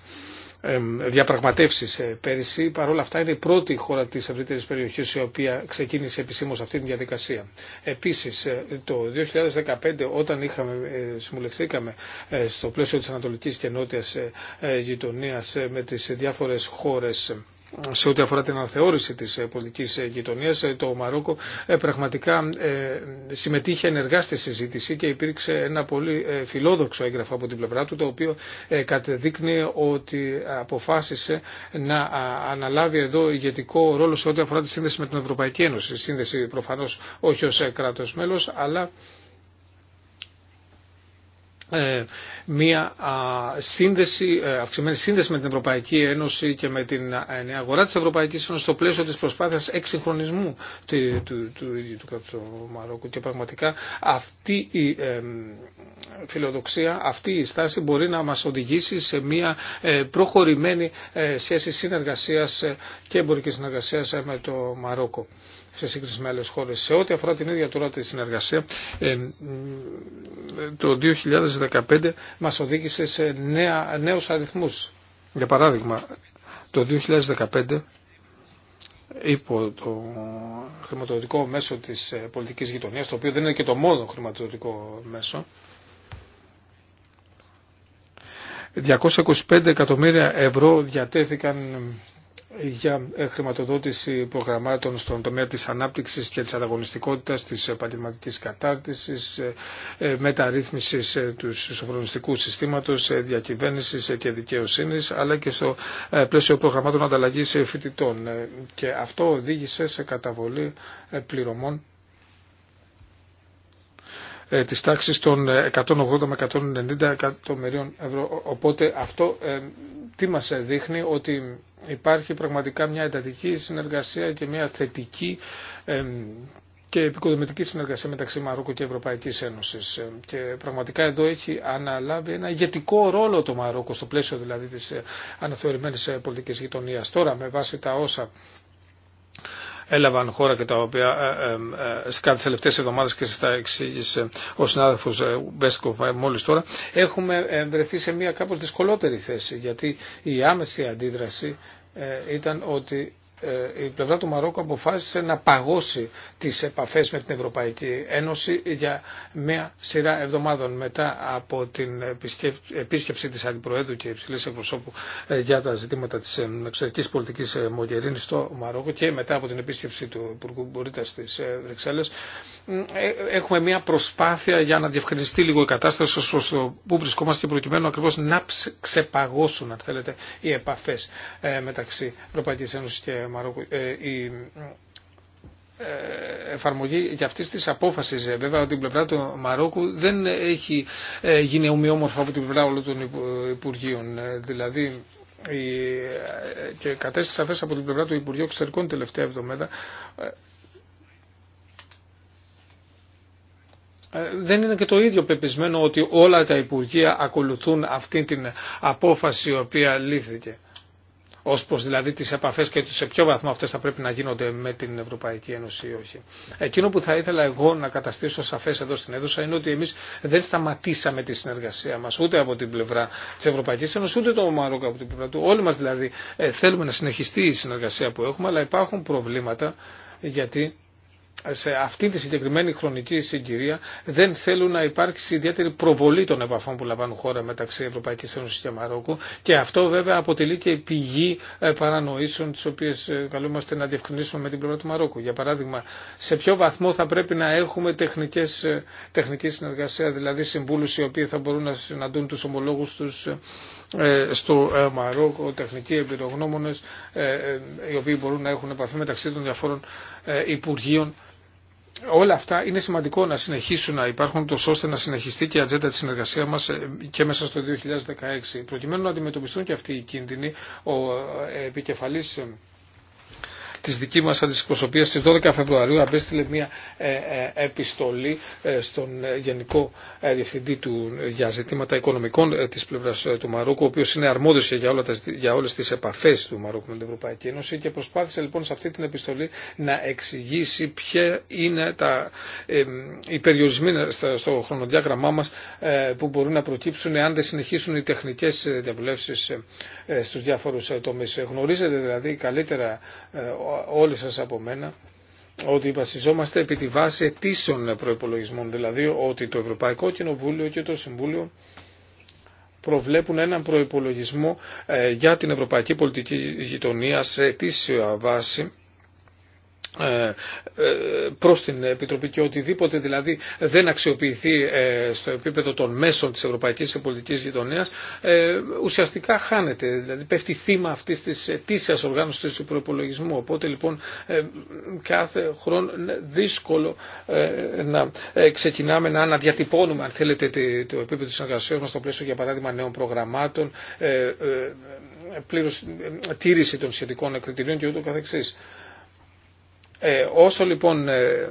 διαπραγματεύσεις ε, πέρυσι. Παρ' όλα αυτά είναι η πρώτη χώρα της ευρύτερης περιοχής η οποία ξεκίνησε επισήμως αυτή τη διαδικασία. Επίσης ε, το 2015 όταν είχαμε, ε, συμβουλευθήκαμε στο πλαίσιο της Ανατολικής και Νότιας γειτονίας με τις διάφορες χώρες σε ό,τι αφορά την αναθεώρηση της ε, πολιτικής ε, γειτονίας, ε, το Μαρόκο πραγματικά συμμετείχε ενεργά στη συζήτηση και υπήρξε ένα πολύ φιλόδοξο έγγραφο από την πλευρά του, το οποίο κατεδείκνει ότι αποφάσισε να αναλάβει εδώ ηγετικό ρόλο σε ό,τι αφορά τη σύνδεση με την Ευρωπαϊκή Ένωση. Σύνδεση προφανώς όχι ως κράτος μέλος, αλλά ε, μια σύνδεση, ε, αυξημένη σύνδεση με την Ευρωπαϊκή Ένωση και με την ε, αγορά της Ευρωπαϊκής Ένωσης στο πλαίσιο της προσπάθειας εξυγχρονισμού του, του, του, του, του Μαρόκου και πραγματικά αυτή η φιλοδοξία, αυτή η στάση μπορεί να μας οδηγήσει σε μια προχωρημένη σχέση συνεργασίας και εμπορικής συνεργασίας με το Μαρόκο σε σύγκριση με άλλες χώρες. Σε ό,τι αφορά την ίδια τώρα τη συνεργασία, ε, ε, το 2015 μας οδήγησε σε νέα, νέους αριθμούς. Για παράδειγμα, το 2015 υπό το χρηματοδοτικό μέσο της ε, πολιτικής γειτονίας, το οποίο δεν είναι και το μόνο χρηματοδοτικό μέσο, 225 εκατομμύρια ευρώ διατέθηκαν για ε, χρηματοδότηση προγραμμάτων στον τομέα της ανάπτυξης και της ανταγωνιστικότητας, της επαγγελματικής κατάρτισης, ε, ε, μεταρρύθμισης του σοφρονιστικού συστήματος, διακυβέρνησης και δικαιοσύνης, αλλά και στο πλαίσιο προγραμμάτων ανταλλαγής φοιτητών. Και αυτό οδήγησε σε καταβολή πληρωμών ε, της τάξης των 180 ε, με 190 εκατομμυρίων ευρώ. Οπότε αυτό ε, τι μας δείχνει ότι υπάρχει πραγματικά μια εντατική συνεργασία και μια θετική και επικοδομητική συνεργασία μεταξύ Μαρόκου και Ευρωπαϊκής Ένωσης. Και πραγματικά εδώ έχει αναλάβει ένα ηγετικό ρόλο το Μαρόκο στο πλαίσιο δηλαδή της αναθεωρημένης πολιτικής γειτονίας. Τώρα με βάση τα όσα έλαβαν χώρα και τα οποία ε, ε, ε, στι τις τελευταίες εβδομάδες και σας τα εξήγησε ο συνάδελφος Μπέσκοφ μόλις τώρα, έχουμε βρεθεί σε μια κάπως δυσκολότερη θέση γιατί η άμεση αντίδραση ήταν ότι ε, η πλευρά του Μαρόκου αποφάσισε να παγώσει τις επαφές με την Ευρωπαϊκή Ένωση για μια σειρά εβδομάδων μετά από την επίσκεψη της Αντιπροέδρου και υψηλής εκπροσώπου ε, για τα ζητήματα της ε, εξωτερικής πολιτικής Μογερίνη στο Μαρόκο και μετά από την επίσκεψη του Υπουργού Μπορίτας στις Βρυξέλλες έχουμε μια προσπάθεια για να διευκρινιστεί λίγο η κατάσταση ως το που βρισκόμαστε και προκειμένου ακριβώς να ξεπαγώσουν αν θέλετε οι επαφές μεταξύ Ευρωπαϊκής Ένωσης και Μαρόκου, ε, η ε, εφαρμογή για αυτής της απόφασης ε, βέβαια από την πλευρά του Μαρόκου δεν έχει γίνει ομοιόμορφα από την πλευρά όλων των Υπουργείων. Δηλαδή και κατέστησε σαφές από την πλευρά του Υπουργείου Εξωτερικών τελευταία εβδομάδα δεν είναι και το ίδιο πεπισμένο ότι όλα τα Υπουργεία ακολουθούν αυτή την απόφαση η οποία λήφθηκε ω προ δηλαδή τι επαφέ και σε ποιο βαθμό αυτέ θα πρέπει να γίνονται με την Ευρωπαϊκή Ένωση ή όχι. Εκείνο που θα ήθελα εγώ να καταστήσω σαφέ εδώ στην αίθουσα είναι ότι εμεί δεν σταματήσαμε τη συνεργασία μα ούτε από την πλευρά τη Ευρωπαϊκή Ένωση ούτε το Μαρόκο από την πλευρά του. Όλοι μα δηλαδή ε, θέλουμε να συνεχιστεί η συνεργασία που έχουμε αλλά υπάρχουν προβλήματα γιατί σε αυτή τη συγκεκριμένη χρονική συγκυρία δεν θέλουν να υπάρξει ιδιαίτερη προβολή των επαφών που λαμβάνουν χώρα μεταξύ Ευρωπαϊκή Ένωση και Μαρόκου και αυτό βέβαια αποτελεί και πηγή ε, παρανοήσεων τι οποίε ε, καλούμαστε να διευκρινίσουμε με την πλευρά του Μαρόκου. Για παράδειγμα, σε ποιο βαθμό θα πρέπει να έχουμε τεχνικές, ε, τεχνική συνεργασία, δηλαδή συμβούλου οι οποίοι θα μπορούν να συναντούν του ομολόγου του στο Μαρόκο, τεχνικοί εμπειρογνώμονε οι οποίοι μπορούν να έχουν επαφή μεταξύ των διαφόρων Υπουργείων όλα αυτά είναι σημαντικό να συνεχίσουν να υπάρχουν τόσο ώστε να συνεχιστεί και η ατζέντα της συνεργασία μας ε, και μέσα στο 2016. Προκειμένου να αντιμετωπιστούν και αυτοί οι κίνδυνοι, ο ε, επικεφαλής ε, της δική μας αντισυκοσοπίας στις 12 Φεβρουαρίου απέστειλε μια ε, ε, επιστολή ε, στον Γενικό Διευθυντή του για ζητήματα οικονομικών της πλευράς του Μαρόκου, ο οποίος είναι αρμόδιος για, όλα τα, για όλες τις επαφές του Μαρόκου με την Ευρωπαϊκή Ένωση και προσπάθησε λοιπόν σε αυτή την επιστολή να εξηγήσει ποια είναι τα, οι περιορισμοί στο χρονοδιάγραμμά μας που μπορούν να προκύψουν εάν δεν συνεχίσουν οι τεχνικές διαβουλεύσεις στους διάφορους τομείς. Γνωρίζετε δηλαδή καλύτερα Όλοι σας από μένα ότι βασιζόμαστε επί τη βάση αιτήσεων προϋπολογισμών, δηλαδή ότι το Ευρωπαϊκό Κοινοβούλιο και το Συμβούλιο προβλέπουν έναν προϋπολογισμό ε, για την Ευρωπαϊκή Πολιτική Γειτονία σε αιτήσια βάση ε, ε, προς την Επιτροπή και οτιδήποτε δηλαδή δεν αξιοποιηθεί ε, στο επίπεδο των μέσων της Ευρωπαϊκής Πολιτικής Γειτονίας ουσιαστικά χάνεται, δηλαδή πέφτει θύμα αυτής της αιτήσιας οργάνωσης του προπολογισμού. Οπότε λοιπόν κάθε χρόνο είναι δύσκολο να ξεκινάμε να αναδιατυπώνουμε αν θέλετε το επίπεδο της εργασίας μας στο πλαίσιο για παράδειγμα νέων προγραμμάτων πλήρως τήρηση των σχετικών κριτηρίων και ούτω καθεξής. Ε, όσο λοιπόν ε,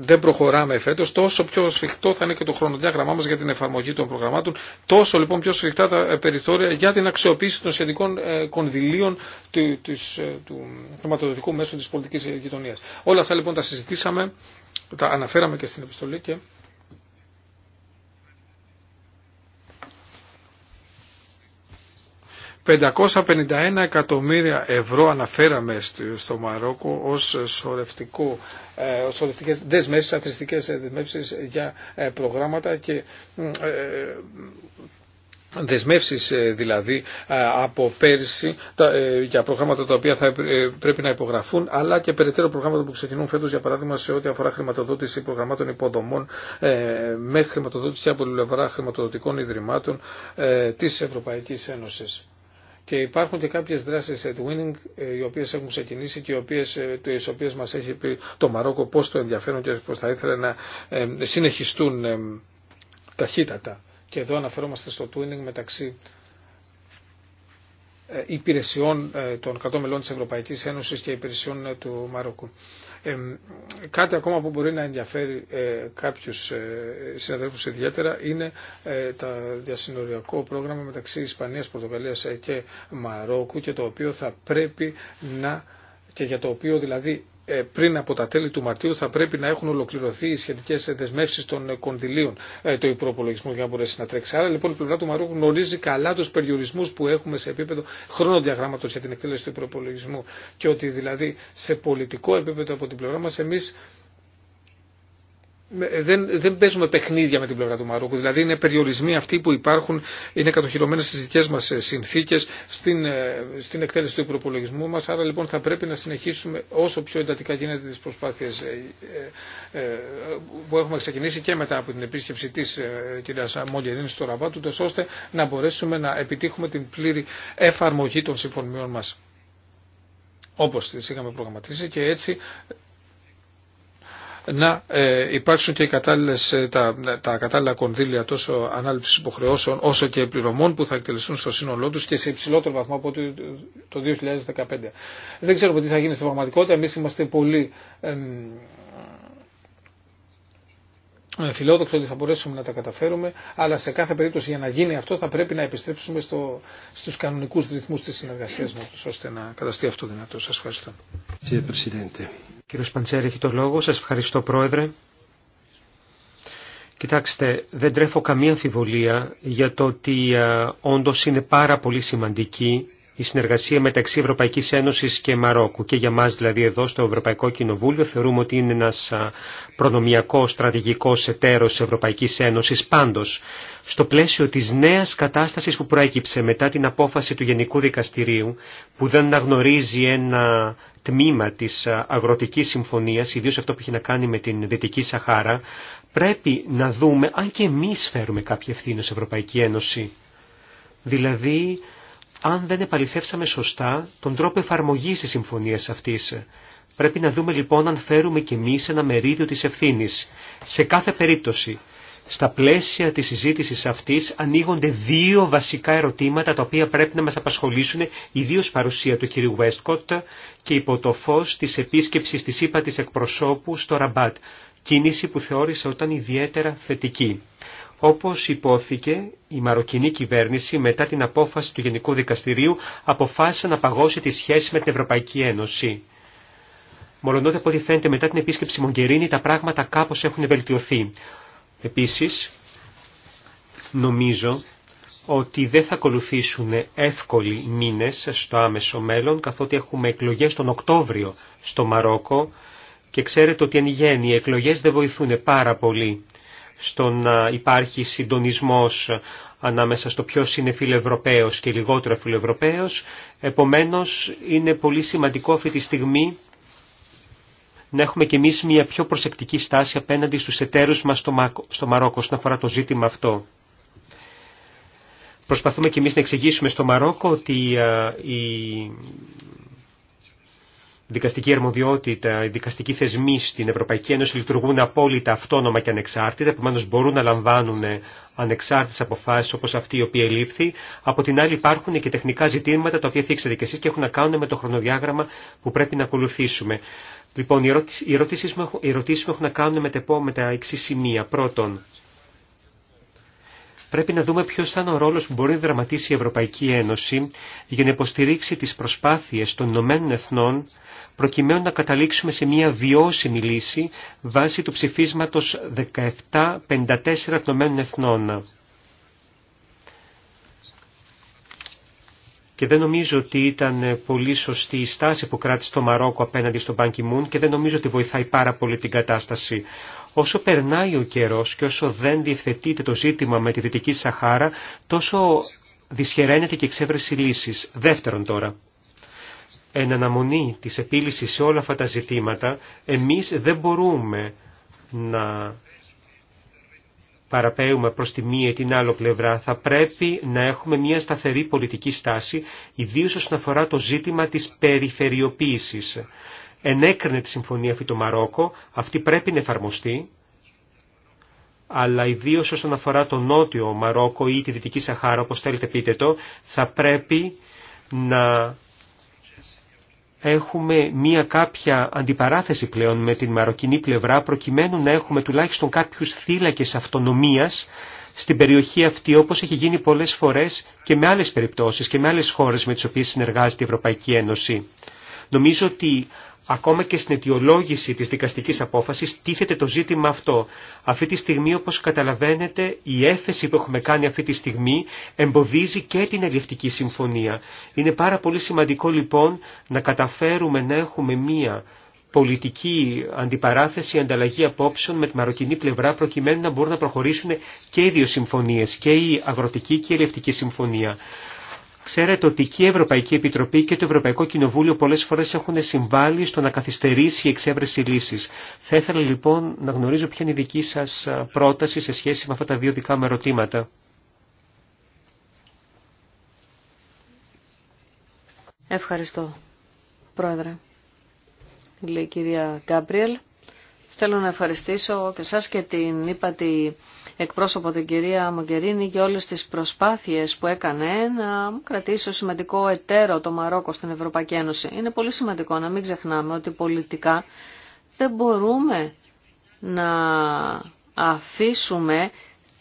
δεν προχωράμε φέτος, τόσο πιο σφιχτό θα είναι και το χρονοδιάγραμμά μας για την εφαρμογή των προγραμμάτων, τόσο λοιπόν πιο σφιχτά τα ε, περιθώρια για την αξιοποίηση των σχετικών κονδυλίων του, της, του χρηματοδοτικού μέσου της πολιτικής γειτονίας. Όλα αυτά λοιπόν τα συζητήσαμε, τα αναφέραμε και στην επιστολή και 551 εκατομμύρια ευρώ αναφέραμε στο Μαρόκο ως σορευτικό ε, ως σωρευτικές δεσμεύσεις, αθρηστικές δεσμεύσεις για ε, προγράμματα και ε, δεσμεύσεις δηλαδή από πέρσι για προγράμματα τα οποία θα πρέπει να υπογραφούν αλλά και περαιτέρω προγράμματα που ξεκινούν φέτος για παράδειγμα σε ό,τι αφορά χρηματοδότηση προγραμμάτων υποδομών με χρηματοδότηση από πλευρά χρηματοδοτικών ιδρυμάτων της Ευρωπαϊκής Ένωσης. Και υπάρχουν και κάποιες δράσεις ε, οι οποίες έχουν ξεκινήσει και οι οποίες, ε, τις μας έχει πει το Μαρόκο πώς το ενδιαφέρον και πώς θα ήθελε να ε, συνεχιστούν ε, ταχύτατα. Και εδώ αναφερόμαστε στο twinning μεταξύ υπηρεσιών των κρατών μελών της Ευρωπαϊκής Ένωσης και υπηρεσιών του Μαρόκου κάτι ακόμα που μπορεί να ενδιαφέρει ε, κάποιους ε, συναδέλφους ιδιαίτερα είναι ε, το διασυνοριακό πρόγραμμα μεταξύ Ισπανίας, Πορτογαλίας και Μαρόκου και το οποίο θα πρέπει να και για το οποίο δηλαδή ε, πριν από τα τέλη του Μαρτίου θα πρέπει να έχουν ολοκληρωθεί οι σχετικέ δεσμεύσει των κονδυλίων ε, του υπροπολογισμού για να μπορέσει να τρέξει. Άρα λοιπόν η πλευρά του Μαρόκου γνωρίζει καλά του περιορισμού που έχουμε σε επίπεδο χρονοδιαγράμματο για την εκτέλεση του υπροπολογισμού και ότι δηλαδή σε πολιτικό επίπεδο από την πλευρά μα εμεί δεν, δεν παίζουμε παιχνίδια με την πλευρά του Μαρόκου. Δηλαδή είναι περιορισμοί αυτοί που υπάρχουν, είναι κατοχυρωμένε στι δικέ μα ε, συνθήκε στην, ε, στην εκτέλεση του προπολογισμού μα. Άρα λοιπόν θα πρέπει να συνεχίσουμε όσο πιο εντατικά γίνεται τις προσπάθειες ε, που έχουμε ξεκινήσει και μετά από την επίσκεψη της κυρία Μολιερίνης στο Ραβάτου, ώστε να μπορέσουμε να επιτύχουμε την πλήρη εφαρμογή των συμφωνιών μα, όπως τις είχαμε προγραμματίσει και έτσι να ε, υπάρξουν και ε, τα, τα κατάλληλα κονδύλια τόσο ανάληψης υποχρεώσεων όσο και πληρωμών που θα εκτελεστούν στο σύνολό τους και σε υψηλότερο βαθμό από το 2015. Δεν ξέρουμε τι θα γίνει στην πραγματικότητα. Εμείς είμαστε πολύ ε, φιλόδοξοι ότι θα μπορέσουμε να τα καταφέρουμε, αλλά σε κάθε περίπτωση για να γίνει αυτό θα πρέπει να επιστρέψουμε στο, στους κανονικούς ρυθμούς της συνεργασίας μας, ώστε να καταστεί αυτό δυνατό. Σας ευχαριστώ. Κύριος Παντσέρη έχει το λόγο. Σας ευχαριστώ Πρόεδρε. Κοιτάξτε, δεν τρέφω καμία αμφιβολία για το ότι ε, όντω είναι πάρα πολύ σημαντική η συνεργασία μεταξύ Ευρωπαϊκής Ένωσης και Μαρόκου. Και για μας δηλαδή εδώ στο Ευρωπαϊκό Κοινοβούλιο θεωρούμε ότι είναι ένας προνομιακός στρατηγικός εταίρος Ευρωπαϊκής Ένωσης πάντως στο πλαίσιο της νέας κατάστασης που προέκυψε μετά την απόφαση του Γενικού Δικαστηρίου που δεν αναγνωρίζει ένα τμήμα της Αγροτικής Συμφωνίας, ιδίως αυτό που έχει να κάνει με την Δυτική Σαχάρα, πρέπει να δούμε αν και εμεί φέρουμε κάποια ευθύνη Ευρωπαϊκή Ένωση. Δηλαδή αν δεν επαληθεύσαμε σωστά τον τρόπο εφαρμογής της συμφωνίας αυτής. Πρέπει να δούμε λοιπόν αν φέρουμε κι εμείς ένα μερίδιο της ευθύνης. Σε κάθε περίπτωση, στα πλαίσια της συζήτησης αυτής ανοίγονται δύο βασικά ερωτήματα τα οποία πρέπει να μας απασχολήσουν ιδίω παρουσία του κ. Westcott και υπό το φως της επίσκεψης της ΥΠΑ εκπροσώπου στο Ραμπάτ, κίνηση που θεώρησε όταν ιδιαίτερα θετική. Όπως υπόθηκε, η μαροκινή κυβέρνηση μετά την απόφαση του Γενικού Δικαστηρίου αποφάσισε να παγώσει τη σχέση με την Ευρωπαϊκή Ένωση. Μολονότι από ό,τι φαίνεται μετά την επίσκεψη Μογκερίνη τα πράγματα κάπως έχουν βελτιωθεί. Επίσης, νομίζω ότι δεν θα ακολουθήσουν εύκολοι μήνες στο άμεσο μέλλον, καθότι έχουμε εκλογές τον Οκτώβριο στο Μαρόκο και ξέρετε ότι εν γέννη οι εκλογές δεν βοηθούν πάρα πολύ στο να υπάρχει συντονισμός ανάμεσα στο ποιος είναι φιλοευρωπαίος και λιγότερο φιλευρωπαίος. Επομένως, είναι πολύ σημαντικό αυτή τη στιγμή να έχουμε κι εμείς μια πιο προσεκτική στάση απέναντι στους εταίρους μας στο, Μα... στο Μαρόκο, όσον αφορά το ζήτημα αυτό. Προσπαθούμε κι εμείς να εξηγήσουμε στο Μαρόκο ότι ε, η δικαστική αρμοδιότητα, οι δικαστικοί θεσμοί στην Ευρωπαϊκή Ένωση λειτουργούν απόλυτα αυτόνομα και ανεξάρτητα, επομένω μπορούν να λαμβάνουν ανεξάρτητε αποφάσει όπω αυτή η οποία λήφθη. Από την άλλη υπάρχουν και τεχνικά ζητήματα τα οποία θίξατε και εσεί και έχουν να κάνουν με το χρονοδιάγραμμα που πρέπει να ακολουθήσουμε. Λοιπόν, οι ερωτήσει μου έχουν να κάνουν με τα εξή σημεία. Πρώτον, πρέπει να δούμε ποιος θα είναι ο ρόλος που μπορεί να δραματίσει η Ευρωπαϊκή Ένωση για να υποστηρίξει τις προσπάθειες των Ηνωμένων Εθνών προκειμένου να καταλήξουμε σε μια βιώσιμη λύση βάσει του ψηφίσματος 1754 των Ηνωμένων Εθνών. και δεν νομίζω ότι ήταν πολύ σωστή η στάση που κράτησε το Μαρόκο απέναντι στον Πανκιμούν και δεν νομίζω ότι βοηθάει πάρα πολύ την κατάσταση. Όσο περνάει ο καιρός και όσο δεν διευθετείται το ζήτημα με τη Δυτική Σαχάρα, τόσο δυσχεραίνεται και εξέβρεση λύσης. Δεύτερον τώρα, εν αναμονή της επίλυσης σε όλα αυτά τα ζητήματα, εμείς δεν μπορούμε να παραπέουμε προς τη μία ή την άλλο πλευρά, θα πρέπει να έχουμε μια σταθερή πολιτική στάση, ιδίως όσον αφορά το ζήτημα της περιφερειοποίησης ενέκρινε τη συμφωνία αυτή το Μαρόκο, αυτή πρέπει να εφαρμοστεί, αλλά ιδίω όσον αφορά το νότιο Μαρόκο ή τη Δυτική Σαχάρα, όπως θέλετε πείτε το, θα πρέπει να έχουμε μία κάποια αντιπαράθεση πλέον με την μαροκινή πλευρά, προκειμένου να έχουμε τουλάχιστον κάποιους θύλακες αυτονομίας στην περιοχή αυτή, όπως έχει γίνει πολλές φορές και με άλλες περιπτώσεις και με άλλες χώρες με τις οποίες συνεργάζεται η Ευρωπαϊκή Ένωση. Νομίζω ότι Ακόμα και στην αιτιολόγηση της δικαστικής απόφασης τίθεται το ζήτημα αυτό. Αυτή τη στιγμή, όπως καταλαβαίνετε, η έφεση που έχουμε κάνει αυτή τη στιγμή εμποδίζει και την Ελληνική Συμφωνία. Είναι πάρα πολύ σημαντικό λοιπόν να καταφέρουμε να έχουμε μία πολιτική αντιπαράθεση, ανταλλαγή απόψεων με τη μαροκινή πλευρά προκειμένου να μπορούν να προχωρήσουν και οι δύο συμφωνίες, και η Αγροτική και η ελληνική Συμφωνία. Ξέρετε ότι και η Ευρωπαϊκή Επιτροπή και το Ευρωπαϊκό Κοινοβούλιο πολλές φορές έχουν συμβάλει στο να καθυστερήσει η εξέβρεση λύσης. Θα ήθελα λοιπόν να γνωρίζω ποια είναι η δική σας πρόταση σε σχέση με αυτά τα δύο δικά μου ερωτήματα. Ευχαριστώ, Πρόεδρε. Λέει η κυρία Γκάμπριελ. Θέλω να ευχαριστήσω και σας και την τη εκπρόσωπο την κυρία Μογκερίνη για όλες τις προσπάθειες που έκανε να κρατήσει ως σημαντικό εταίρο το Μαρόκο στην Ευρωπαϊκή Ένωση. Είναι πολύ σημαντικό να μην ξεχνάμε ότι πολιτικά δεν μπορούμε να αφήσουμε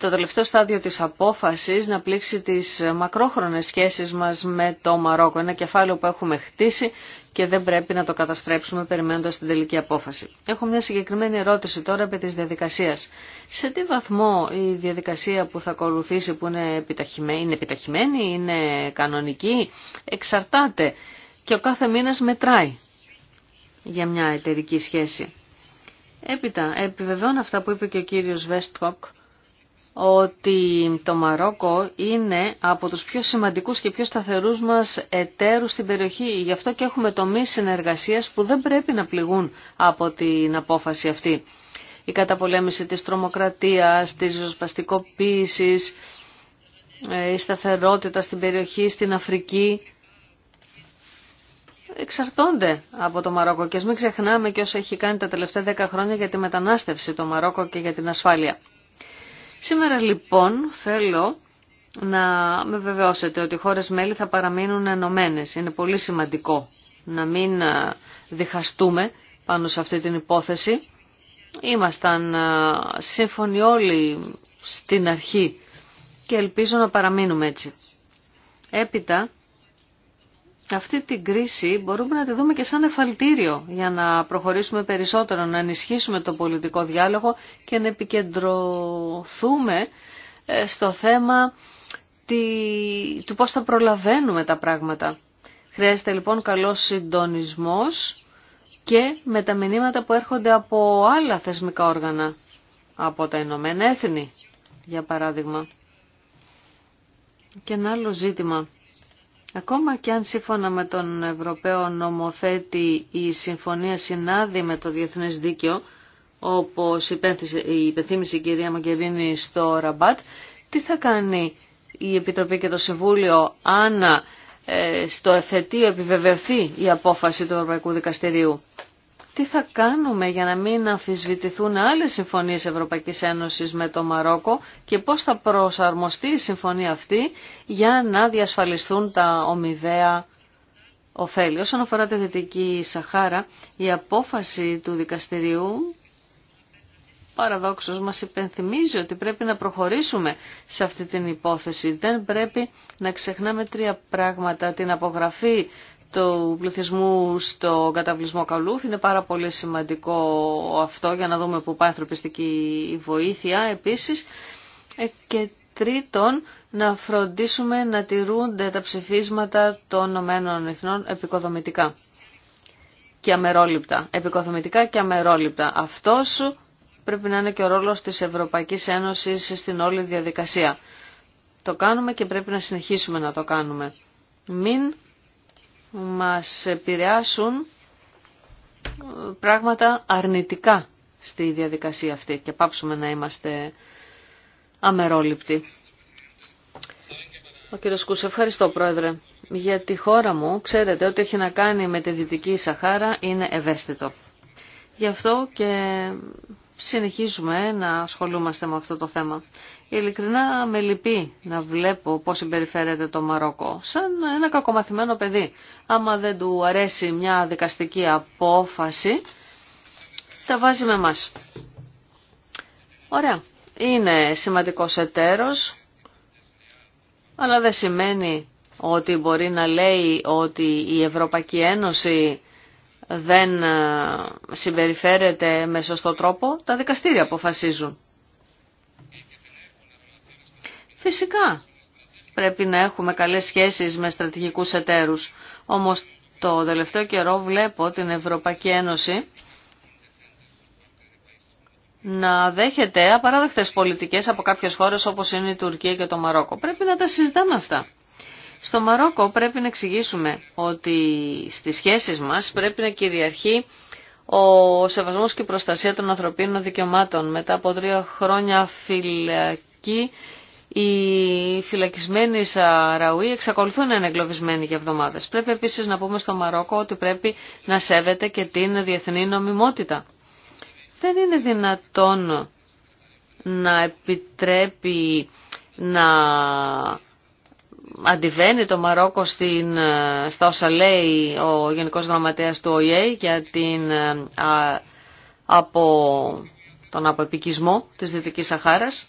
το τελευταίο στάδιο της απόφασης να πλήξει τις μακρόχρονες σχέσεις μας με το Μαρόκο. Ένα κεφάλαιο που έχουμε χτίσει και δεν πρέπει να το καταστρέψουμε περιμένοντας την τελική απόφαση. Έχω μια συγκεκριμένη ερώτηση τώρα επί της διαδικασίας. Σε τι βαθμό η διαδικασία που θα ακολουθήσει που είναι επιταχυμένη, είναι, κανονική, εξαρτάται και ο κάθε μήνας μετράει για μια εταιρική σχέση. Έπειτα, επιβεβαιώνω αυτά που είπε και ο κύριος Βέστκοκ, ότι το Μαρόκο είναι από τους πιο σημαντικούς και πιο σταθερούς μας εταίρους στην περιοχή. Γι' αυτό και έχουμε τομείς συνεργασίας που δεν πρέπει να πληγούν από την απόφαση αυτή. Η καταπολέμηση της τρομοκρατίας, της ζωσπαστικοποίησης, ε, η σταθερότητα στην περιοχή, στην Αφρική εξαρτώνται από το Μαρόκο και ας μην ξεχνάμε και όσα έχει κάνει τα τελευταία δέκα χρόνια για τη μετανάστευση το Μαρόκο και για την ασφάλεια. Σήμερα λοιπόν θέλω να με βεβαιώσετε ότι οι χώρες μέλη θα παραμείνουν ενωμένε. Είναι πολύ σημαντικό να μην ε, διχαστούμε πάνω σε αυτή την υπόθεση. Ήμασταν ε, σύμφωνοι όλοι στην αρχή και ελπίζω να παραμείνουμε έτσι. Έπειτα αυτή την κρίση μπορούμε να τη δούμε και σαν εφαλτήριο για να προχωρήσουμε περισσότερο, να ενισχύσουμε το πολιτικό διάλογο και να επικεντρωθούμε ε, στο θέμα του πώς θα προλαβαίνουμε τα πράγματα. Χρειάζεται λοιπόν καλός συντονισμός και με τα μηνύματα που έρχονται από άλλα θεσμικά όργανα, από τα Ηνωμένα Έθνη, για παράδειγμα. Και ένα άλλο ζήτημα Ακόμα και αν σύμφωνα με τον Ευρωπαίο νομοθέτη η συμφωνία συνάδει με το διεθνές δίκαιο, όπως υπενθύμησε η κυρία Μακεβίνη στο Ραμπάτ, τι θα κάνει η Επιτροπή και το Συμβούλιο αν ε, στο εφετείο επιβεβαιωθεί η απόφαση του Ευρωπαϊκού Δικαστηρίου τι θα κάνουμε για να μην αμφισβητηθούν άλλες συμφωνίες Ευρωπαϊκής Ένωσης με το Μαρόκο και πώς θα προσαρμοστεί η συμφωνία αυτή για να διασφαλιστούν τα ομοιβαία ωφέλη. Όσον αφορά τη Δυτική Σαχάρα, η απόφαση του δικαστηριού παραδόξως μας υπενθυμίζει ότι πρέπει να προχωρήσουμε σε αυτή την υπόθεση. Δεν πρέπει να ξεχνάμε τρία πράγματα, την απογραφή του πληθυσμού στο καταβλισμό Καλούφ. Είναι πάρα πολύ σημαντικό αυτό για να δούμε που πάει ανθρωπιστική βοήθεια επίσης. Ε, και τρίτον, να φροντίσουμε να τηρούνται τα ψηφίσματα των ΟΕΕ επικοδομητικά και αμερόληπτα. Επικοδομητικά και αμερόληπτα. Αυτός πρέπει να είναι και ο ρόλος της Ευρωπαϊκής Ένωσης στην όλη διαδικασία. Το κάνουμε και πρέπει να συνεχίσουμε να το κάνουμε. Μην μας επηρεάσουν ε, πράγματα αρνητικά στη διαδικασία αυτή και πάψουμε να είμαστε αμερόληπτοι. Ο κύριος Κούς, ευχαριστώ πρόεδρε. Για τη χώρα μου, ξέρετε, ό,τι έχει να κάνει με τη Δυτική Σαχάρα είναι ευαίσθητο. Γι' αυτό και συνεχίζουμε να ασχολούμαστε με αυτό το θέμα. Ειλικρινά με λυπεί να βλέπω πώς συμπεριφέρεται το Μαρόκο, σαν ένα κακομαθημένο παιδί. Άμα δεν του αρέσει μια δικαστική απόφαση, τα βάζει με μας. Ωραία. Είναι σημαντικός εταίρος, αλλά δεν σημαίνει ότι μπορεί να λέει ότι η Ευρωπαϊκή Ένωση δεν ε, συμπεριφέρεται με σωστό τρόπο, τα δικαστήρια αποφασίζουν. Φυσικά πρέπει να έχουμε καλές σχέσεις με στρατηγικούς εταίρους. Όμως το τελευταίο καιρό βλέπω την Ευρωπαϊκή Ένωση να δέχεται απαράδεκτες πολιτικές από κάποιες χώρες όπως είναι η Τουρκία και το Μαρόκο. Πρέπει να τα συζητάμε αυτά. Στο Μαρόκο πρέπει να εξηγήσουμε ότι στις σχέσεις μας πρέπει να κυριαρχεί ο σεβασμός και η προστασία των ανθρωπίνων δικαιωμάτων. Μετά από τρία χρόνια φυλακή, οι φυλακισμένοι Σαραουί εξακολουθούν να είναι εγκλωβισμένοι για εβδομάδες. Πρέπει επίσης να πούμε στο Μαρόκο ότι πρέπει να σέβεται και την διεθνή νομιμότητα. Δεν είναι δυνατόν να επιτρέπει να αντιβαίνει το Μαρόκο στην, ε, στα όσα λέει ο Γενικός Γραμματέας του ΟΗΕ για την, ε, από, τον αποεπικισμό της Δυτικής Σαχάρας.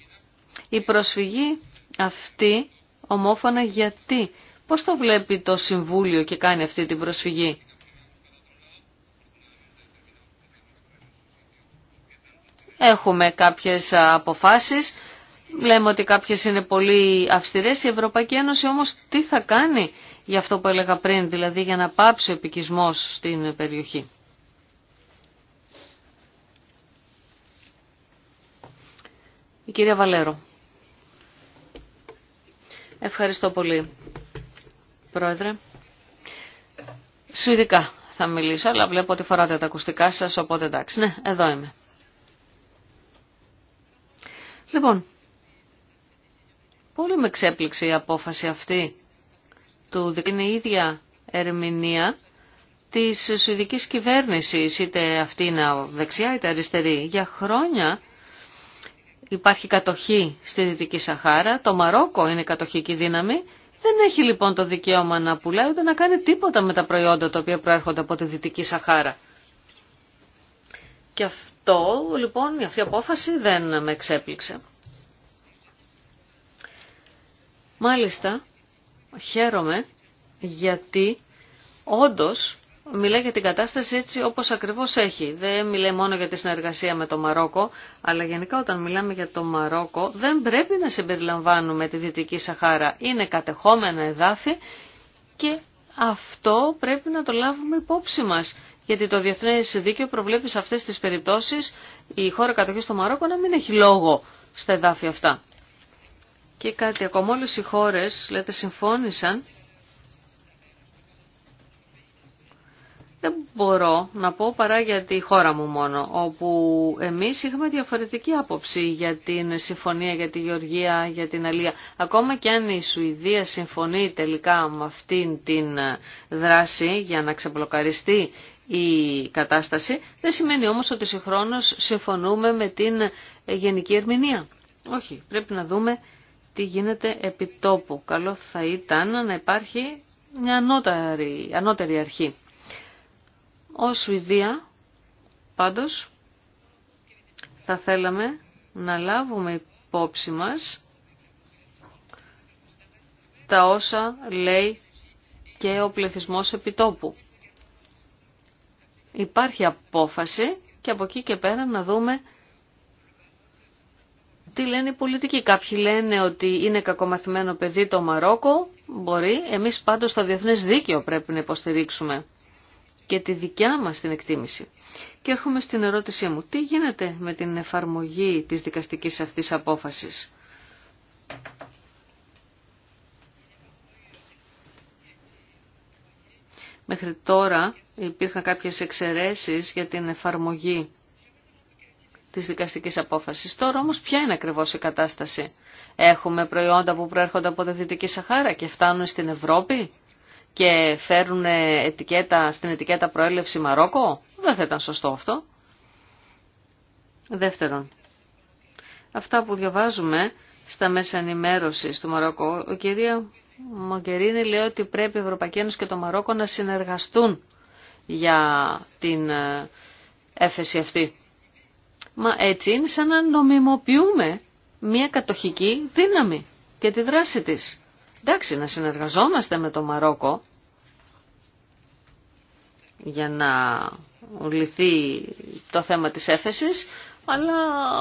Η προσφυγή αυτή ομόφωνα γιατί. Πώς το βλέπει το Συμβούλιο και κάνει αυτή την προσφυγή. Έχουμε κάποιες αποφάσεις Λέμε ότι κάποιες είναι πολύ αυστηρές. Η Ευρωπαϊκή Ένωση όμως τι θα κάνει για αυτό που έλεγα πριν, δηλαδή για να πάψει ο επικισμός στην περιοχή. Η κυρία Βαλέρο. Ευχαριστώ πολύ, Πρόεδρε. Σουηδικά θα μιλήσω, αλλά βλέπω ότι φοράτε τα ακουστικά σας, οπότε εντάξει. Ναι, εδώ είμαι. Λοιπόν, Πολύ με ξέπληξε η απόφαση αυτή του είναι η ίδια ερμηνεία της σουηδικής κυβέρνησης, είτε αυτή είναι δεξιά είτε αριστερή. Για χρόνια υπάρχει κατοχή στη Δυτική Σαχάρα, το Μαρόκο είναι κατοχική δύναμη, δεν έχει λοιπόν το δικαίωμα να πουλάει ούτε να κάνει τίποτα με τα προϊόντα τα οποία προέρχονται από τη Δυτική Σαχάρα. Και αυτό λοιπόν, αυτή η απόφαση δεν με εξέπληξε. Μάλιστα, χαίρομαι γιατί όντως μιλάει για την κατάσταση έτσι όπως ακριβώς έχει. Δεν μιλάει μόνο για τη συνεργασία με το Μαρόκο, αλλά γενικά όταν μιλάμε για το Μαρόκο δεν πρέπει να συμπεριλαμβάνουμε τη Δυτική Σαχάρα. Είναι κατεχόμενα εδάφη και αυτό πρέπει να το λάβουμε υπόψη μας. Γιατί το Διεθνές Δίκαιο προβλέπει σε αυτές τις περιπτώσεις η χώρα κατοχής στο Μαρόκο να μην έχει λόγο στα εδάφη αυτά. Και κάτι ακόμα, όλε οι χώρες, λέτε, συμφώνησαν. Δεν μπορώ να πω παρά για τη χώρα μου μόνο, όπου εμείς είχαμε διαφορετική άποψη για την συμφωνία, για τη Γεωργία, για την Αλία. Ακόμα και αν η Σουηδία συμφωνεί τελικά με αυτήν την δράση για να ξεμπλοκαριστεί η κατάσταση, δεν σημαίνει όμως ότι συγχρόνως συμφωνούμε με την γενική ερμηνεία. Όχι, πρέπει να δούμε τι γίνεται επί Καλό θα ήταν να υπάρχει μια ανώτερη, ανώτερη αρχή. Ω Σουηδία, πάντως, θα θέλαμε να λάβουμε υπόψη μας τα όσα λέει και ο πληθυσμός επιτόπου. Υπάρχει απόφαση και από εκεί και πέρα να δούμε τι λένε οι πολιτικοί. Κάποιοι λένε ότι είναι κακομαθημένο παιδί το Μαρόκο, μπορεί. Εμείς πάντως το διεθνές δίκαιο πρέπει να υποστηρίξουμε και τη δικιά μας την εκτίμηση. Και έρχομαι στην ερώτησή μου. Τι γίνεται με την εφαρμογή της δικαστικής αυτής απόφασης. Μέχρι τώρα υπήρχαν κάποιες εξαιρέσεις για την εφαρμογή της δικαστικής απόφασης. Τώρα όμως ποια είναι ακριβώς η κατάσταση. Έχουμε προϊόντα που προέρχονται από τη Δυτική Σαχάρα και φτάνουν στην Ευρώπη και φέρουν ετικέτα, στην ετικέτα προέλευση Μαρόκο. Δεν θα ήταν σωστό αυτό. Δεύτερον, αυτά που διαβάζουμε στα μέσα ενημέρωση του Μαρόκο, ο κυρία Μογκερίνη λέει ότι πρέπει η Ευρωπαϊκή Ένωση και το Μαρόκο να συνεργαστούν για την ε, έφεση αυτή. Μα έτσι είναι σαν να νομιμοποιούμε μια κατοχική δύναμη και τη δράση της. Εντάξει, να συνεργαζόμαστε με το Μαρόκο για να λυθεί το θέμα της έφεσης, αλλά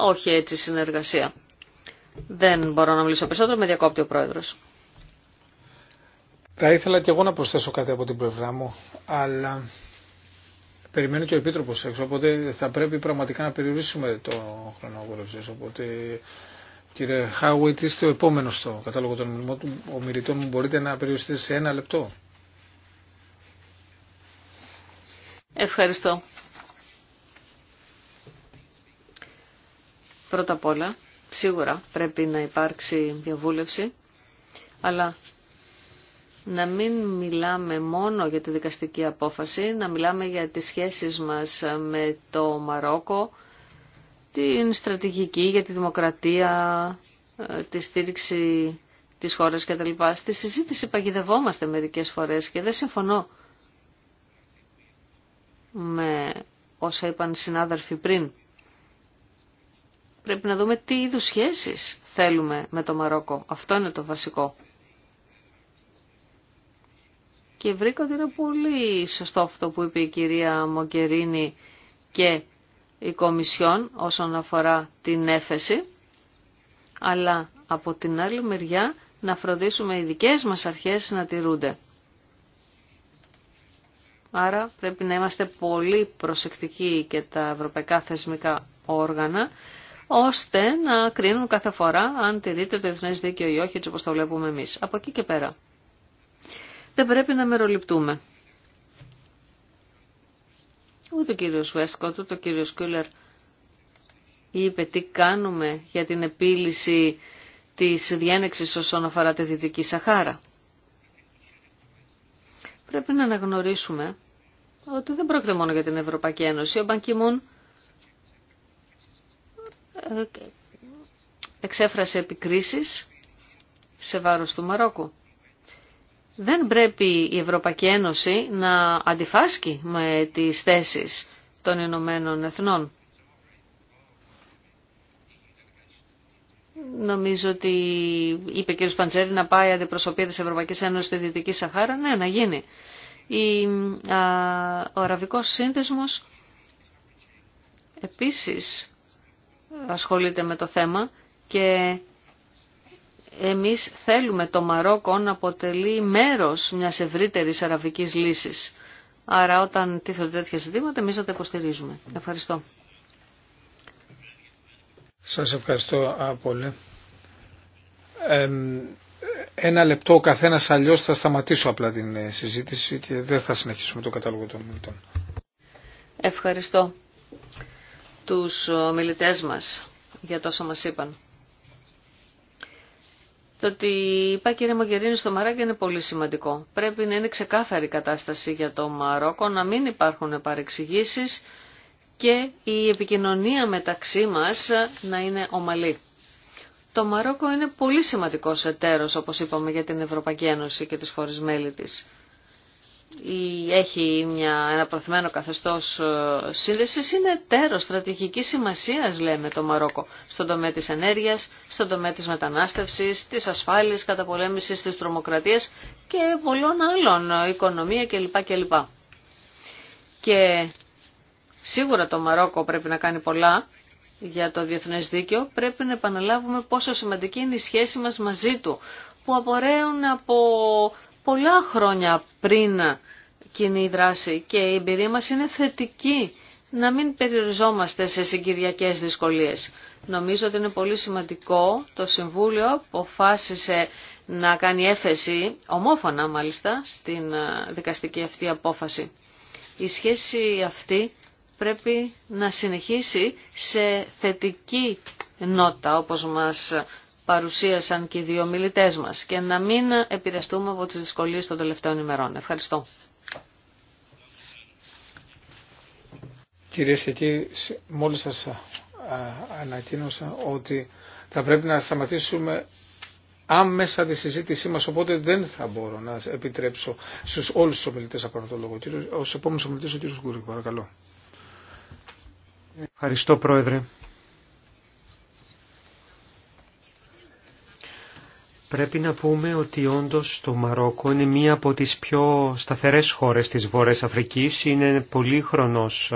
όχι έτσι συνεργασία. Δεν μπορώ να μιλήσω περισσότερο, με διακόπτει ο Πρόεδρος. Θα ήθελα και εγώ να προσθέσω κάτι από την πλευρά μου, αλλά περιμένει και ο Επίτροπος έξω, οπότε θα πρέπει πραγματικά να περιορίσουμε το χρόνο αγόρευσης. Οπότε, κύριε Χάουιτ, είστε ο επόμενος στο κατάλογο των ομιλητών μου. Μπορείτε να περιοριστείτε σε ένα λεπτό. Ευχαριστώ. Πρώτα απ' όλα, σίγουρα πρέπει να υπάρξει διαβούλευση, αλλά να μην μιλάμε μόνο για τη δικαστική απόφαση, να μιλάμε για τις σχέσεις μας με το Μαρόκο, την στρατηγική για τη δημοκρατία, ε, τη στήριξη της χώρας κτλ. Στη συζήτηση παγιδευόμαστε μερικές φορές και δεν συμφωνώ με όσα είπαν συνάδελφοι πριν. Πρέπει να δούμε τι είδους σχέσεις θέλουμε με το Μαρόκο. Αυτό είναι το βασικό. Και βρήκα ότι είναι πολύ σωστό αυτό που είπε η κυρία Μογκερίνη και η Κομισιόν όσον αφορά την έφεση, αλλά από την άλλη μεριά να φροντίσουμε οι δικές μας αρχές να τηρούνται. Άρα πρέπει να είμαστε πολύ προσεκτικοί και τα ευρωπαϊκά θεσμικά όργανα, ώστε να κρίνουν κάθε φορά αν τηρείται το διεθνές δίκαιο ή όχι, έτσι όπως το βλέπουμε εμείς. Από εκεί και πέρα δεν πρέπει να μεροληπτούμε. Ούτε ο κύριος Βέσκοτ, ούτε ο κύριος Κούλερ είπε τι κάνουμε για την επίλυση της διένεξης όσον αφορά τη Δυτική Σαχάρα. Πρέπει να αναγνωρίσουμε ότι δεν πρόκειται μόνο για την Ευρωπαϊκή Ένωση. Ο Μπανκιμούν ε, εξέφρασε επικρίσεις σε βάρος του Μαρόκου δεν πρέπει η Ευρωπαϊκή Ένωση να αντιφάσκει με τις θέσεις των Ηνωμένων Εθνών. Νομίζω ότι είπε ο κ. Παντζέρη να πάει αντιπροσωπεία της Ευρωπαϊκής Ένωσης στη Δυτική Σαχάρα. Ναι, να γίνει. ο Αραβικός Σύνδεσμος επίσης ασχολείται με το θέμα και εμείς θέλουμε το Μαρόκο να αποτελεί μέρος μιας ευρύτερης αραβικής λύσης. Άρα όταν τίθονται τέτοια ζητήματα εμείς θα τα υποστηρίζουμε. Ευχαριστώ. Σας ευχαριστώ πολύ. ένα λεπτό ο καθένας αλλιώς θα σταματήσω απλά την ε, συζήτηση και δεν θα συνεχίσουμε το κατάλογο των μιλητών. Ευχαριστώ τους ε, μιλητές μας για τόσο μας είπαν. Το ότι είπα κύριε Μογκερίνη στο μαράκι είναι πολύ σημαντικό. Πρέπει να είναι ξεκάθαρη η κατάσταση για το Μαρόκο, να μην υπάρχουν παρεξηγήσει και η επικοινωνία μεταξύ μας να είναι ομαλή. Το Μαρόκο είναι πολύ σημαντικός εταίρος, όπως είπαμε, για την Ευρωπαϊκή Ένωση και τις χώρες μέλη της έχει μια, ένα προθυμένο καθεστώς ε, σύνδεσης, είναι τέρο στρατηγικής σημασίας, λέμε, το Μαρόκο, στον τομέα της ενέργειας, στον τομέα της μετανάστευσης, της ασφάλειας, καταπολέμησης, της τρομοκρατίας και πολλών άλλων, ε, οικονομία κλπ. κλπ. Και σίγουρα το Μαρόκο πρέπει να κάνει πολλά για το διεθνές δίκαιο, πρέπει να επαναλάβουμε πόσο σημαντική είναι η σχέση μας μαζί του, που απορρέουν από πολλά χρόνια πριν κοινή δράση και η εμπειρία μας είναι θετική να μην περιοριζόμαστε σε συγκυριακές δυσκολίες. Νομίζω ότι είναι πολύ σημαντικό το Συμβούλιο αποφάσισε να κάνει έφεση, ομόφωνα μάλιστα, στην ε, δικαστική αυτή απόφαση. Η σχέση αυτή πρέπει να συνεχίσει σε θετική νότα, όπως μας παρουσίασαν και οι δύο μιλητέ μας και να μην επηρεαστούμε από τι δυσκολίε των τελευταίων ημερών. Ευχαριστώ. Κυρίε και κύριοι, μόλις σας ανακοίνωσα ότι θα πρέπει να σταματήσουμε άμεσα τη συζήτησή μας, οπότε δεν θα μπορώ να επιτρέψω στους όλους τους ομιλητές από πάρουν τον λόγο. Ο επόμενος ομιλητής, ο κύριος Γκούρη, παρακαλώ. Ευχαριστώ, Πρόεδρε. Πρέπει να πούμε ότι όντως το Μαρόκο είναι μία από τις πιο σταθερές χώρες της Βόρειας Αφρικής. Είναι πολύχρονος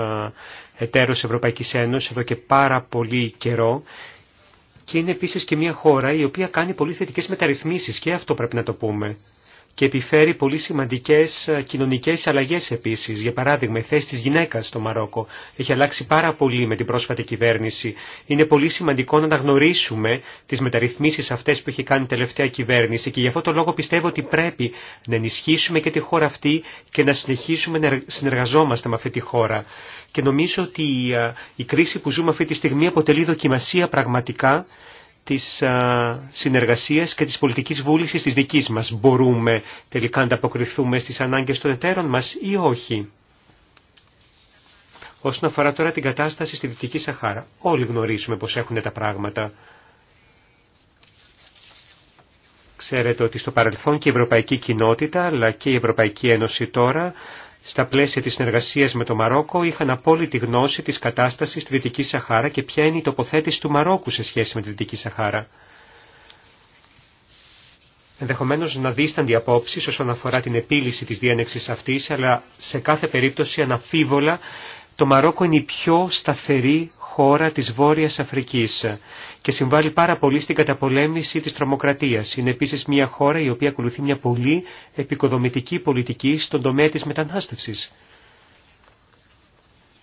εταίρος Ευρωπαϊκής Ένωσης εδώ και πάρα πολύ καιρό. Και είναι επίσης και μία χώρα η οποία κάνει πολύ θετικές μεταρρυθμίσεις και αυτό πρέπει να το πούμε και επιφέρει πολύ σημαντικές ε, κοινωνικές αλλαγές επίσης. Για παράδειγμα, η θέση της γυναίκας στο Μαρόκο έχει αλλάξει πάρα πολύ με την πρόσφατη κυβέρνηση. Είναι πολύ σημαντικό να αναγνωρίσουμε τις μεταρρυθμίσεις αυτές που έχει κάνει η τελευταία κυβέρνηση και γι' αυτό το λόγο πιστεύω ότι πρέπει να ενισχύσουμε και τη χώρα αυτή και να συνεχίσουμε να συνεργαζόμαστε με αυτή τη χώρα. Και νομίζω ότι ε, η κρίση που ζούμε αυτή τη στιγμή αποτελεί δοκιμασία πραγματικά της συνεργασίας και της πολιτικής βούλησης της δικής μας. Μπορούμε τελικά να ανταποκριθούμε στις ανάγκες των εταίρων μας ή όχι. Όσον αφορά τώρα την κατάσταση στη Δυτική Σαχάρα, όλοι γνωρίζουμε πως έχουν τα πράγματα. Ξέρετε ότι στο παρελθόν και η Ευρωπαϊκή Κοινότητα αλλά και η Ευρωπαϊκή Ένωση τώρα στα πλαίσια της συνεργασίας με το Μαρόκο είχαν απόλυτη γνώση της κατάστασης στη Δυτική Σαχάρα και ποια είναι η τοποθέτηση του Μαρόκου σε σχέση με τη Δυτική Σαχάρα. Ενδεχομένω να δίστανται απόψει όσον αφορά την επίλυση τη διένεξη αυτή, αλλά σε κάθε περίπτωση αναφίβολα το Μαρόκο είναι η πιο σταθερή χώρα της Βόρειας Αφρικής και συμβάλλει πάρα πολύ στην καταπολέμηση της τρομοκρατίας. Είναι επίσης μια χώρα η οποία ακολουθεί μια πολύ επικοδομητική πολιτική στον τομέα της μετανάστευσης.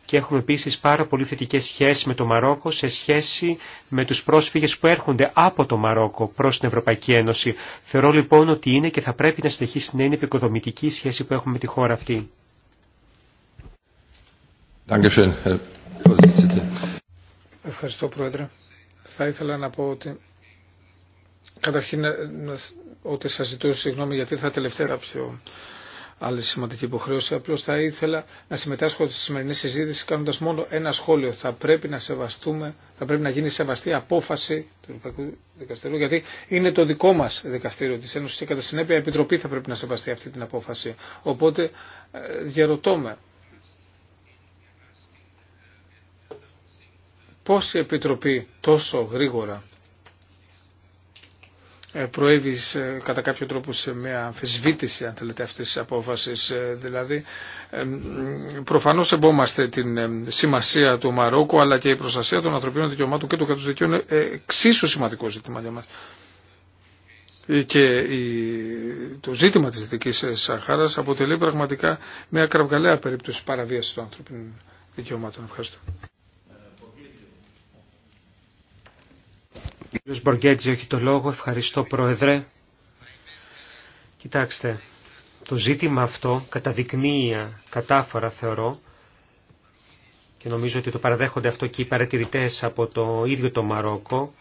Και έχουμε επίσης πάρα πολύ θετικές σχέσεις με το Μαρόκο σε σχέση με τους πρόσφυγες που έρχονται από το Μαρόκο προς την Ευρωπαϊκή Ένωση. Θεωρώ λοιπόν ότι είναι και θα πρέπει να συνεχίσει να είναι επικοδομητική η σχέση που έχουμε με τη χώρα αυτή. Dankeschön, Herr Ευχαριστώ Πρόεδρε. Θα ήθελα να πω ότι καταρχήν ε, ότι σας ζητώ συγγνώμη γιατί ήρθα τελευταία πιο άλλη σημαντική υποχρέωση. Απλώς θα ήθελα να συμμετάσχω στη σημερινή συζήτηση κάνοντας μόνο ένα σχόλιο. Θα πρέπει να σεβαστούμε, θα πρέπει να γίνει σεβαστή απόφαση του Ευρωπαϊκού Δικαστηρίου, γιατί είναι το δικό μας δικαστήριο της Ένωσης και κατά συνέπεια η Επιτροπή θα πρέπει να σεβαστεί αυτή την απόφαση. Οπότε ε, διαρωτώ με πώς η Επιτροπή τόσο γρήγορα ε, προέβη κατά κάποιο τρόπο σε μια αμφισβήτηση αν θέλετε αυτής της απόφασης ε, δηλαδή ε, προφανώς εμπόμαστε την σημασία του Μαρόκου αλλά και η προστασία των ανθρωπίνων δικαιωμάτων και του κατους δικαίων είναι εξίσου σημαντικό ζήτημα για μας και το ζήτημα της Δυτικής Σαχάρας αποτελεί πραγματικά μια κραυγαλαία περίπτωση παραβίαση των ανθρωπίνων δικαιωμάτων. Ευχαριστώ. Κύριος Μποργέτζη έχει το λόγο. Ευχαριστώ Πρόεδρε. Κοιτάξτε, το ζήτημα αυτό καταδεικνύει κατάφορα θεωρώ και νομίζω ότι το παραδέχονται αυτό και οι παρατηρητές από το ίδιο το Μαρόκο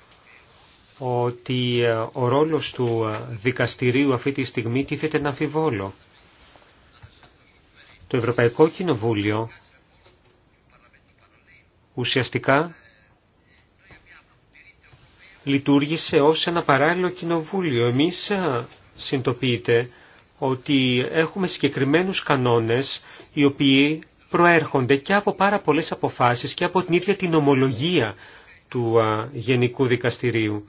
ότι ε, ο ρόλος του ε, δικαστηρίου αυτή τη στιγμή τίθεται να αμφιβόλο. Το Ευρωπαϊκό Κοινοβούλιο ουσιαστικά λειτουργήσε ως ένα παράλληλο κοινοβούλιο. Εμείς συντοποιείται ότι έχουμε συγκεκριμένους κανόνες οι οποίοι προέρχονται και από πάρα πολλές αποφάσεις και από την ίδια την ομολογία του Γενικού Δικαστηρίου.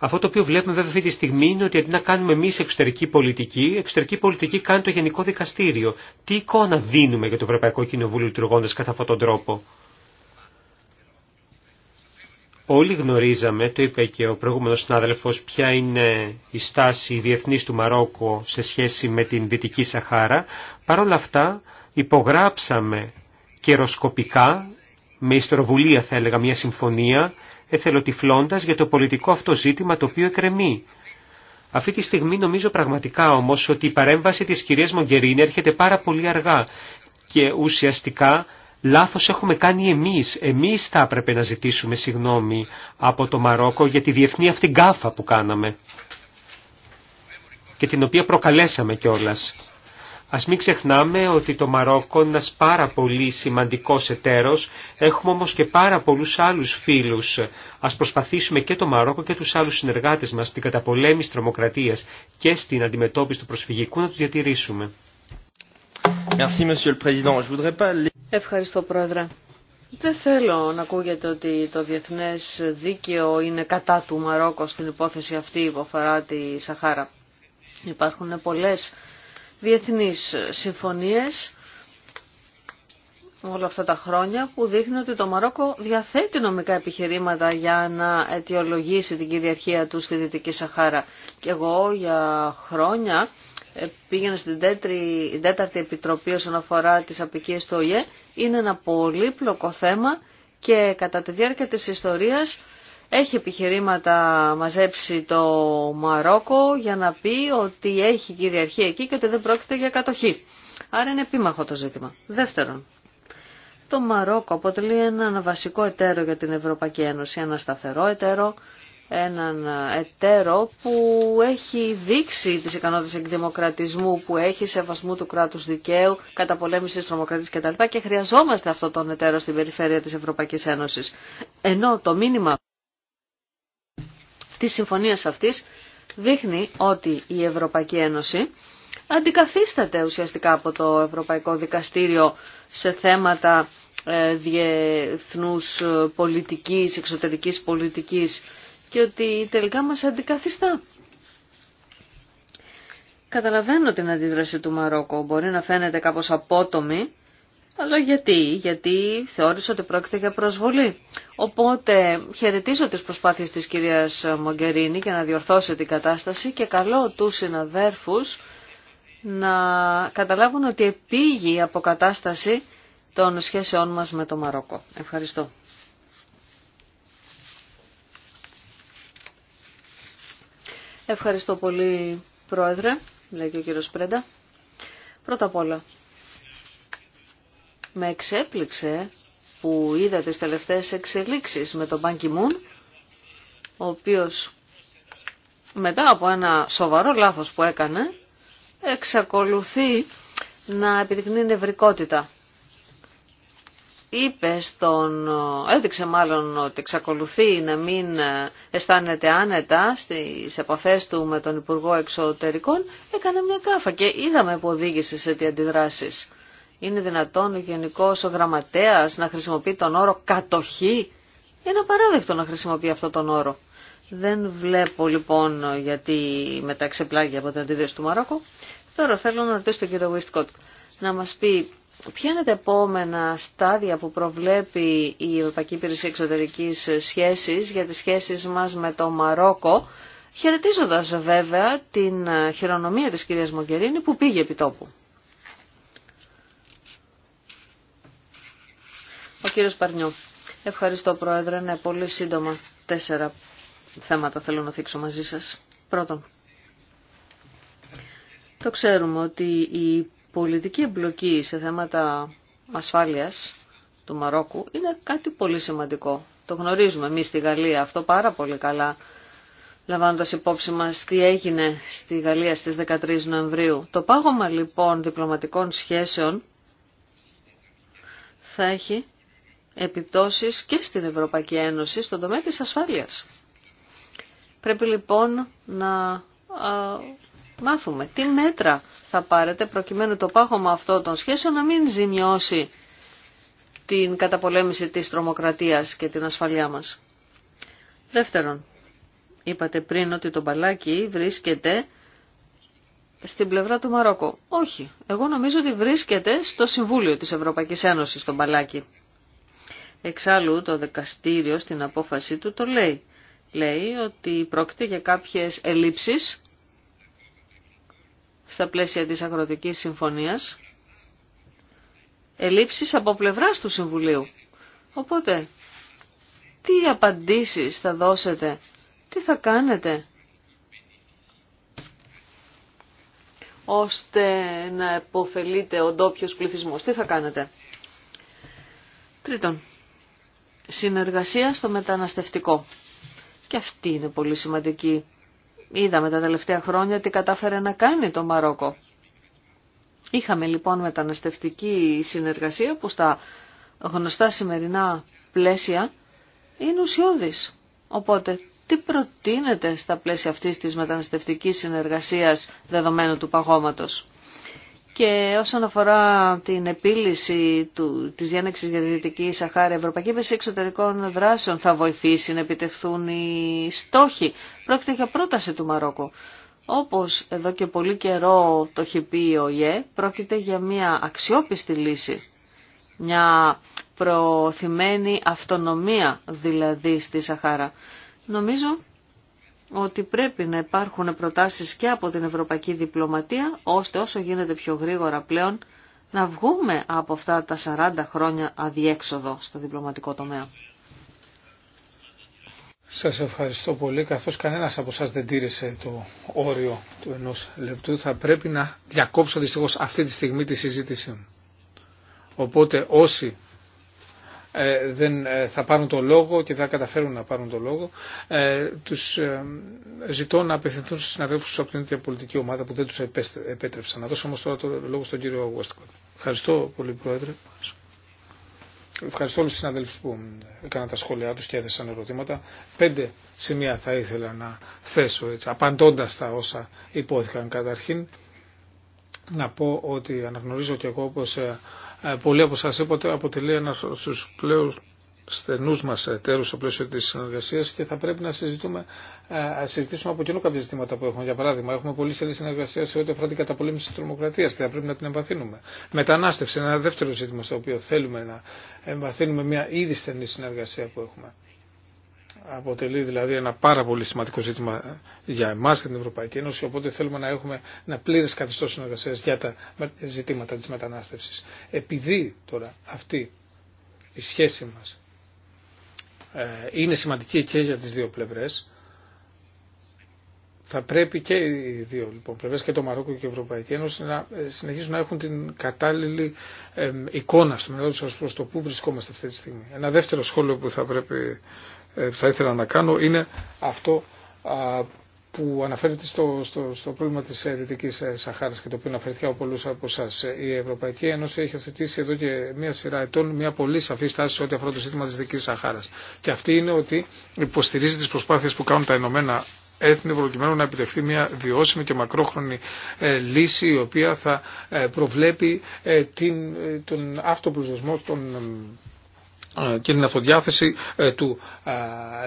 Αυτό το οποίο βλέπουμε βέβαια αυτή τη στιγμή είναι ότι αντί να κάνουμε εμείς εξωτερική πολιτική, εξωτερική πολιτική κάνει το Γενικό Δικαστήριο. Τι εικόνα δίνουμε για το Ευρωπαϊκό Κοινοβούλιο λειτουργώντα κατά αυτόν τον τρόπο. Όλοι γνωρίζαμε, το είπε και ο προηγούμενος συνάδελφος, ποια είναι η στάση διεθνής του Μαρόκο σε σχέση με την Δυτική Σαχάρα. Παρ' όλα αυτά υπογράψαμε καιροσκοπικά, με ιστοροβουλία θα έλεγα, μια συμφωνία, εθελοτυφλώντας για το πολιτικό αυτό ζήτημα το οποίο εκρεμεί. Αυτή τη στιγμή νομίζω πραγματικά όμως ότι η παρέμβαση της κυρίας Μογκερίνη έρχεται πάρα πολύ αργά και ουσιαστικά λάθος έχουμε κάνει εμείς. Εμείς θα έπρεπε να ζητήσουμε συγγνώμη από το Μαρόκο για τη διεθνή αυτή γκάφα που κάναμε και την οποία προκαλέσαμε κιόλας. Ας μην ξεχνάμε ότι το Μαρόκο είναι ένας πάρα πολύ σημαντικός εταίρος, έχουμε όμως και πάρα πολλούς άλλους φίλους. Ας προσπαθήσουμε και το Μαρόκο και τους άλλους συνεργάτες μας στην καταπολέμηση τρομοκρατίας και στην αντιμετώπιση του προσφυγικού να τους διατηρήσουμε. Merci Ευχαριστώ Πρόεδρε. Δεν θέλω να ακούγεται ότι το διεθνές δίκαιο είναι κατά του Μαρόκο στην υπόθεση αυτή που αφορά τη Σαχάρα. Υπάρχουν πολλές διεθνείς συμφωνίες όλα αυτά τα χρόνια που δείχνει ότι το Μαρόκο διαθέτει νομικά επιχειρήματα για να αιτιολογήσει την κυριαρχία του στη Δυτική Σαχάρα. Και εγώ για χρόνια ε, πήγαινα στην τέταρτη, τέταρτη επιτροπή όσον αφορά τις απικίες του ΟΙΕ. Είναι ένα πολύπλοκο θέμα και κατά τη διάρκεια της ιστορίας έχει επιχειρήματα μαζέψει το Μαρόκο για να πει ότι έχει κυριαρχία εκεί και ότι δεν πρόκειται για κατοχή. Άρα είναι επίμαχο το ζήτημα. Δεύτερον, το Μαρόκο αποτελεί έναν βασικό εταίρο για την Ευρωπαϊκή Ένωση, ένα σταθερό εταίρο, έναν εταίρο που έχει δείξει τις ικανότητες εκδημοκρατισμού που έχει, σεβασμού του κράτους δικαίου, καταπολέμησης τρομοκρατίας κτλ. και χρειαζόμαστε αυτό τον εταίρο στην περιφέρεια της Ευρωπαϊκής Ένωσης. Ενώ το μήνυμα της συμφωνίας αυτής δείχνει ότι η Ευρωπαϊκή Ένωση αντικαθίσταται ουσιαστικά από το Ευρωπαϊκό Δικαστήριο σε θέματα ε, διεθνούς ε, πολιτικής, εξωτερικής πολιτικής και ότι τελικά μας αντικαθιστά. Καταλαβαίνω την αντίδραση του Μαρόκο. Μπορεί να φαίνεται κάπως απότομη, αλλά γιατί, γιατί θεώρησε ότι πρόκειται για προσβολή. Οπότε χαιρετίζω τις προσπάθειες της κυρίας Μογκερίνη για να διορθώσει την κατάσταση και καλώ τους συναδέρφους να καταλάβουν ότι επήγει η αποκατάσταση των σχέσεών μας με το Μαρόκο. Ευχαριστώ. Ευχαριστώ πολύ, Πρόεδρε, λέει και ο κύριος Πρέντα. Πρώτα απ' όλα, με εξέπληξε που είδα τις τελευταίες εξελίξεις με τον Πάνκι Μουν, ο οποίος μετά από ένα σοβαρό λάθος που έκανε, εξακολουθεί να επιδεικνύει νευρικότητα. Είπε στον, έδειξε μάλλον ότι εξακολουθεί να μην αισθάνεται άνετα στις επαφές του με τον Υπουργό Εξωτερικών, έκανε μια κάφα και είδαμε που οδήγησε σε τι αντιδράσεις. Είναι δυνατόν ο Γενικός ο Γραμματέας να χρησιμοποιεί τον όρο κατοχή. Είναι απαράδεκτο να χρησιμοποιεί αυτό τον όρο. Δεν βλέπω λοιπόν γιατί μετά ξεπλάγει από την αντίδραση του Μαρόκου. Τώρα θέλω να ρωτήσω τον κύριο Βουιστικότ να μας πει ποια είναι τα επόμενα στάδια που προβλέπει η Ευρωπαϊκή Υπηρεσία Εξωτερικής Σχέσης για τις σχέσεις μας με το Μαρόκο, χαιρετίζοντα βέβαια την χειρονομία της κυρίας Μογκερίνη που πήγε επί τόπου. Ο κύριος Παρνιού. Ευχαριστώ Πρόεδρε, ναι, πολύ σύντομα τέσσερα θέματα θέλω να θίξω μαζί σας. Πρώτον, το ξέρουμε ότι η πολιτική εμπλοκή σε θέματα ασφάλειας του Μαρόκου είναι κάτι πολύ σημαντικό. Το γνωρίζουμε εμείς στη Γαλλία αυτό πάρα πολύ καλά, λαμβάνοντας υπόψη μας τι έγινε στη Γαλλία στις 13 Νοεμβρίου. Το πάγωμα λοιπόν διπλωματικών σχέσεων θα έχει επιπτώσεις και στην Ευρωπαϊκή Ένωση στον τομέα της ασφάλειας. Πρέπει λοιπόν να μάθουμε τι μέτρα θα πάρετε προκειμένου το πάγωμα αυτό των σχέσεων να μην ζημιώσει την καταπολέμηση της τρομοκρατίας και την ασφαλειά μας. Δεύτερον, είπατε πριν ότι το μπαλάκι βρίσκεται στην πλευρά του Μαρόκο. Όχι, εγώ νομίζω ότι βρίσκεται στο Συμβούλιο της Ευρωπαϊκής Ένωσης το μπαλάκι. Εξάλλου το δικαστήριο στην απόφαση του το λέει λέει ότι πρόκειται για κάποιες ελλείψεις στα πλαίσια της Αγροτικής Συμφωνίας, ελλείψεις από πλευράς του Συμβουλίου. Οπότε, τι απαντήσεις θα δώσετε, τι θα κάνετε, ώστε να επωφελείται ο ντόπιο πληθυσμό. Τι θα κάνετε. Τρίτον, συνεργασία στο μεταναστευτικό. Και αυτή είναι πολύ σημαντική. Είδαμε τα τελευταία χρόνια τι κατάφερε να κάνει το Μαρόκο. Είχαμε λοιπόν μεταναστευτική συνεργασία που στα γνωστά σημερινά πλαίσια είναι ουσιώδης. Οπότε τι προτείνεται στα πλαίσια αυτής της μεταναστευτικής συνεργασίας δεδομένου του παγώματος. Και όσον αφορά την επίλυση του, της διάνεξης για τη Δυτική Σαχάρα, η Ευρωπαϊκή Υπηρεσία Εξωτερικών Δράσεων θα βοηθήσει να επιτευχθούν οι στόχοι. Πρόκειται για πρόταση του Μαρόκου. Όπως εδώ και πολύ καιρό το έχει πει ο ΙΕ, πρόκειται για μια αξιόπιστη λύση. Μια προωθημένη αυτονομία δηλαδή στη Σαχάρα. Νομίζω ότι πρέπει να υπάρχουν προτάσεις και από την ευρωπαϊκή διπλωματία, ώστε όσο γίνεται πιο γρήγορα πλέον να βγούμε από αυτά τα 40 χρόνια αδιέξοδο στο διπλωματικό τομέα. Σας ευχαριστώ πολύ. Καθώς κανένας από σας δεν τήρησε το όριο του ενός λεπτού, θα πρέπει να διακόψω δυστυχώς αυτή τη στιγμή τη συζήτηση. Οπότε όσοι ε, δεν ε, θα πάρουν το λόγο και θα καταφέρουν να πάρουν το λόγο, ε, τους ζητώ να απευθυνθούν στους συναδέλφους από την ίδια πολιτική ομάδα που δεν τους επέτρεψαν. Να δώσω όμως τώρα το λόγο στον κύριο Westcott. Ευχαριστώ πολύ Πρόεδρε. Ευχαριστώ όλους τους συναδέλφους που έκαναν τα σχόλιά τους και έθεσαν ερωτήματα. Πέντε σημεία θα ήθελα να θέσω, έτσι, απαντώντας τα όσα υπόθηκαν. Καταρχήν, να πω ότι αναγνωρίζω και εγώ πως ε, πολλοί από σας είπατε αποτελεί ένα στου πλέον στενού μα εταίρου στο πλαίσιο τη συνεργασία, και θα πρέπει να συζητούμε, ε, συζητήσουμε από κοινού κάποια ζητήματα που έχουμε. Για παράδειγμα, έχουμε πολύ στενή συνεργασία σε ό,τι αφορά την καταπολέμηση της τρομοκρατία και θα πρέπει να την εμβαθύνουμε. Μετανάστευση είναι ένα δεύτερο ζήτημα στο οποίο θέλουμε να εμβαθύνουμε μια ήδη στενή συνεργασία που έχουμε αποτελεί δηλαδή ένα πάρα πολύ σημαντικό ζήτημα για εμά και την Ευρωπαϊκή Ένωση. Οπότε θέλουμε να έχουμε ένα πλήρε καθεστώ συνεργασία για τα ζητήματα τη μετανάστευση. Επειδή τώρα αυτή η σχέση μα ε, είναι σημαντική και για τι δύο πλευρέ, θα πρέπει και οι δύο λοιπόν, πλευρές, και το Μαρόκο και η Ευρωπαϊκή Ένωση, να ε, συνεχίσουν να έχουν την κατάλληλη ε, εικόνα στο μέλλον ω προ το πού βρισκόμαστε αυτή τη στιγμή. Ένα δεύτερο σχόλιο που θα πρέπει ε, θα ήθελα να κάνω είναι αυτό που αναφέρεται στο, στο, στο πρόβλημα της ε, Δυτικής ε, Σαχάρας και το οποίο αναφέρθηκε από πολλούς από εσά. Η Ευρωπαϊκή Ένωση έχει αθετήσει εδώ και μία σειρά ετών μία πολύ σαφή στάση σε ό,τι αφορά το ζήτημα της Δυτικής Σαχάρας. Και αυτή είναι ότι υποστηρίζει τις προσπάθειες που κάνουν τα Ηνωμένα έθνη προκειμένου να επιτευχθεί μια βιώσιμη και μακρόχρονη λύση η οποία θα προβλέπει την, τον αυτοπλουσιασμό των και την αυτοδιάθεση ε, του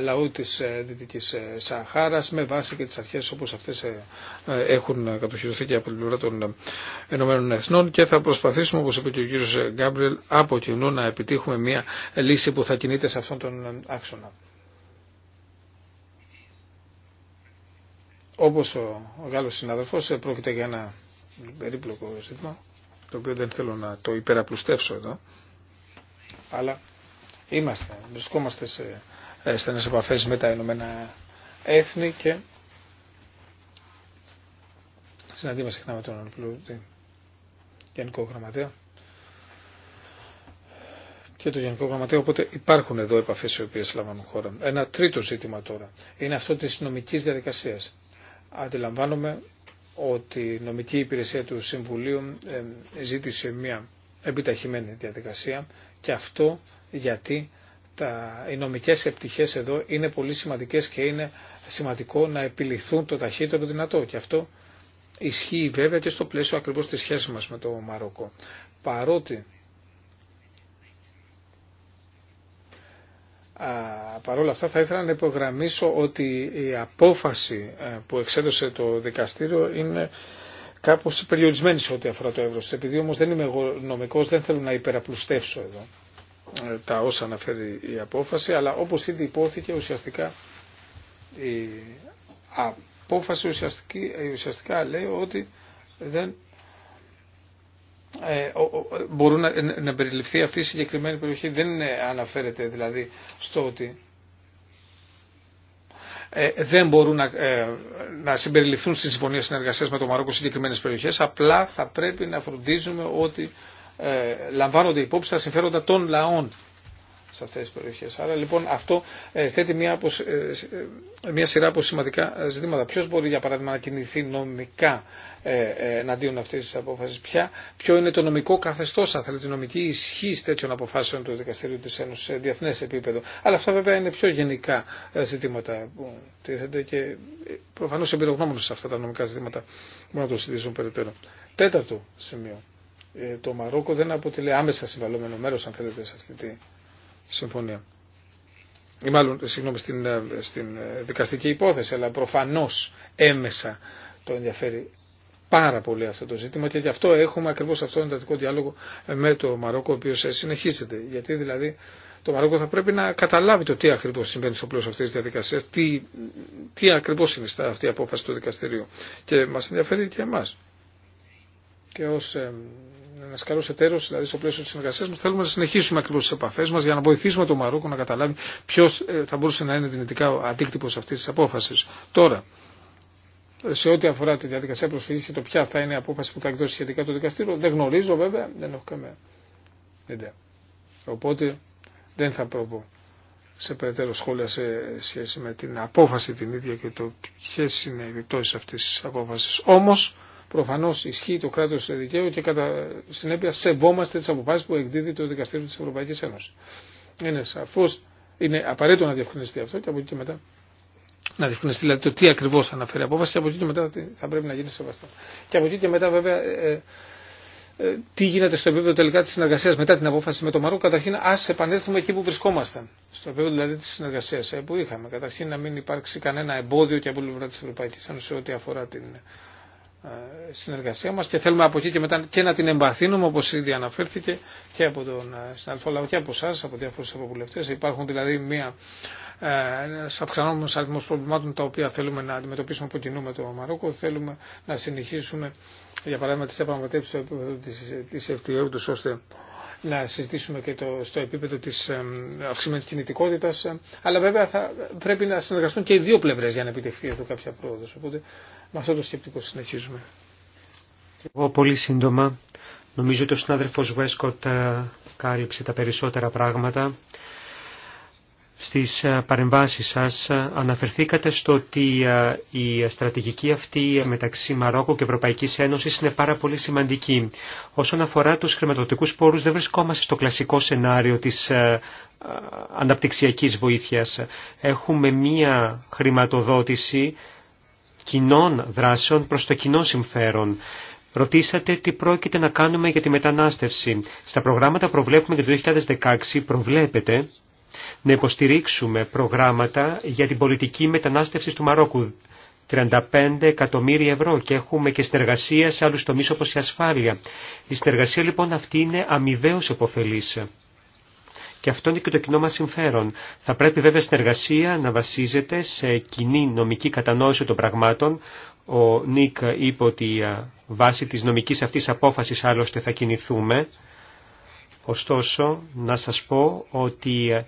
λαού της ε, Δυτικής ε, Σαχάρας με βάση και τις αρχές όπως αυτές έχουν κατοχυρωθεί και από την πλευρά των Ηνωμένων και θα προσπαθήσουμε όπως είπε και ο κύριος Γκάμπριελ από κοινού να επιτύχουμε μια λύση που θα κινείται σε αυτόν τον άξονα. Όπως ο Γάλλος συναδελφός πρόκειται για ένα περίπλοκο ζήτημα το οποίο δεν θέλω να το υπεραπλουστεύσω εδώ αλλά είμαστε, βρισκόμαστε σε ε, στενές επαφές με τα Ηνωμένα Έθνη και συναντήμαστε συχνά με τον Αναπλούδη Γενικό Γραμματέα και το Γενικό Γραμματέα, οπότε υπάρχουν εδώ επαφές οι οποίες λαμβάνουν χώρα. Ένα τρίτο ζήτημα τώρα είναι αυτό της νομικής διαδικασίας. Αντιλαμβάνομαι ότι η νομική υπηρεσία του Συμβουλίου ε, ζήτησε μια επιταχυμένη διαδικασία και αυτό γιατί τα, οι νομικές επιτυχίες εδώ είναι πολύ σημαντικές και είναι σημαντικό να επιληθούν το ταχύτερο δυνατό και αυτό ισχύει βέβαια και στο πλαίσιο ακριβώς της σχέσης μας με το Μαρόκο. Παρότι Παρ' αυτά θα ήθελα να υπογραμμίσω ότι η απόφαση ε, που εξέδωσε το δικαστήριο είναι κάπως περιορισμένη σε ό,τι αφορά το εύρος. Επειδή όμως δεν είμαι εγώ δεν θέλω να υπεραπλουστεύσω εδώ τα όσα αναφέρει η απόφαση, αλλά όπως ήδη υπόθηκε ουσιαστικά η απόφαση ε, ουσιαστικά λέει ότι δεν ε, μπορούν ε, να περιληφθεί αυτή η συγκεκριμένη περιοχή. Δεν αναφέρεται δηλαδή στο ότι δεν μπορούν να, να συμπεριληφθούν στην Συμφωνία Συνεργασίας με το Μαρόκο συγκεκριμένες περιοχές, απλά θα πρέπει να φροντίζουμε ότι ε, λαμβάνονται υπόψη τα συμφέροντα των λαών σε αυτές τις περιοχές. Άρα λοιπόν αυτό ε, θέτει μια, ε, μια σειρά από σημαντικά ζητήματα. Ποιος μπορεί για παράδειγμα να κινηθεί νομικά εναντίον αυτής της απόφασης. Ποια, ποιο είναι το νομικό καθεστώς, αν θέλετε, τη νομική ισχύ τέτοιων αποφάσεων του Δικαστηρίου της Ένωσης σε διεθνές επίπεδο. Αλλά αυτά βέβαια είναι πιο γενικά ζητήματα που τίθενται και προφανώς εμπειρογνώμονες σε αυτά τα νομικά ζητήματα μπορούν να το συζητήσουν περαιτέρω. Τέταρτο σημείο ε, το Μαρόκο δεν αποτελεί άμεσα συμβαλόμενο μέρος, αν θέλετε, σε αυτή τη συμφωνία. Ή μάλλον, συγγνώμη, στην, ε, στην ε, δικαστική υπόθεση, αλλά προφανώς έμεσα το ενδιαφέρει πάρα πολύ αυτό το ζήτημα και γι' αυτό έχουμε ακριβώς αυτόν τον εντατικό διάλογο με το Μαρόκο, ο οποίος συνεχίζεται. Γιατί δηλαδή το Μαρόκο θα πρέπει να καταλάβει το τι ακριβώς συμβαίνει στο πλαίσιο αυτής της διαδικασίας, τι, τι ακριβώς συνιστά αυτή η απόφαση του δικαστηρίου. Και μας ενδιαφέρει και εμά. Και ως ένα καλό εταίρο δηλαδή, στο πλαίσιο τη συνεργασία μα. Θέλουμε να συνεχίσουμε ακριβώ τι επαφέ μα για να βοηθήσουμε το Μαρόκο να καταλάβει ποιο ε, θα μπορούσε να είναι δυνητικά ο αντίκτυπο αυτή τη απόφαση. Τώρα, σε ό,τι αφορά τη διαδικασία προσφυγή και το ποια θα είναι η απόφαση που θα εκδώσει σχετικά το δικαστήριο, δεν γνωρίζω βέβαια, δεν έχω καμία ιδέα. Οπότε δεν θα προβώ σε περαιτέρω σχόλια σε σχέση με την απόφαση την ίδια και το ποιε είναι οι επιπτώσει αυτή τη απόφαση. Όμω, Προφανώ ισχύει το κράτο δικαίου και κατά συνέπεια σεβόμαστε τι αποφάσει που εκδίδει το Δικαστήριο τη Ευρωπαϊκή Ένωση. Είναι σαφώ, είναι απαραίτητο να διευκρινιστεί αυτό και από εκεί και μετά να διευκρινιστεί δηλαδή το τι ακριβώ αναφέρει η απόφαση και από εκεί και μετά θα πρέπει να γίνει σεβαστό. Και από εκεί και μετά βέβαια. Ε, ε, ε τι γίνεται στο επίπεδο τελικά τη συνεργασία μετά την απόφαση με το Μαρό. καταρχήν α επανέλθουμε εκεί που βρισκόμασταν. Στο επίπεδο δηλαδή τη συνεργασία ε, που είχαμε. Καταρχήν να μην υπάρξει κανένα εμπόδιο και από πλευρά τη Ευρωπαϊκή Ένωση ό,τι αφορά την ε, συνεργασία μας και θέλουμε από εκεί και μετά και να την εμπαθύνουμε όπως ήδη αναφέρθηκε και από τον ε, συναλφό λαό και από εσάς, από διάφορους αποβουλευτές. Υπάρχουν δηλαδή μια, ε, ένας αυξανόμενος αριθμός προβλημάτων τα οποία θέλουμε να αντιμετωπίσουμε από κοινού με το Μαρόκο. Θέλουμε να συνεχίσουμε για παράδειγμα τις τη της του, ώστε να συζητήσουμε και το, στο επίπεδο της αυξημένη κινητικότητα. αλλά βέβαια θα πρέπει να συνεργαστούν και οι δύο πλευρές για να επιτευχθεί εδώ κάποια πρόοδος. Οπότε με αυτό το σκεπτικό συνεχίζουμε. Εγώ πολύ σύντομα. Νομίζω ότι ο συνάδελφος Βέσκοτ ε, κάλυψε τα περισσότερα πράγματα. Στις ε, παρεμβάσεις σας ε, αναφερθήκατε στο ότι ε, η στρατηγική αυτή μεταξύ Μαρόκου και Ευρωπαϊκής Ένωσης είναι πάρα πολύ σημαντική. Όσον αφορά τους χρηματοδοτικούς πόρους δεν βρισκόμαστε στο κλασικό σενάριο της αναπτυξιακής βοήθειας. Έχουμε μία χρηματοδότηση κοινών δράσεων προς το κοινό συμφέρον. Ρωτήσατε τι πρόκειται να κάνουμε για τη μετανάστευση. Στα προγράμματα προβλέπουμε για το 2016 προβλέπεται να υποστηρίξουμε προγράμματα για την πολιτική μετανάστευση του Μαρόκου. 35 εκατομμύρια ευρώ και έχουμε και συνεργασία σε άλλους τομείς όπως η ασφάλεια. Η συνεργασία λοιπόν αυτή είναι αμοιβαίως επωφελής. Και αυτό είναι και το κοινό μας συμφέρον. Θα πρέπει βέβαια συνεργασία να βασίζεται σε κοινή νομική κατανόηση των πραγμάτων. Ο Νίκ είπε ότι βάσει της νομικής αυτής απόφασης άλλωστε θα κινηθούμε. Ωστόσο, να σας πω ότι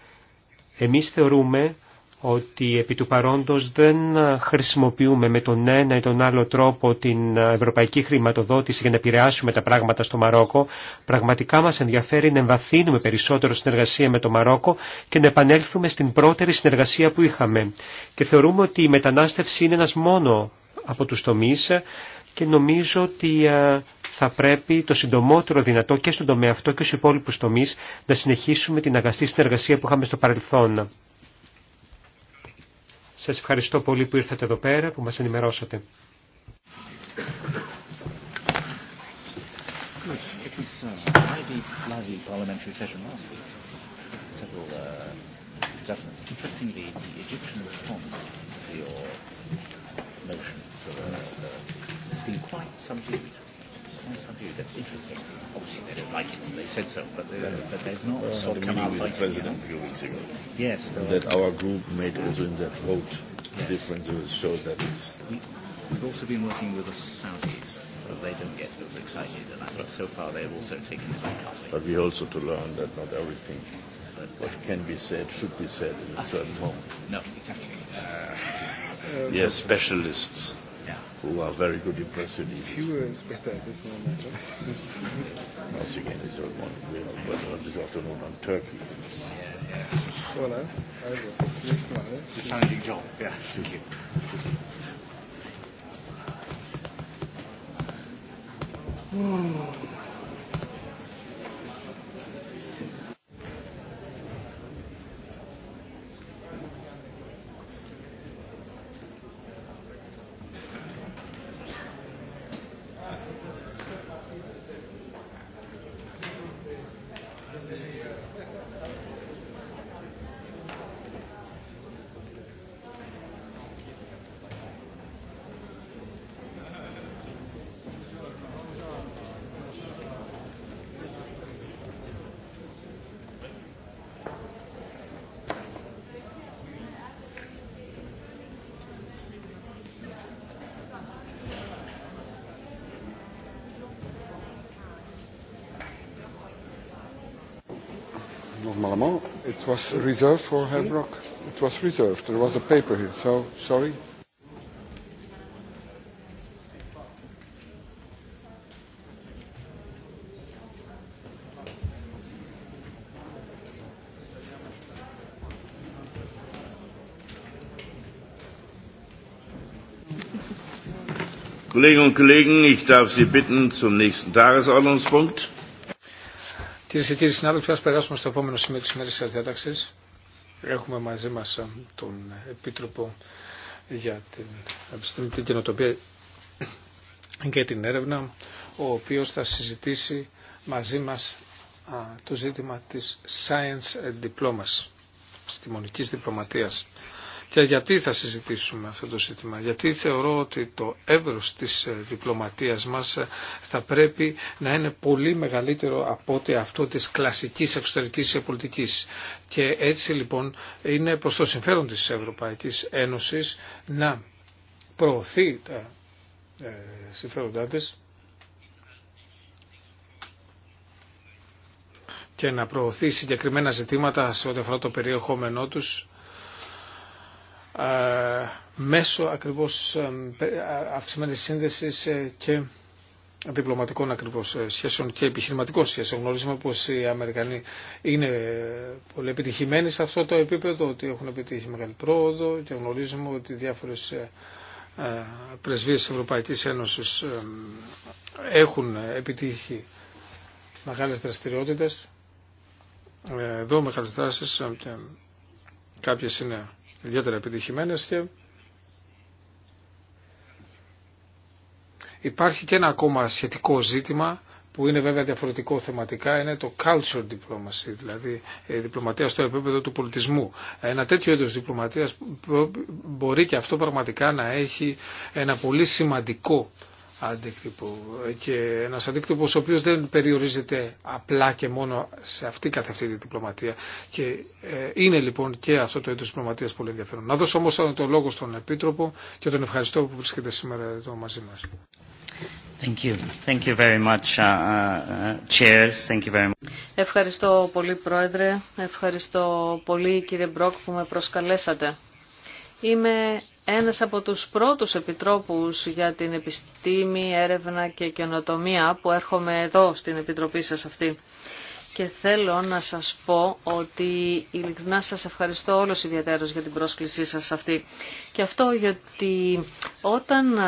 εμείς θεωρούμε ότι επί του παρόντος δεν χρησιμοποιούμε με τον ένα ή τον άλλο τρόπο την ευρωπαϊκή χρηματοδότηση για να επηρεάσουμε τα πράγματα στο Μαρόκο. Πραγματικά μας ενδιαφέρει να εμβαθύνουμε περισσότερο συνεργασία με το Μαρόκο και να επανέλθουμε στην πρώτερη συνεργασία που είχαμε. Και θεωρούμε ότι η μετανάστευση είναι ένας μόνο από τους τομείς και νομίζω ότι θα πρέπει το συντομότερο δυνατό και στον τομέα αυτό και στους υπόλοιπους τομείς να συνεχίσουμε την αγαστή συνεργασία που είχαμε στο παρελθόν. Σας ευχαριστώ πολύ που ήρθατε εδώ πέρα, που μας ενημερώσατε. That's interesting. Obviously, they don't like it. They said so, but, they, but they've not sort of come out like president a few weeks ago. Yes. that our group made also in that vote yes. difference shows that it's... we've also been working with the Saudis, so they don't get overexcited, and I think so far they've also taken it calmly. But we also to learn that not everything what can be said should be said in a certain moment. No, exactly. Uh, yes, specialists who are very good impressionists. Fewer is better at this moment. Once again, it's all one. We are better this afternoon on Turkey. Voilà. it's, bis nächste Mal. a challenging job. Yeah, thank you. Mm. It was reserved for Herr Brock. It was reserved. There was a paper here. So, sorry. Kolleginnen und Kollegen, ich darf Sie bitten zum nächsten Tagesordnungspunkt. Κυρίε και κύριοι συνάδελφοι, α περάσουμε στο επόμενο σημείο τη σα διάταξη. Έχουμε μαζί μα ε, τον Επίτροπο για την Επιστημική Καινοτοπία και την Έρευνα, ο οποίος θα συζητήσει μαζί μας το ζήτημα της Science Diplomas, μονική διπλωματία και γιατί θα συζητήσουμε αυτό το ζήτημα. Γιατί θεωρώ ότι το έβρος της ε, διπλωματίας μας ε, θα πρέπει να είναι πολύ μεγαλύτερο από ότι αυτό της κλασικής εξωτερικής πολιτικής. Και έτσι λοιπόν είναι προς το συμφέρον της Ευρωπαϊκής Ένωσης να προωθεί τα ε, συμφέροντά της και να προωθεί συγκεκριμένα ζητήματα σε ό,τι αφορά το περιεχόμενό τους ε, μέσω ακριβώς ε, ε, αυξημένης σύνδεσης και διπλωματικών ακριβώς σχέσεων και επιχειρηματικών σχέσεων. Γνωρίζουμε πως οι Αμερικανοί είναι πολύ επιτυχημένοι σε αυτό το επίπεδο, ότι έχουν επιτύχει μεγάλη πρόοδο και γνωρίζουμε ότι διάφορες πρεσβείες της Ευρωπαϊκής Ένωσης έχουν επιτύχει μεγάλες δραστηριότητες. Εδώ μεγάλες δράσεις και κάποιες είναι ιδιαίτερα επιτυχημένες και υπάρχει και ένα ακόμα σχετικό ζήτημα που είναι βέβαια διαφορετικό θεματικά, είναι το culture diplomacy, δηλαδή η ε, διπλωματία στο επίπεδο του πολιτισμού. Ένα τέτοιο είδος διπλωματίας μπορεί και αυτό πραγματικά να έχει ένα πολύ σημαντικό αντίκτυπο και ένα αντίκτυπο ο οποίο δεν περιορίζεται απλά και μόνο σε αυτή καθ' αυτή τη διπλωματία και ε, είναι λοιπόν και αυτό το είδο διπλωματίας πολύ ενδιαφέρον. Να δώσω όμως το λόγο στον Επίτροπο και τον ευχαριστώ που βρίσκεται σήμερα εδώ μαζί μας. Ευχαριστώ πολύ Πρόεδρε, ευχαριστώ πολύ κύριε Μπρόκ που με προσκαλέσατε. Είμαι ένας από τους πρώτους επιτρόπους για την επιστήμη, έρευνα και καινοτομία που έρχομαι εδώ στην επιτροπή σας αυτή. Και θέλω να σας πω ότι ειλικρινά σας ευχαριστώ όλους ιδιαίτερως για την πρόσκλησή σας αυτή. Και αυτό γιατί όταν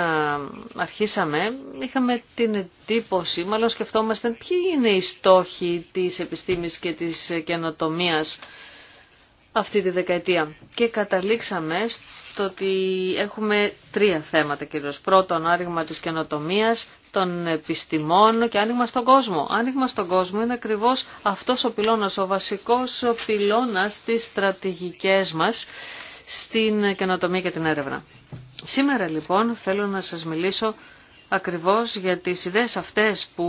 αρχίσαμε είχαμε την εντύπωση, μάλλον σκεφτόμαστε ποιοι είναι οι στόχοι της επιστήμης και της καινοτομίας αυτή τη δεκαετία. Και καταλήξαμε το ότι έχουμε τρία θέματα κυρίως. Πρώτον, άνοιγμα της καινοτομία, των επιστημών και άνοιγμα στον κόσμο. Άνοιγμα στον κόσμο είναι ακριβώ αυτός ο πυλώνας, ο βασικός πυλώνα της στρατηγικέ μας στην καινοτομία και την έρευνα. Σήμερα λοιπόν θέλω να σας μιλήσω ακριβώς για τις ιδέες αυτές που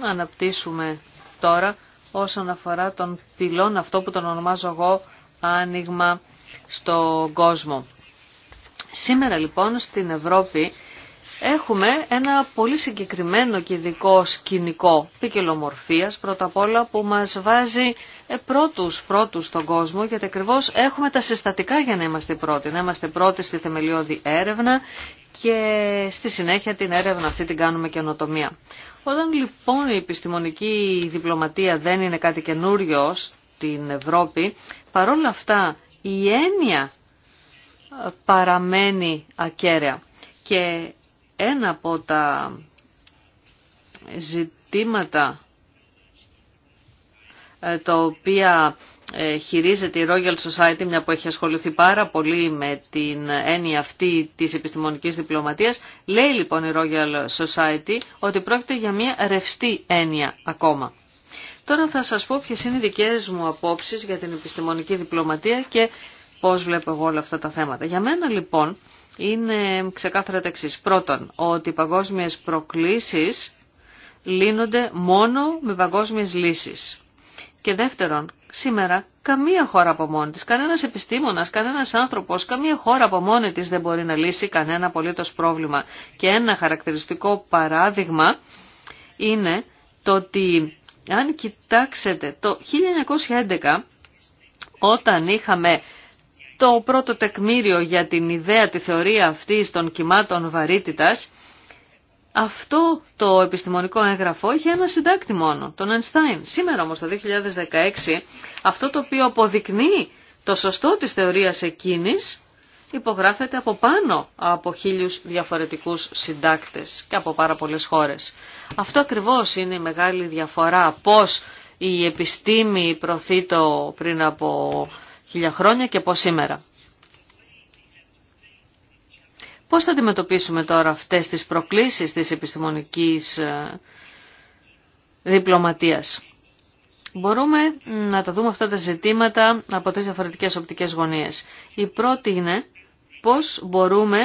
αναπτύσσουμε τώρα όσον αφορά τον πυλόν αυτό που τον ονομάζω εγώ άνοιγμα στον κόσμο. Σήμερα λοιπόν στην Ευρώπη έχουμε ένα πολύ συγκεκριμένο και ειδικό σκηνικό πικελομορφίας πρώτα απ' όλα που μας βάζει ε, πρώτους πρώτους στον κόσμο γιατί ακριβώ έχουμε τα συστατικά για να είμαστε πρώτοι. Να είμαστε πρώτοι στη θεμελιώδη έρευνα και στη συνέχεια την έρευνα αυτή την κάνουμε καινοτομία. Όταν λοιπόν η επιστημονική διπλωματία δεν είναι κάτι καινούριο στην Ευρώπη, παρόλα αυτά η έννοια παραμένει ακέραια. Και ένα από τα ζητήματα ε, τα οποία ε, χειρίζεται η Royal Society, μια που έχει ασχοληθεί πάρα πολύ με την έννοια αυτή της επιστημονικής διπλωματίας, λέει λοιπόν η Royal Society ότι πρόκειται για μια ρευστή έννοια ακόμα. Τώρα θα σας πω ποιες είναι οι δικές μου απόψεις για την επιστημονική διπλωματία και πώς βλέπω εγώ όλα αυτά τα θέματα. Για μένα λοιπόν είναι ξεκάθαρα τα εξής. Πρώτον, ότι οι παγκόσμιες προκλήσεις λύνονται μόνο με παγκόσμιες λύσεις. Και δεύτερον, σήμερα καμία χώρα από μόνη της, κανένας επιστήμονας, κανένας άνθρωπος, καμία χώρα από μόνη της δεν μπορεί να λύσει κανένα απολύτως πρόβλημα. Και ένα χαρακτηριστικό παράδειγμα είναι το ότι αν κοιτάξετε το 1911 όταν είχαμε το πρώτο τεκμήριο για την ιδέα, τη θεωρία αυτή των κυμάτων βαρύτητας, αυτό το επιστημονικό έγγραφο είχε ένα συντάκτη μόνο, τον Einstein. Σήμερα όμως το 2016 αυτό το οποίο αποδεικνύει το σωστό της θεωρίας εκείνης υπογράφεται από πάνω από χίλιους διαφορετικούς συντάκτες και από πάρα πολλές χώρες. Αυτό ακριβώς είναι η μεγάλη διαφορά πώς η επιστήμη προθεί το πριν από χίλια χρόνια και πως σήμερα. Πώς θα αντιμετωπίσουμε τώρα αυτές τις προκλήσεις της επιστημονικής ε, διπλωματίας. Μπορούμε να τα δούμε αυτά τα ζητήματα από τις διαφορετικές οπτικές γωνίες. Η πρώτη είναι πώς μπορούμε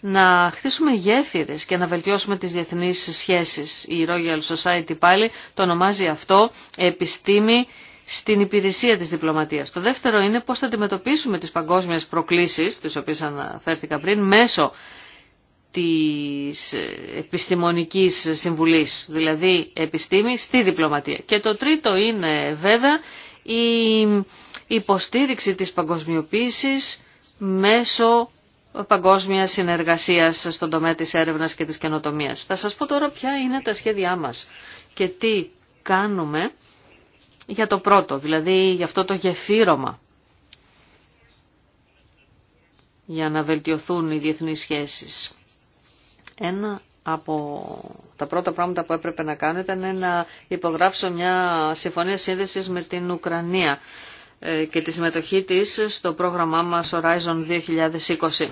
να χτίσουμε γέφυρες και να βελτιώσουμε τις διεθνείς σχέσεις. Η Royal Society πάλι το ονομάζει αυτό επιστήμη στην υπηρεσία της διπλωματίας. Το δεύτερο είναι πώς θα αντιμετωπίσουμε τις παγκόσμιες προκλήσεις, τις οποίες αναφέρθηκα πριν, μέσω της επιστημονικής συμβουλής, δηλαδή επιστήμη στη διπλωματία. Και το τρίτο είναι βέβαια η υποστήριξη της παγκοσμιοποίησης μέσω παγκόσμια συνεργασία στον τομέα τη έρευνα και τη καινοτομία. Θα σα πω τώρα ποια είναι τα σχέδιά μα και τι κάνουμε για το πρώτο, δηλαδή για αυτό το γεφύρωμα για να βελτιωθούν οι διεθνείς σχέσεις. Ένα από τα πρώτα πράγματα που έπρεπε να κάνω ήταν να υπογράψω μια συμφωνία σύνδεσης με την Ουκρανία ε, και τη συμμετοχή της στο πρόγραμμά μας Horizon 2020.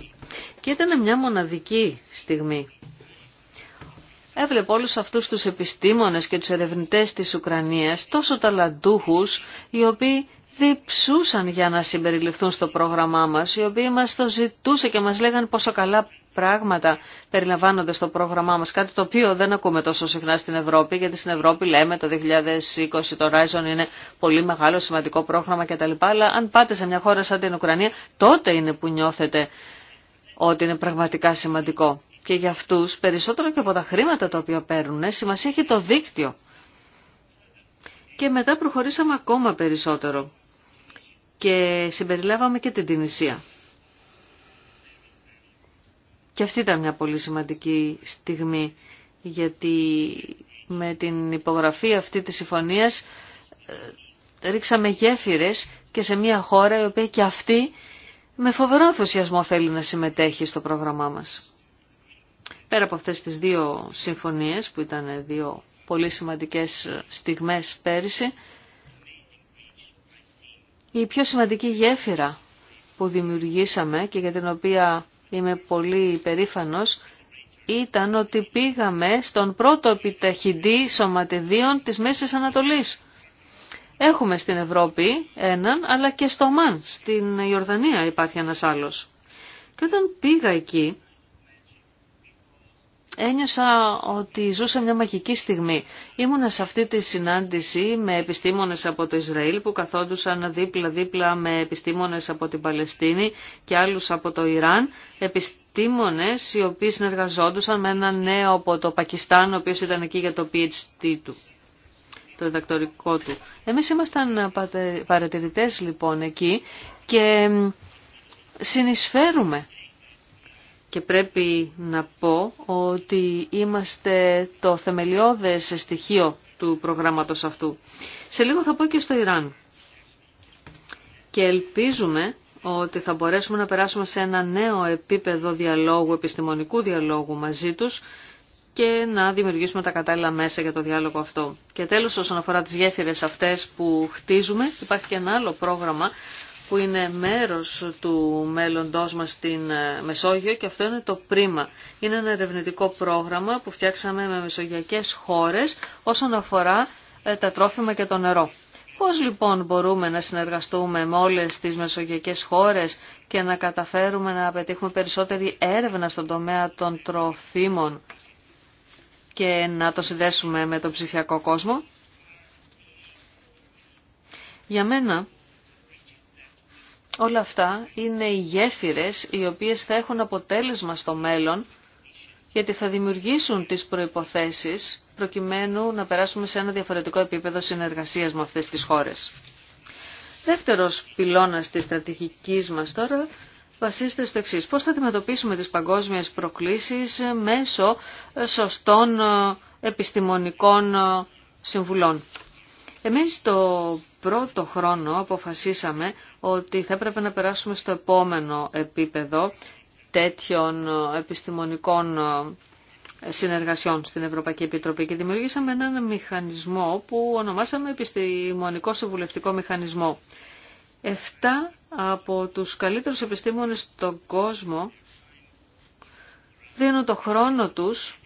Και ήταν μια μοναδική στιγμή έβλεπε όλους αυτούς τους επιστήμονες και τους ερευνητές της Ουκρανίας, τόσο ταλαντούχους, οι οποίοι διψούσαν για να συμπεριληφθούν στο πρόγραμμά μας, οι οποίοι μας το ζητούσε και μας λέγαν πόσο καλά πράγματα περιλαμβάνονται στο πρόγραμμά μας, κάτι το οποίο δεν ακούμε τόσο συχνά στην Ευρώπη, γιατί στην Ευρώπη λέμε το 2020 το Horizon είναι πολύ μεγάλο σημαντικό πρόγραμμα κτλ. Αλλά αν πάτε σε μια χώρα σαν την Ουκρανία, τότε είναι που νιώθετε ότι είναι πραγματικά σημαντικό. Και για αυτούς, περισσότερο και από τα χρήματα τα οποία παίρνουν, ε, σημασία έχει το δίκτυο. Και μετά προχωρήσαμε ακόμα περισσότερο και συμπεριλάβαμε και την Τινησία. Και αυτή ήταν μια πολύ σημαντική στιγμή, γιατί με την υπογραφή αυτή της συμφωνίας ε, ρίξαμε γέφυρες και σε μια χώρα η οποία και αυτή με φοβερό ενθουσιασμό θέλει να συμμετέχει στο πρόγραμμά μας. Πέρα από αυτές τις δύο συμφωνίες που ήταν δύο πολύ σημαντικές στιγμές πέρυσι, η πιο σημαντική γέφυρα που δημιουργήσαμε και για την οποία είμαι πολύ περήφανος ήταν ότι πήγαμε στον πρώτο επιταχυντή σωματεδίων της Μέσης Ανατολής. Έχουμε στην Ευρώπη έναν, αλλά και στο Μαν, στην Ιορδανία υπάρχει ένας άλλος. Και όταν πήγα εκεί, ένιωσα ότι ζούσα μια μαγική στιγμή. Ήμουνα σε αυτή τη συνάντηση με επιστήμονες από το Ισραήλ που καθόντουσαν δίπλα-δίπλα με επιστήμονες από την Παλαιστίνη και άλλους από το Ιράν, επιστήμονες οι οποίοι συνεργαζόντουσαν με έναν νέο από το Πακιστάν, ο οποίος ήταν εκεί για το PhD του το διδακτορικό του. Εμείς ήμασταν παρατηρητές λοιπόν εκεί και συνεισφέρουμε και πρέπει να πω ότι είμαστε το θεμελιώδες στοιχείο του προγράμματος αυτού. Σε λίγο θα πω και στο Ιράν. Και ελπίζουμε ότι θα μπορέσουμε να περάσουμε σε ένα νέο επίπεδο διαλόγου, επιστημονικού διαλόγου μαζί τους και να δημιουργήσουμε τα κατάλληλα μέσα για το διάλογο αυτό. Και τέλος όσον αφορά τις γέφυρες αυτές που χτίζουμε, υπάρχει και ένα άλλο πρόγραμμα που είναι μέρος του μέλλοντός μας στην ε, Μεσόγειο και αυτό είναι το πρίμα. Είναι ένα ερευνητικό πρόγραμμα που φτιάξαμε με μεσογειακές χώρες όσον αφορά ε, τα τρόφιμα και το νερό. Πώς λοιπόν μπορούμε να συνεργαστούμε με όλες τις μεσογειακές χώρες και να καταφέρουμε να πετύχουμε περισσότερη έρευνα στον τομέα των τροφίμων και να το συνδέσουμε με τον ψηφιακό κόσμο. Για μένα Όλα αυτά είναι οι γέφυρες οι οποίες θα έχουν αποτέλεσμα στο μέλλον γιατί θα δημιουργήσουν τις προϋποθέσεις προκειμένου να περάσουμε σε ένα διαφορετικό επίπεδο συνεργασίας με αυτές τις χώρες. Δεύτερος πυλώνας της στρατηγικής μας τώρα βασίζεται στο εξή. Πώς θα αντιμετωπίσουμε τις παγκόσμιες προκλήσεις μέσω σωστών ε, επιστημονικών ε, συμβουλών. Εμείς το πρώτο χρόνο αποφασίσαμε ότι θα έπρεπε να περάσουμε στο επόμενο επίπεδο τέτοιων επιστημονικών ε, συνεργασιών στην Ευρωπαϊκή Επιτροπή και δημιουργήσαμε έναν μηχανισμό που ονομάσαμε Επιστημονικό Συμβουλευτικό Μηχανισμό. Εφτά από τους καλύτερους επιστήμονες στον κόσμο δίνουν το χρόνο τους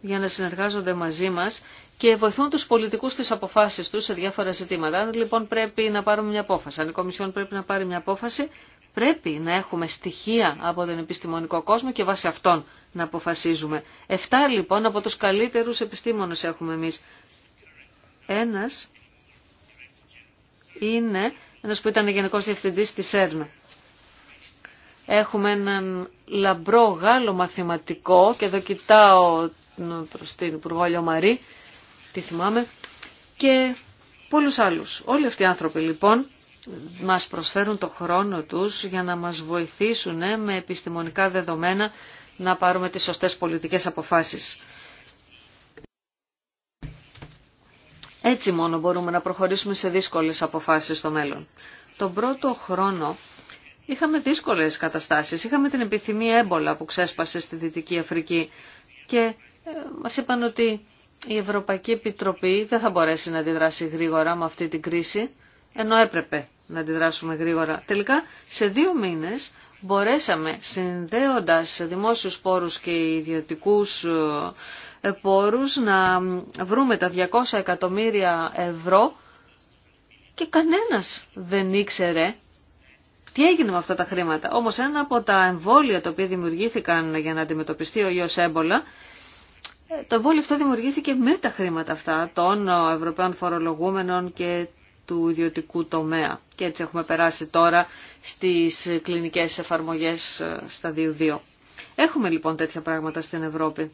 για να συνεργάζονται μαζί μας και βοηθούν τους πολιτικούς στις αποφάσεις τους σε διάφορα ζητήματα. Αν λοιπόν πρέπει να πάρουμε μια απόφαση, αν η Κομισιόν πρέπει να πάρει μια απόφαση, πρέπει να έχουμε στοιχεία από τον επιστημονικό κόσμο και βάσει αυτών να αποφασίζουμε. Εφτά λοιπόν από τους καλύτερους επιστήμονες έχουμε εμείς. Ένας είναι ένας που ήταν γενικός διευθυντής της ΕΡΝΑ. Έχουμε έναν λαμπρό Γάλλο μαθηματικό και εδώ κοιτάω προς την Υπουργό Λιωμαρή, τι θυμάμαι, και πολλούς άλλους. Όλοι αυτοί οι άνθρωποι λοιπόν μας προσφέρουν το χρόνο τους για να μας βοηθήσουν ε, με επιστημονικά δεδομένα να πάρουμε τις σωστές πολιτικές αποφάσεις. Έτσι μόνο μπορούμε να προχωρήσουμε σε δύσκολες αποφάσεις στο μέλλον. Τον πρώτο χρόνο είχαμε δύσκολες καταστάσεις. Είχαμε την επιθυμία έμπολα που ξέσπασε στη Δυτική Αφρική και ε, μας είπαν ότι η Ευρωπαϊκή Επιτροπή δεν θα μπορέσει να αντιδράσει γρήγορα με αυτή την κρίση, ενώ έπρεπε να αντιδράσουμε γρήγορα. Τελικά, σε δύο μήνες μπορέσαμε, συνδέοντας δημόσιους πόρους και ιδιωτικούς ε, πόρους, να βρούμε τα 200 εκατομμύρια ευρώ και κανένας δεν ήξερε τι έγινε με αυτά τα χρήματα. Όμως ένα από τα εμβόλια τα οποία δημιουργήθηκαν για να αντιμετωπιστεί ο ιός έμπολα ε, το εμβόλιο αυτό δημιουργήθηκε με τα χρήματα αυτά των ε, Ευρωπαίων φορολογούμενων και του ιδιωτικού τομέα. Και έτσι έχουμε περάσει τώρα στις κλινικές εφαρμογές ε, στα 2-2. Έχουμε λοιπόν τέτοια πράγματα στην Ευρώπη,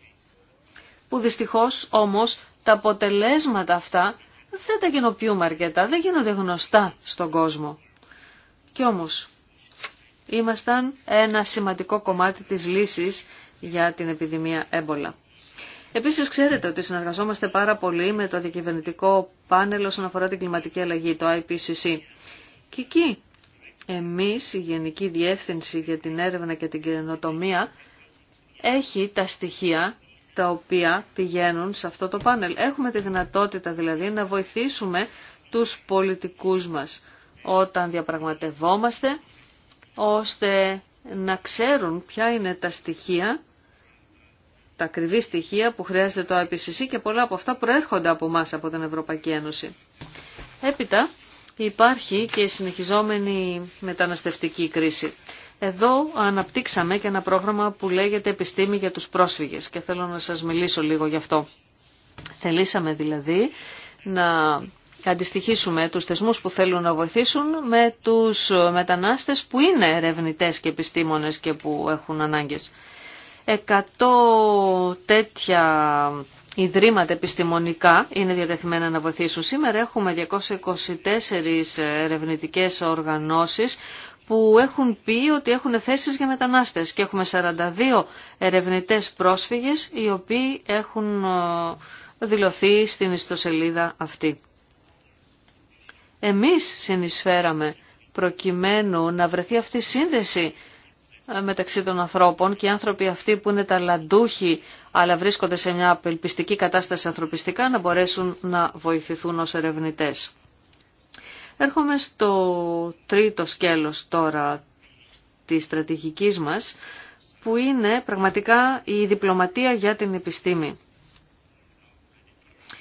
που δυστυχώς όμως τα αποτελέσματα αυτά δεν τα γενοποιούμε αρκετά, δεν γίνονται γνωστά στον κόσμο. Και όμως, ήμασταν ένα σημαντικό κομμάτι της λύσης για την επιδημία έμπολα. Επίσης ξέρετε ότι συνεργαζόμαστε πάρα πολύ με το διακυβερνητικό πάνελ όσον αφορά την κλιματική αλλαγή, το IPCC. Και εκεί εμείς, η Γενική Διεύθυνση για την Έρευνα και την Καινοτομία, έχει τα στοιχεία τα οποία πηγαίνουν σε αυτό το πάνελ. Έχουμε τη δυνατότητα δηλαδή να βοηθήσουμε τους πολιτικούς μας όταν διαπραγματευόμαστε, ώστε να ξέρουν ποια είναι τα στοιχεία τα ακριβή στοιχεία που χρειάζεται το IPCC και πολλά από αυτά προέρχονται από εμά από την Ευρωπαϊκή Ένωση. Έπειτα υπάρχει και η συνεχιζόμενη μεταναστευτική κρίση. Εδώ αναπτύξαμε και ένα πρόγραμμα που λέγεται Επιστήμη για τους πρόσφυγες και θέλω να σας μιλήσω λίγο γι' αυτό. Θελήσαμε δηλαδή να αντιστοιχίσουμε τους θεσμούς που θέλουν να βοηθήσουν με τους μετανάστες που είναι ερευνητές και επιστήμονες και που έχουν ανάγκες. Εκατό τέτοια ιδρύματα επιστημονικά είναι διατεθειμένα να βοηθήσουν. Σήμερα έχουμε 224 ερευνητικές οργανώσεις που έχουν πει ότι έχουν θέσεις για μετανάστες και έχουμε 42 ερευνητές πρόσφυγες οι οποίοι έχουν ε, δηλωθεί στην ιστοσελίδα αυτή. Εμείς συνεισφέραμε προκειμένου να βρεθεί αυτή η σύνδεση ε, μεταξύ των ανθρώπων και οι άνθρωποι αυτοί που είναι ταλαντούχοι αλλά βρίσκονται σε μια απελπιστική κατάσταση ανθρωπιστικά να μπορέσουν να βοηθηθούν ως ερευνητές. Έρχομαι στο τρίτο σκέλος τώρα της στρατηγικής μας που είναι πραγματικά η διπλωματία για την επιστήμη.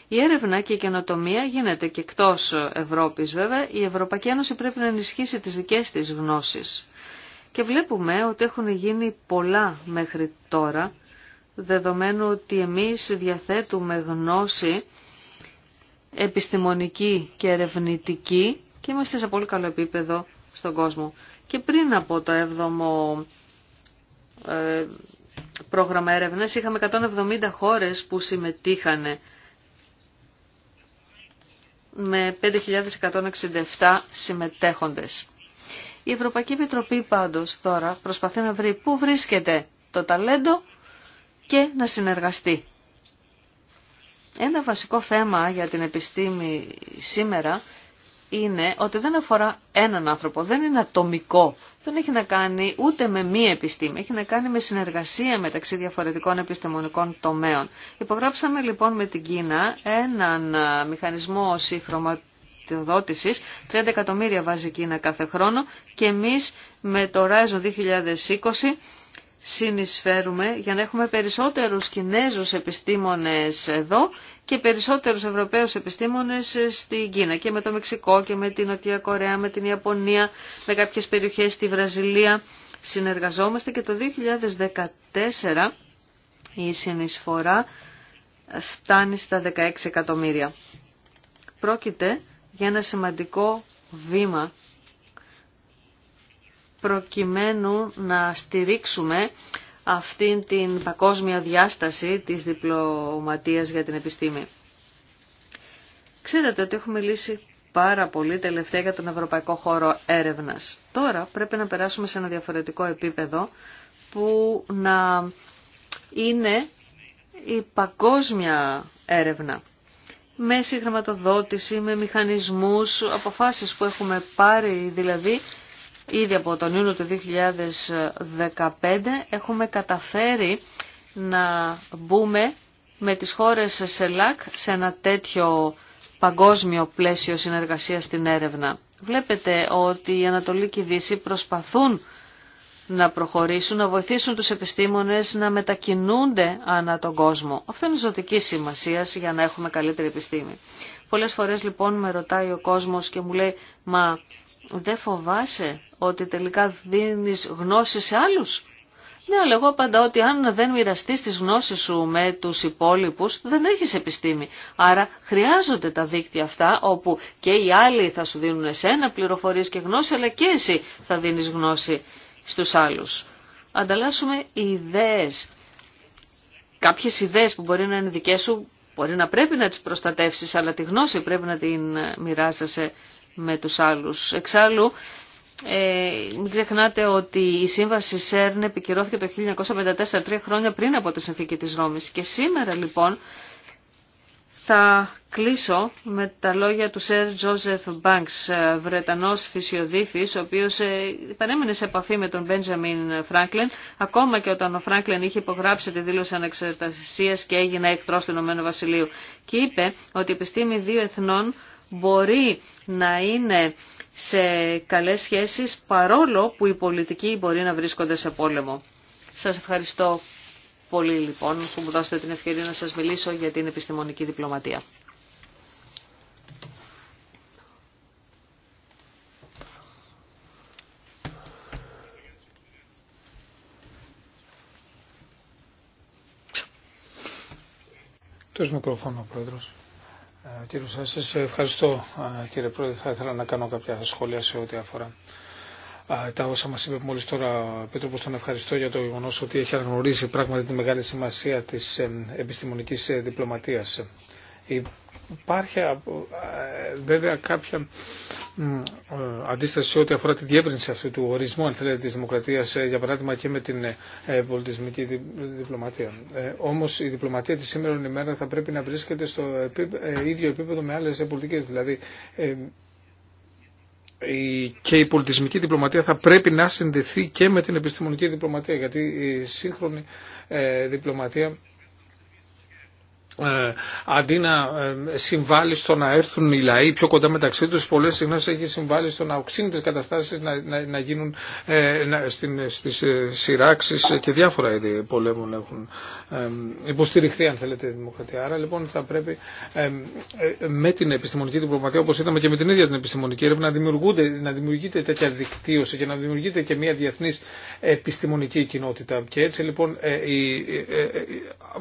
Η έρευνα και η καινοτομία γίνεται και εκτός Ευρώπης βέβαια. Η Ευρωπαϊκή Ένωση πρέπει να ενισχύσει τις δικές της γνώσεις και βλέπουμε ότι έχουν γίνει πολλά μέχρι τώρα, δεδομένου ότι εμείς διαθέτουμε γνώση επιστημονική και ερευνητική και είμαστε σε πολύ καλό επίπεδο στον κόσμο. Και πριν από το 7ο ε, πρόγραμμα έρευνας είχαμε 170 χώρες που συμμετείχαν με 5.167 συμμετέχοντες. Η Ευρωπαϊκή Επιτροπή πάντως τώρα προσπαθεί να βρει πού βρίσκεται το ταλέντο και να συνεργαστεί. Ένα βασικό θέμα για την επιστήμη σήμερα είναι ότι δεν αφορά έναν άνθρωπο, δεν είναι ατομικό. Δεν έχει να κάνει ούτε με μία επιστήμη, έχει να κάνει με συνεργασία μεταξύ διαφορετικών επιστημονικών τομέων. Υπογράψαμε λοιπόν με την Κίνα έναν μηχανισμό χρηματοδότηση, 30 εκατομμύρια βάζει Κίνα κάθε χρόνο και εμεί με το Ράζο 2020 συνεισφέρουμε για να έχουμε περισσότερους Κινέζους επιστήμονες εδώ και περισσότερους Ευρωπαίους επιστήμονες στην Κίνα και με το Μεξικό και με την Νοτιά Κορέα, με την Ιαπωνία, με κάποιες περιοχές στη Βραζιλία. Συνεργαζόμαστε και το 2014 η συνεισφορά φτάνει στα 16 εκατομμύρια. Πρόκειται για ένα σημαντικό βήμα προκειμένου να στηρίξουμε αυτήν την παγκόσμια διάσταση της διπλωματίας για την επιστήμη. Ξέρετε ότι έχουμε μιλήσει πάρα πολύ τελευταία για τον Ευρωπαϊκό Χώρο Έρευνας. Τώρα πρέπει να περάσουμε σε ένα διαφορετικό επίπεδο που να είναι η παγκόσμια έρευνα με συγχρηματοδότηση, με μηχανισμούς, αποφάσεις που έχουμε πάρει δηλαδή ήδη από τον Ιούνιο του 2015 έχουμε καταφέρει να μπούμε με τις χώρες ΣΕΛΑΚ σε ένα τέτοιο παγκόσμιο πλαίσιο συνεργασίας στην έρευνα. Βλέπετε ότι η Ανατολή και προσπαθούν να προχωρήσουν, να βοηθήσουν τους επιστήμονες να μετακινούνται ανά τον κόσμο. Αυτό είναι ζωτική σημασία για να έχουμε καλύτερη επιστήμη. Πολλές φορές λοιπόν με ρωτάει ο κόσμος και μου λέει «Μα δεν φοβάσαι ότι τελικά δίνεις γνώση σε άλλους» Ναι, αλλά εγώ απαντάω ότι αν δεν μοιραστεί τι γνώσει σου με του υπόλοιπου, δεν έχει επιστήμη. Άρα χρειάζονται τα δίκτυα αυτά, όπου και οι άλλοι θα σου δίνουν εσένα πληροφορίε και γνώση, αλλά και εσύ θα δίνει γνώση στους άλλους. Ανταλλάσσουμε ιδέες. Κάποιες ιδέες που μπορεί να είναι δικές σου, μπορεί να πρέπει να τις προστατεύσεις, αλλά τη γνώση πρέπει να την ε, μοιράζεσαι με τους άλλους. Εξάλλου, ε, μην ξεχνάτε ότι η σύμβαση ΣΕΡΝ επικυρώθηκε το 1954, τρία χρόνια πριν από τη συνθήκη της Ρώμης. Και σήμερα λοιπόν θα κλείσω με τα λόγια του Σερ Τζόζεφ Μπάνξ, Βρετανός φυσιοδήφης, ο οποίος ε, παρέμεινε σε επαφή με τον Μπέντζαμιν Φράγκλεν, ακόμα και όταν ο Φράγκλεν είχε υπογράψει τη δήλωση ανεξαρτησίας και έγινε εκτρός του Ηνωμένου Βασιλείου. Και είπε ότι η επιστήμη δύο εθνών μπορεί να είναι σε καλές σχέσεις παρόλο που οι πολιτικοί μπορεί να βρίσκονται σε πόλεμο. Σας ευχαριστώ πολύ λοιπόν που μου δώσετε την ευκαιρία να σας μιλήσω για την επιστημονική διπλωματία. Τους μικρόφωνο, Πρόεδρος. Ε, κύριε Σας, ευχαριστώ ε, κύριε Πρόεδρε. Θα ήθελα να κάνω κάποια σχόλια σε ό,τι αφορά τα όσα μας είπε μόλις τώρα ο Πέτροπος, τον ευχαριστώ για το γεγονό ότι έχει αναγνωρίσει πράγματι τη μεγάλη σημασία της ε, επιστημονικής ε, διπλωματίας. Υπάρχει ε, βέβαια κάποια αντίσταση ό,τι αφορά τη διεύρυνση αυτού του ορισμού, αν θέλετε, της δημοκρατίας, για παράδειγμα και με την πολιτισμική διπλωματία. Όμως η διπλωματία της σήμερα ημέρα θα πρέπει να βρίσκεται στο ίδιο επίπεδο με άλλες πολιτικές, δηλαδή και η πολιτισμική διπλωματία θα πρέπει να συνδεθεί και με την επιστημονική διπλωματία γιατί η σύγχρονη ε, διπλωματία ε, αντί να ε, συμβάλλει στο να έρθουν οι λαοί πιο κοντά μεταξύ τους, πολλές συχνές έχει συμβάλλει στο να οξύνει τις καταστάσεις να, να, γίνουν ε, να, στην, στις σειράξεις και διάφορα είδη πολέμων έχουν υποστηριχθεί αν θέλετε η δημοκρατία. Άρα λοιπόν θα πρέπει με την επιστημονική διπλωματία όπως είδαμε και με την ίδια την επιστημονική έρευνα να, δημιουργούνται, να δημιουργείται τέτοια δικτύωση και να δημιουργείται και μια διεθνής επιστημονική κοινότητα. Και έτσι λοιπόν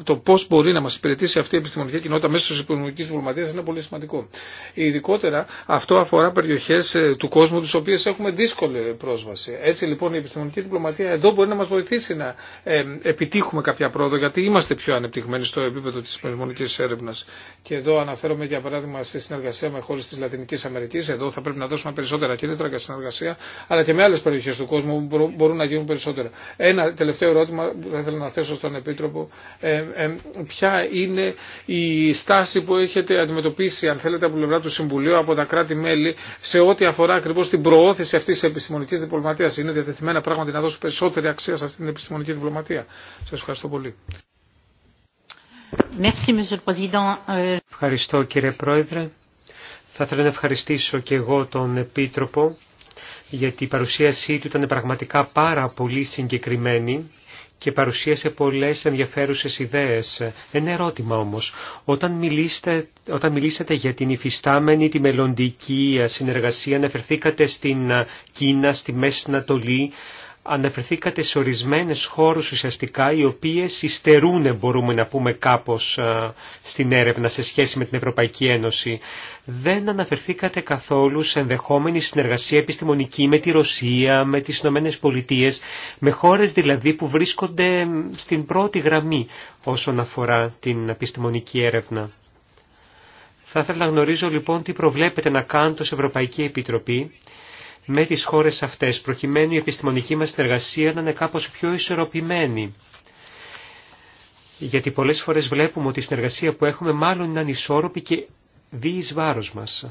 το πώς μπορεί να μας υπηρετήσει αυτή αυτή η επιστημονική κοινότητα μέσα τη επιστημονική διπλωματία είναι πολύ σημαντικό. Ειδικότερα αυτό αφορά περιοχέ ε, του κόσμου τι οποίε έχουμε δύσκολη πρόσβαση. Έτσι λοιπόν η επιστημονική διπλωματία εδώ μπορεί να μα βοηθήσει να ε, επιτύχουμε κάποια πρόοδο γιατί είμαστε πιο ανεπτυγμένοι στο επίπεδο τη επιστημονική έρευνα. Και εδώ αναφέρομαι για παράδειγμα στη συνεργασία με χώρε τη Λατινική Αμερική. Εδώ θα πρέπει να δώσουμε περισσότερα κίνητρα για συνεργασία αλλά και με άλλε περιοχέ του κόσμου μπορούν να γίνουν περισσότερα. Ένα τελευταίο ερώτημα που θα ήθελα να θέσω στον Επίτροπο. Ε, ε ποια είναι η στάση που έχετε αντιμετωπίσει, αν θέλετε, από πλευρά του Συμβουλίου, από τα κράτη-μέλη, σε ό,τι αφορά ακριβώ την προώθηση αυτή τη επιστημονική διπλωματία. Είναι διατεθειμένα πράγματι να δώσουν περισσότερη αξία σε αυτή την επιστημονική διπλωματία. Σα ευχαριστώ πολύ. Euh, ευχαριστώ κύριε Πρόεδρε. Θα ήθελα να ευχαριστήσω και εγώ τον Επίτροπο γιατί η παρουσίασή του ήταν πραγματικά πάρα πολύ συγκεκριμένη και παρουσίασε πολλές ενδιαφέρουσες ιδέες. Ένα ερώτημα όμως, όταν, μιλήσετε, όταν μιλήσατε για την υφιστάμενη, τη μελλοντική συνεργασία, αναφερθήκατε στην Κίνα, στη Μέση Ανατολή, αναφερθήκατε σε ορισμένες χώρους ουσιαστικά οι οποίες υστερούν μπορούμε να πούμε κάπως ε, στην έρευνα σε σχέση με την Ευρωπαϊκή Ένωση. Δεν αναφερθήκατε καθόλου σε ενδεχόμενη συνεργασία επιστημονική με τη Ρωσία, με τις Ηνωμένες Πολιτείες, με χώρες δηλαδή που βρίσκονται στην πρώτη γραμμή όσον αφορά την επιστημονική έρευνα. Θα ήθελα να γνωρίζω λοιπόν τι προβλέπετε να κάνετε ως Ευρωπαϊκή Επιτροπή με τις χώρες αυτές, προκειμένου η επιστημονική μας συνεργασία να είναι κάπως πιο ισορροπημένη. Γιατί πολλές φορές βλέπουμε ότι η συνεργασία που έχουμε μάλλον είναι ανισόρροπη και δει εις βάρος μας.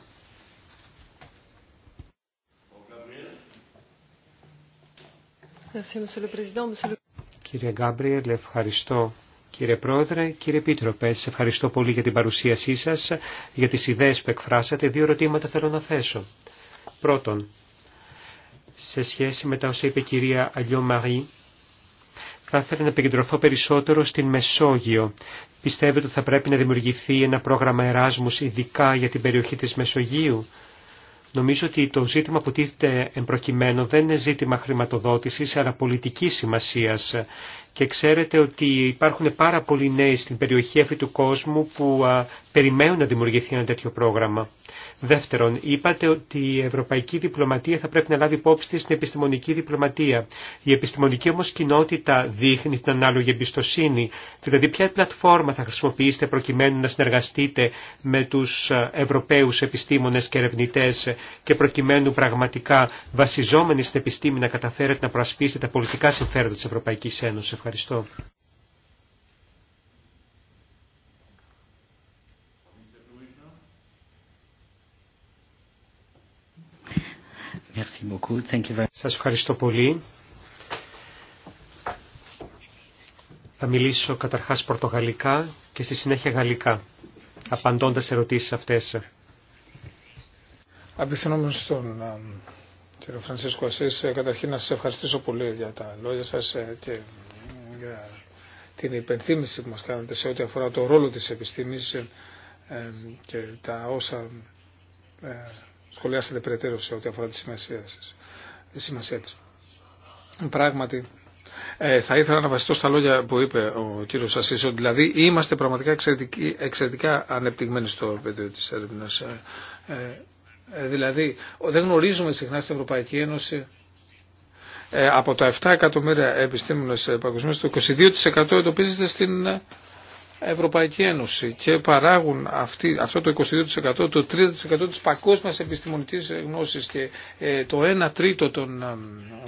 Κύριε Γκάμπριελ, ευχαριστώ. Κύριε Πρόεδρε, κύριε Επίτροπε, σε ευχαριστώ πολύ για την παρουσίασή σας, για τις ιδέες που εκφράσατε. Δύο ερωτήματα θέλω να θέσω. Πρώτον, σε σχέση με τα όσα είπε η κυρία Αλιό Μαρή, θα ήθελα να επικεντρωθώ περισσότερο στην Μεσόγειο. Πιστεύετε ότι θα πρέπει να δημιουργηθεί ένα πρόγραμμα Εράσμους ειδικά για την περιοχή της Μεσογείου. Νομίζω ότι το ζήτημα που τίθεται εμπροκειμένο δεν είναι ζήτημα χρηματοδότησης, αλλά πολιτικής σημασίας. Και ξέρετε ότι υπάρχουν πάρα πολλοί νέοι στην περιοχή αυτή του κόσμου που περιμένουν να δημιουργηθεί ένα τέτοιο πρόγραμμα. Δεύτερον, είπατε ότι η ευρωπαϊκή διπλωματία θα πρέπει να λάβει υπόψη της την επιστημονική διπλωματία. Η επιστημονική όμως κοινότητα δείχνει την ανάλογη εμπιστοσύνη. Δηλαδή, ποια πλατφόρμα θα χρησιμοποιήσετε προκειμένου να συνεργαστείτε με τους ε, ευρωπαίους επιστήμονες και ερευνητές και προκειμένου πραγματικά βασιζόμενοι στην επιστήμη να καταφέρετε να προασπίσετε τα πολιτικά συμφέροντα της Ευρωπαϊκής Ένωσης. Ευχαριστώ. Σας ευχαριστώ πολύ. Θα μιλήσω καταρχάς πορτογαλικά και στη συνέχεια γαλλικά, απαντώντας σε ερωτήσεις αυτές. Απευθυνόμενο στον ε, κύριο Φρανσίσκο Ασής, ε, καταρχήν να σας ευχαριστήσω πολύ για τα λόγια σας ε, και για την υπενθύμηση που μας κάνετε σε ό,τι αφορά το ρόλο της επιστήμης και τα όσα σχολιάσετε περαιτέρω σε ό,τι αφορά τη σημασία, τη σημασία της. Πράγματι, ε, θα ήθελα να βασιστώ στα λόγια που είπε ο κύριο Ασίσο δηλαδή είμαστε πραγματικά εξαιρετικά ανεπτυγμένοι στο πεδίο τη έρευνα. Ε, ε, δηλαδή, δεν γνωρίζουμε συχνά στην Ευρωπαϊκή Ένωση από τα 7 εκατομμύρια επιστήμονε παγκοσμίω, το 22% εντοπίζεται στην Ευρωπαϊκή Ένωση και παράγουν αυτή, αυτό το 22%, το 30% της παγκόσμιας επιστημονικής γνώσης και ε, το 1 τρίτο των ε,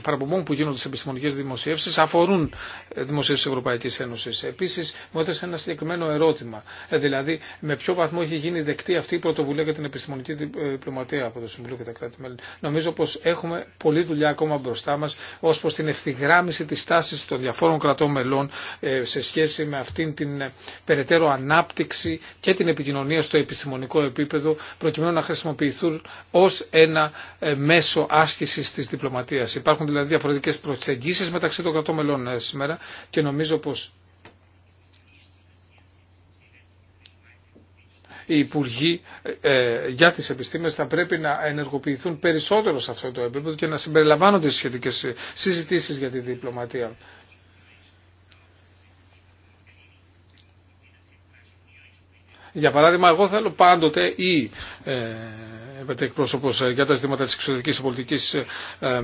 παραπομπών που γίνονται στις επιστημονικές δημοσιεύσεις αφορούν ε, δημοσίευσεις Ευρωπαϊκής Ένωσης. Επίσης μου έδωσε ένα συγκεκριμένο ερώτημα, δηλαδή με ποιο βαθμό έχει γίνει δεκτή αυτή η πρωτοβουλία για την επιστημονική διπλωματία από το Συμβουλίο και τα κράτη-μέλη. Νομίζω πως έχουμε πολλή δουλειά ακόμα μπροστά μας ως προς την ευθυγράμμιση της τάσης των διαφόρων κρατών μελών σε σχέση με αυτήν την περαιτέρω ανάπτυξη και την επικοινωνία στο επιστημονικό επίπεδο προκειμένου να χρησιμοποιηθούν ως ένα ε, μέσο άσκησης της διπλωματίας. Υπάρχουν δηλαδή διαφορετικές προσεγγίσεις μεταξύ των κρατών μελών ε, σήμερα και νομίζω πως οι υπουργοί ε, για τις επιστήμες θα πρέπει να ενεργοποιηθούν περισσότερο σε αυτό το επίπεδο και να συμπεριλαμβάνονται σχετικές συζητήσεις για τη διπλωματία. Για παράδειγμα, εγώ θέλω πάντοτε ή είπατε εκπρόσωπο ε, για τα ζητήματα τη εξωτερική πολιτική ε, ε,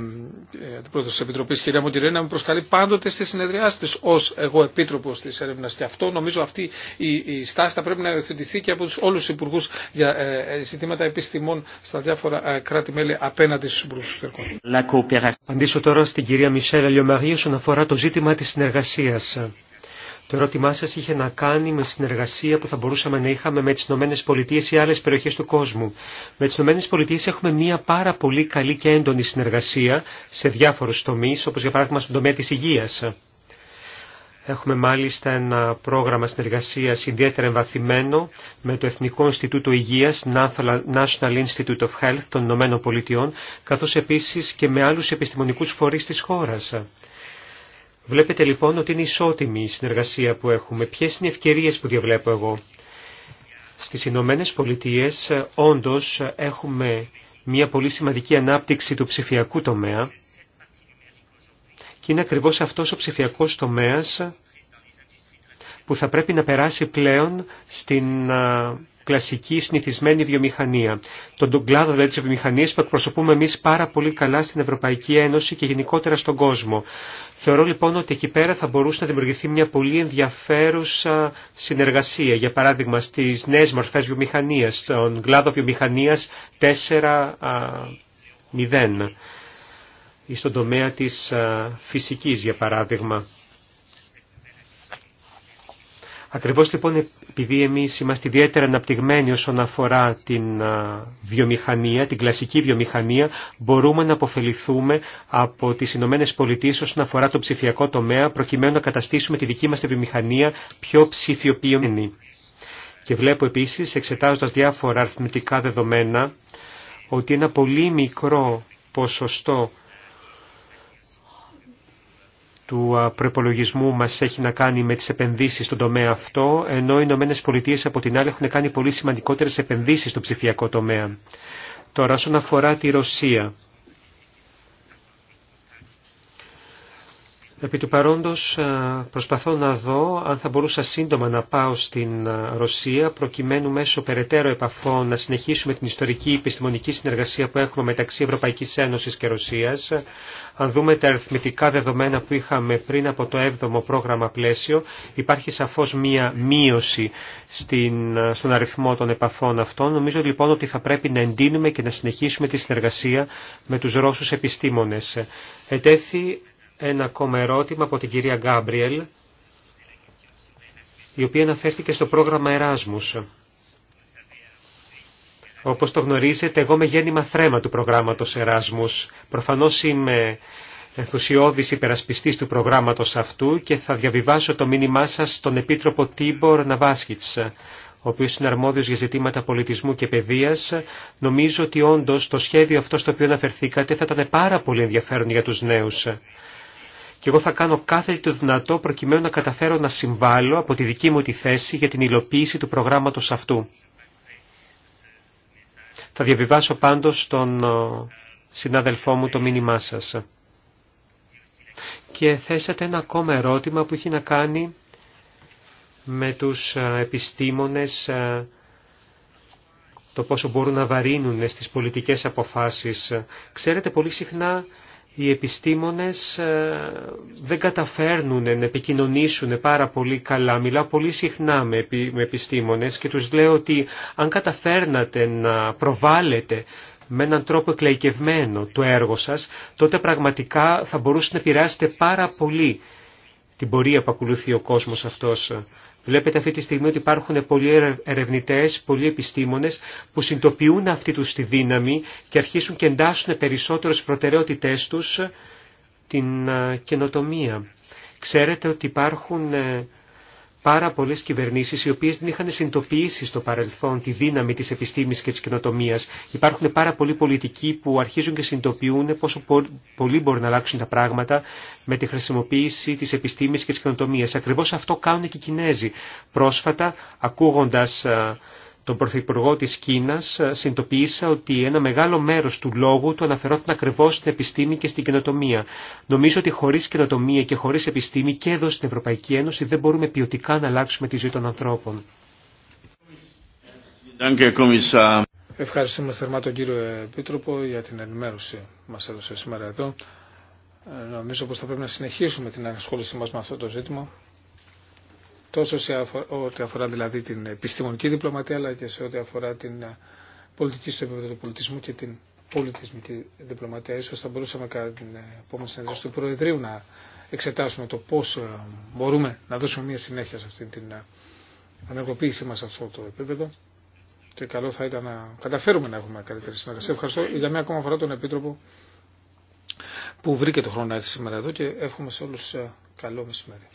τη Επιτροπή, κυρία Μοντιρέ, να με προσκαλεί πάντοτε στι συνεδριάσει τη ω εγώ επίτροπο τη έρευνα. Και αυτό νομίζω αυτή η, η στάση θα πρέπει να υιοθετηθεί και από όλου του υπουργού για ε, ε, ζητήματα επιστημών στα διάφορα ε, κράτη-μέλη απέναντι στου υπουργού εξωτερικών. Απαντήσω τώρα στην κυρία Μισελ Αλιομαρίου όσον αφορά το ζήτημα τη συνεργασία. Το ερώτημά σας είχε να κάνει με συνεργασία που θα μπορούσαμε να είχαμε με τις Ηνωμένες Πολιτείες ή άλλες περιοχές του κόσμου. Με τις Ηνωμένες Πολιτείες έχουμε μια πάρα πολύ καλή και έντονη συνεργασία σε διάφορους τομείς, όπως για παράδειγμα στον τομέα της υγείας. Έχουμε μάλιστα ένα πρόγραμμα συνεργασίας ιδιαίτερα εμβαθυμένο με το Εθνικό Ινστιτούτο Υγείας, National Institute of Health των Ηνωμένων Πολιτειών, καθώς επίσης και με άλλους επιστημονικούς φορείς της χώρας. Βλέπετε λοιπόν ότι είναι ισότιμη η συνεργασία που έχουμε. Ποιες είναι οι ευκαιρίες που διαβλέπω εγώ. Στις Ηνωμένε Πολιτείε ε, όντως ε, έχουμε μια πολύ σημαντική ανάπτυξη του ψηφιακού τομέα και είναι ακριβώς αυτός ο ψηφιακός τομέας που θα πρέπει να περάσει πλέον στην κλασική συνηθισμένη βιομηχανία. Τον κλάδο δηλαδή τη βιομηχανία που εκπροσωπούμε εμεί πάρα πολύ καλά στην Ευρωπαϊκή Ένωση και γενικότερα στον κόσμο. Θεωρώ λοιπόν ότι εκεί πέρα θα μπορούσε να δημιουργηθεί μια πολύ ενδιαφέρουσα συνεργασία. Για παράδειγμα στις νέε μορφέ βιομηχανία, στον κλάδο βιομηχανία 4.0 ή στον τομέα της φυσικής για παράδειγμα. Ακριβώς λοιπόν επειδή εμείς είμαστε ιδιαίτερα αναπτυγμένοι όσον αφορά την βιομηχανία, την κλασική βιομηχανία, μπορούμε να αποφεληθούμε από τις Ηνωμένε Πολιτείε όσον αφορά το ψηφιακό τομέα, προκειμένου να καταστήσουμε τη δική μας βιομηχανία πιο ψηφιοποιημένη. Και βλέπω επίσης, εξετάζοντας διάφορα αριθμητικά δεδομένα, ότι ένα πολύ μικρό ποσοστό του προπολογισμού μας έχει να κάνει με τις επενδύσεις στον τομέα αυτό, ενώ οι Ηνωμένε Πολιτείε από την άλλη έχουν κάνει πολύ σημαντικότερες επενδύσεις στο ψηφιακό τομέα. Τώρα, όσον αφορά τη Ρωσία, Επί του παρόντος προσπαθώ να δω αν θα μπορούσα σύντομα να πάω στην Ρωσία προκειμένου μέσω περαιτέρω επαφών να συνεχίσουμε την ιστορική επιστημονική συνεργασία που έχουμε μεταξύ Ευρωπαϊκής Ένωσης και Ρωσίας αν δούμε τα αριθμητικά δεδομένα που είχαμε πριν από το 7ο πρόγραμμα πλαίσιο, υπάρχει σαφώς μία μείωση στην, στον αριθμό των επαφών αυτών. Νομίζω λοιπόν ότι θα πρέπει να εντείνουμε και να συνεχίσουμε τη συνεργασία με τους Ρώσους επιστήμονες. Ετέθη ένα ακόμα ερώτημα από την κυρία Γκάμπριελ, η οποία αναφέρθηκε στο πρόγραμμα Εράσμους. Όπως το γνωρίζετε, εγώ είμαι γέννημα θρέμα του προγράμματος Εράσμους. Προφανώς είμαι ενθουσιώδης υπερασπιστής του προγράμματος αυτού και θα διαβιβάσω το μήνυμά σας στον Επίτροπο Τίμπορ Ναβάσκιτς, ο οποίος είναι αρμόδιος για ζητήματα πολιτισμού και παιδείας. Νομίζω ότι όντως το σχέδιο αυτό στο οποίο αναφερθήκατε θα ήταν πάρα πολύ ενδιαφέρον για τους νέους. Και εγώ θα κάνω κάθε το δυνατό προκειμένου να καταφέρω να συμβάλλω από τη δική μου τη θέση για την υλοποίηση του προγράμματος αυτού. Θα διαβιβάσω πάντως στον ε, συνάδελφό μου το μήνυμά σας. Και θέσατε ένα ακόμα ερώτημα που έχει να κάνει με τους ε, επιστήμονες ε, το πόσο μπορούν να βαρύνουν στις πολιτικές αποφάσεις. Ξέρετε, πολύ συχνά οι επιστήμονες ε, δεν καταφέρνουν να επικοινωνήσουν πάρα πολύ καλά. Μιλάω πολύ συχνά με επιστήμονες και τους λέω ότι αν καταφέρνατε να προβάλλετε με έναν τρόπο εκλαϊκευμένο το έργο σας, τότε πραγματικά θα μπορούσε να επηρεάσετε πάρα πολύ την πορεία που ακολουθεί ο κόσμος αυτός. Βλέπετε αυτή τη στιγμή ότι υπάρχουν πολλοί ερευνητές, πολλοί επιστήμονες που συντοποιούν αυτή τους τη δύναμη και αρχίσουν και εντάσσουν περισσότερες προτεραιότητές τους την ε, καινοτομία. Ξέρετε ότι υπάρχουν ε, πάρα πολλέ κυβερνήσει οι οποίε δεν είχαν συνειδητοποιήσει στο παρελθόν τη δύναμη τη επιστήμης και τη καινοτομία. Υπάρχουν πάρα πολλοί πολιτικοί που αρχίζουν και συνειδητοποιούν πόσο πολύ μπορούν να αλλάξουν τα πράγματα με τη χρησιμοποίηση τη επιστήμης και τη καινοτομία. Ακριβώ αυτό κάνουν και οι Κινέζοι. Πρόσφατα, ακούγοντα ε, τον Πρωθυπουργό της Κίνας ε, συνειδητοποίησα ότι ένα μεγάλο μέρος του λόγου του αναφερόταν ακριβώς στην επιστήμη και στην καινοτομία. Νομίζω ότι χωρίς καινοτομία και χωρίς επιστήμη και εδώ στην Ευρωπαϊκή Ένωση δεν μπορούμε ποιοτικά να αλλάξουμε τη ζωή των ανθρώπων. Ευχαριστούμε θερμά τον κύριο Επίτροπο για την ενημέρωση που μας έδωσε σήμερα εδώ. Ε, νομίζω πως θα πρέπει να συνεχίσουμε την ασχόλησή μας με αυτό το ζήτημα τόσο σε ό,τι αφορά δηλαδή την επιστημονική διπλωματία αλλά και σε ό,τι αφορά την ε, πολιτική στο επίπεδο του πολιτισμού και την πολιτισμική διπλωματία. Ίσως θα μπορούσαμε κατά την επόμενη συνέντευξη του Προεδρείου να εξετάσουμε το πώς ε, μπορούμε να δώσουμε μια συνέχεια σε αυτή την ε, ανεργοποίησή μας σε αυτό το επίπεδο και καλό θα ήταν να καταφέρουμε να έχουμε καλύτερη συνεργασία. Ευχαριστώ για μια ακόμα φορά τον Επίτροπο που βρήκε το χρόνο να έρθει σήμερα εδώ και εύχομαι σε όλους καλό μεσημέρι.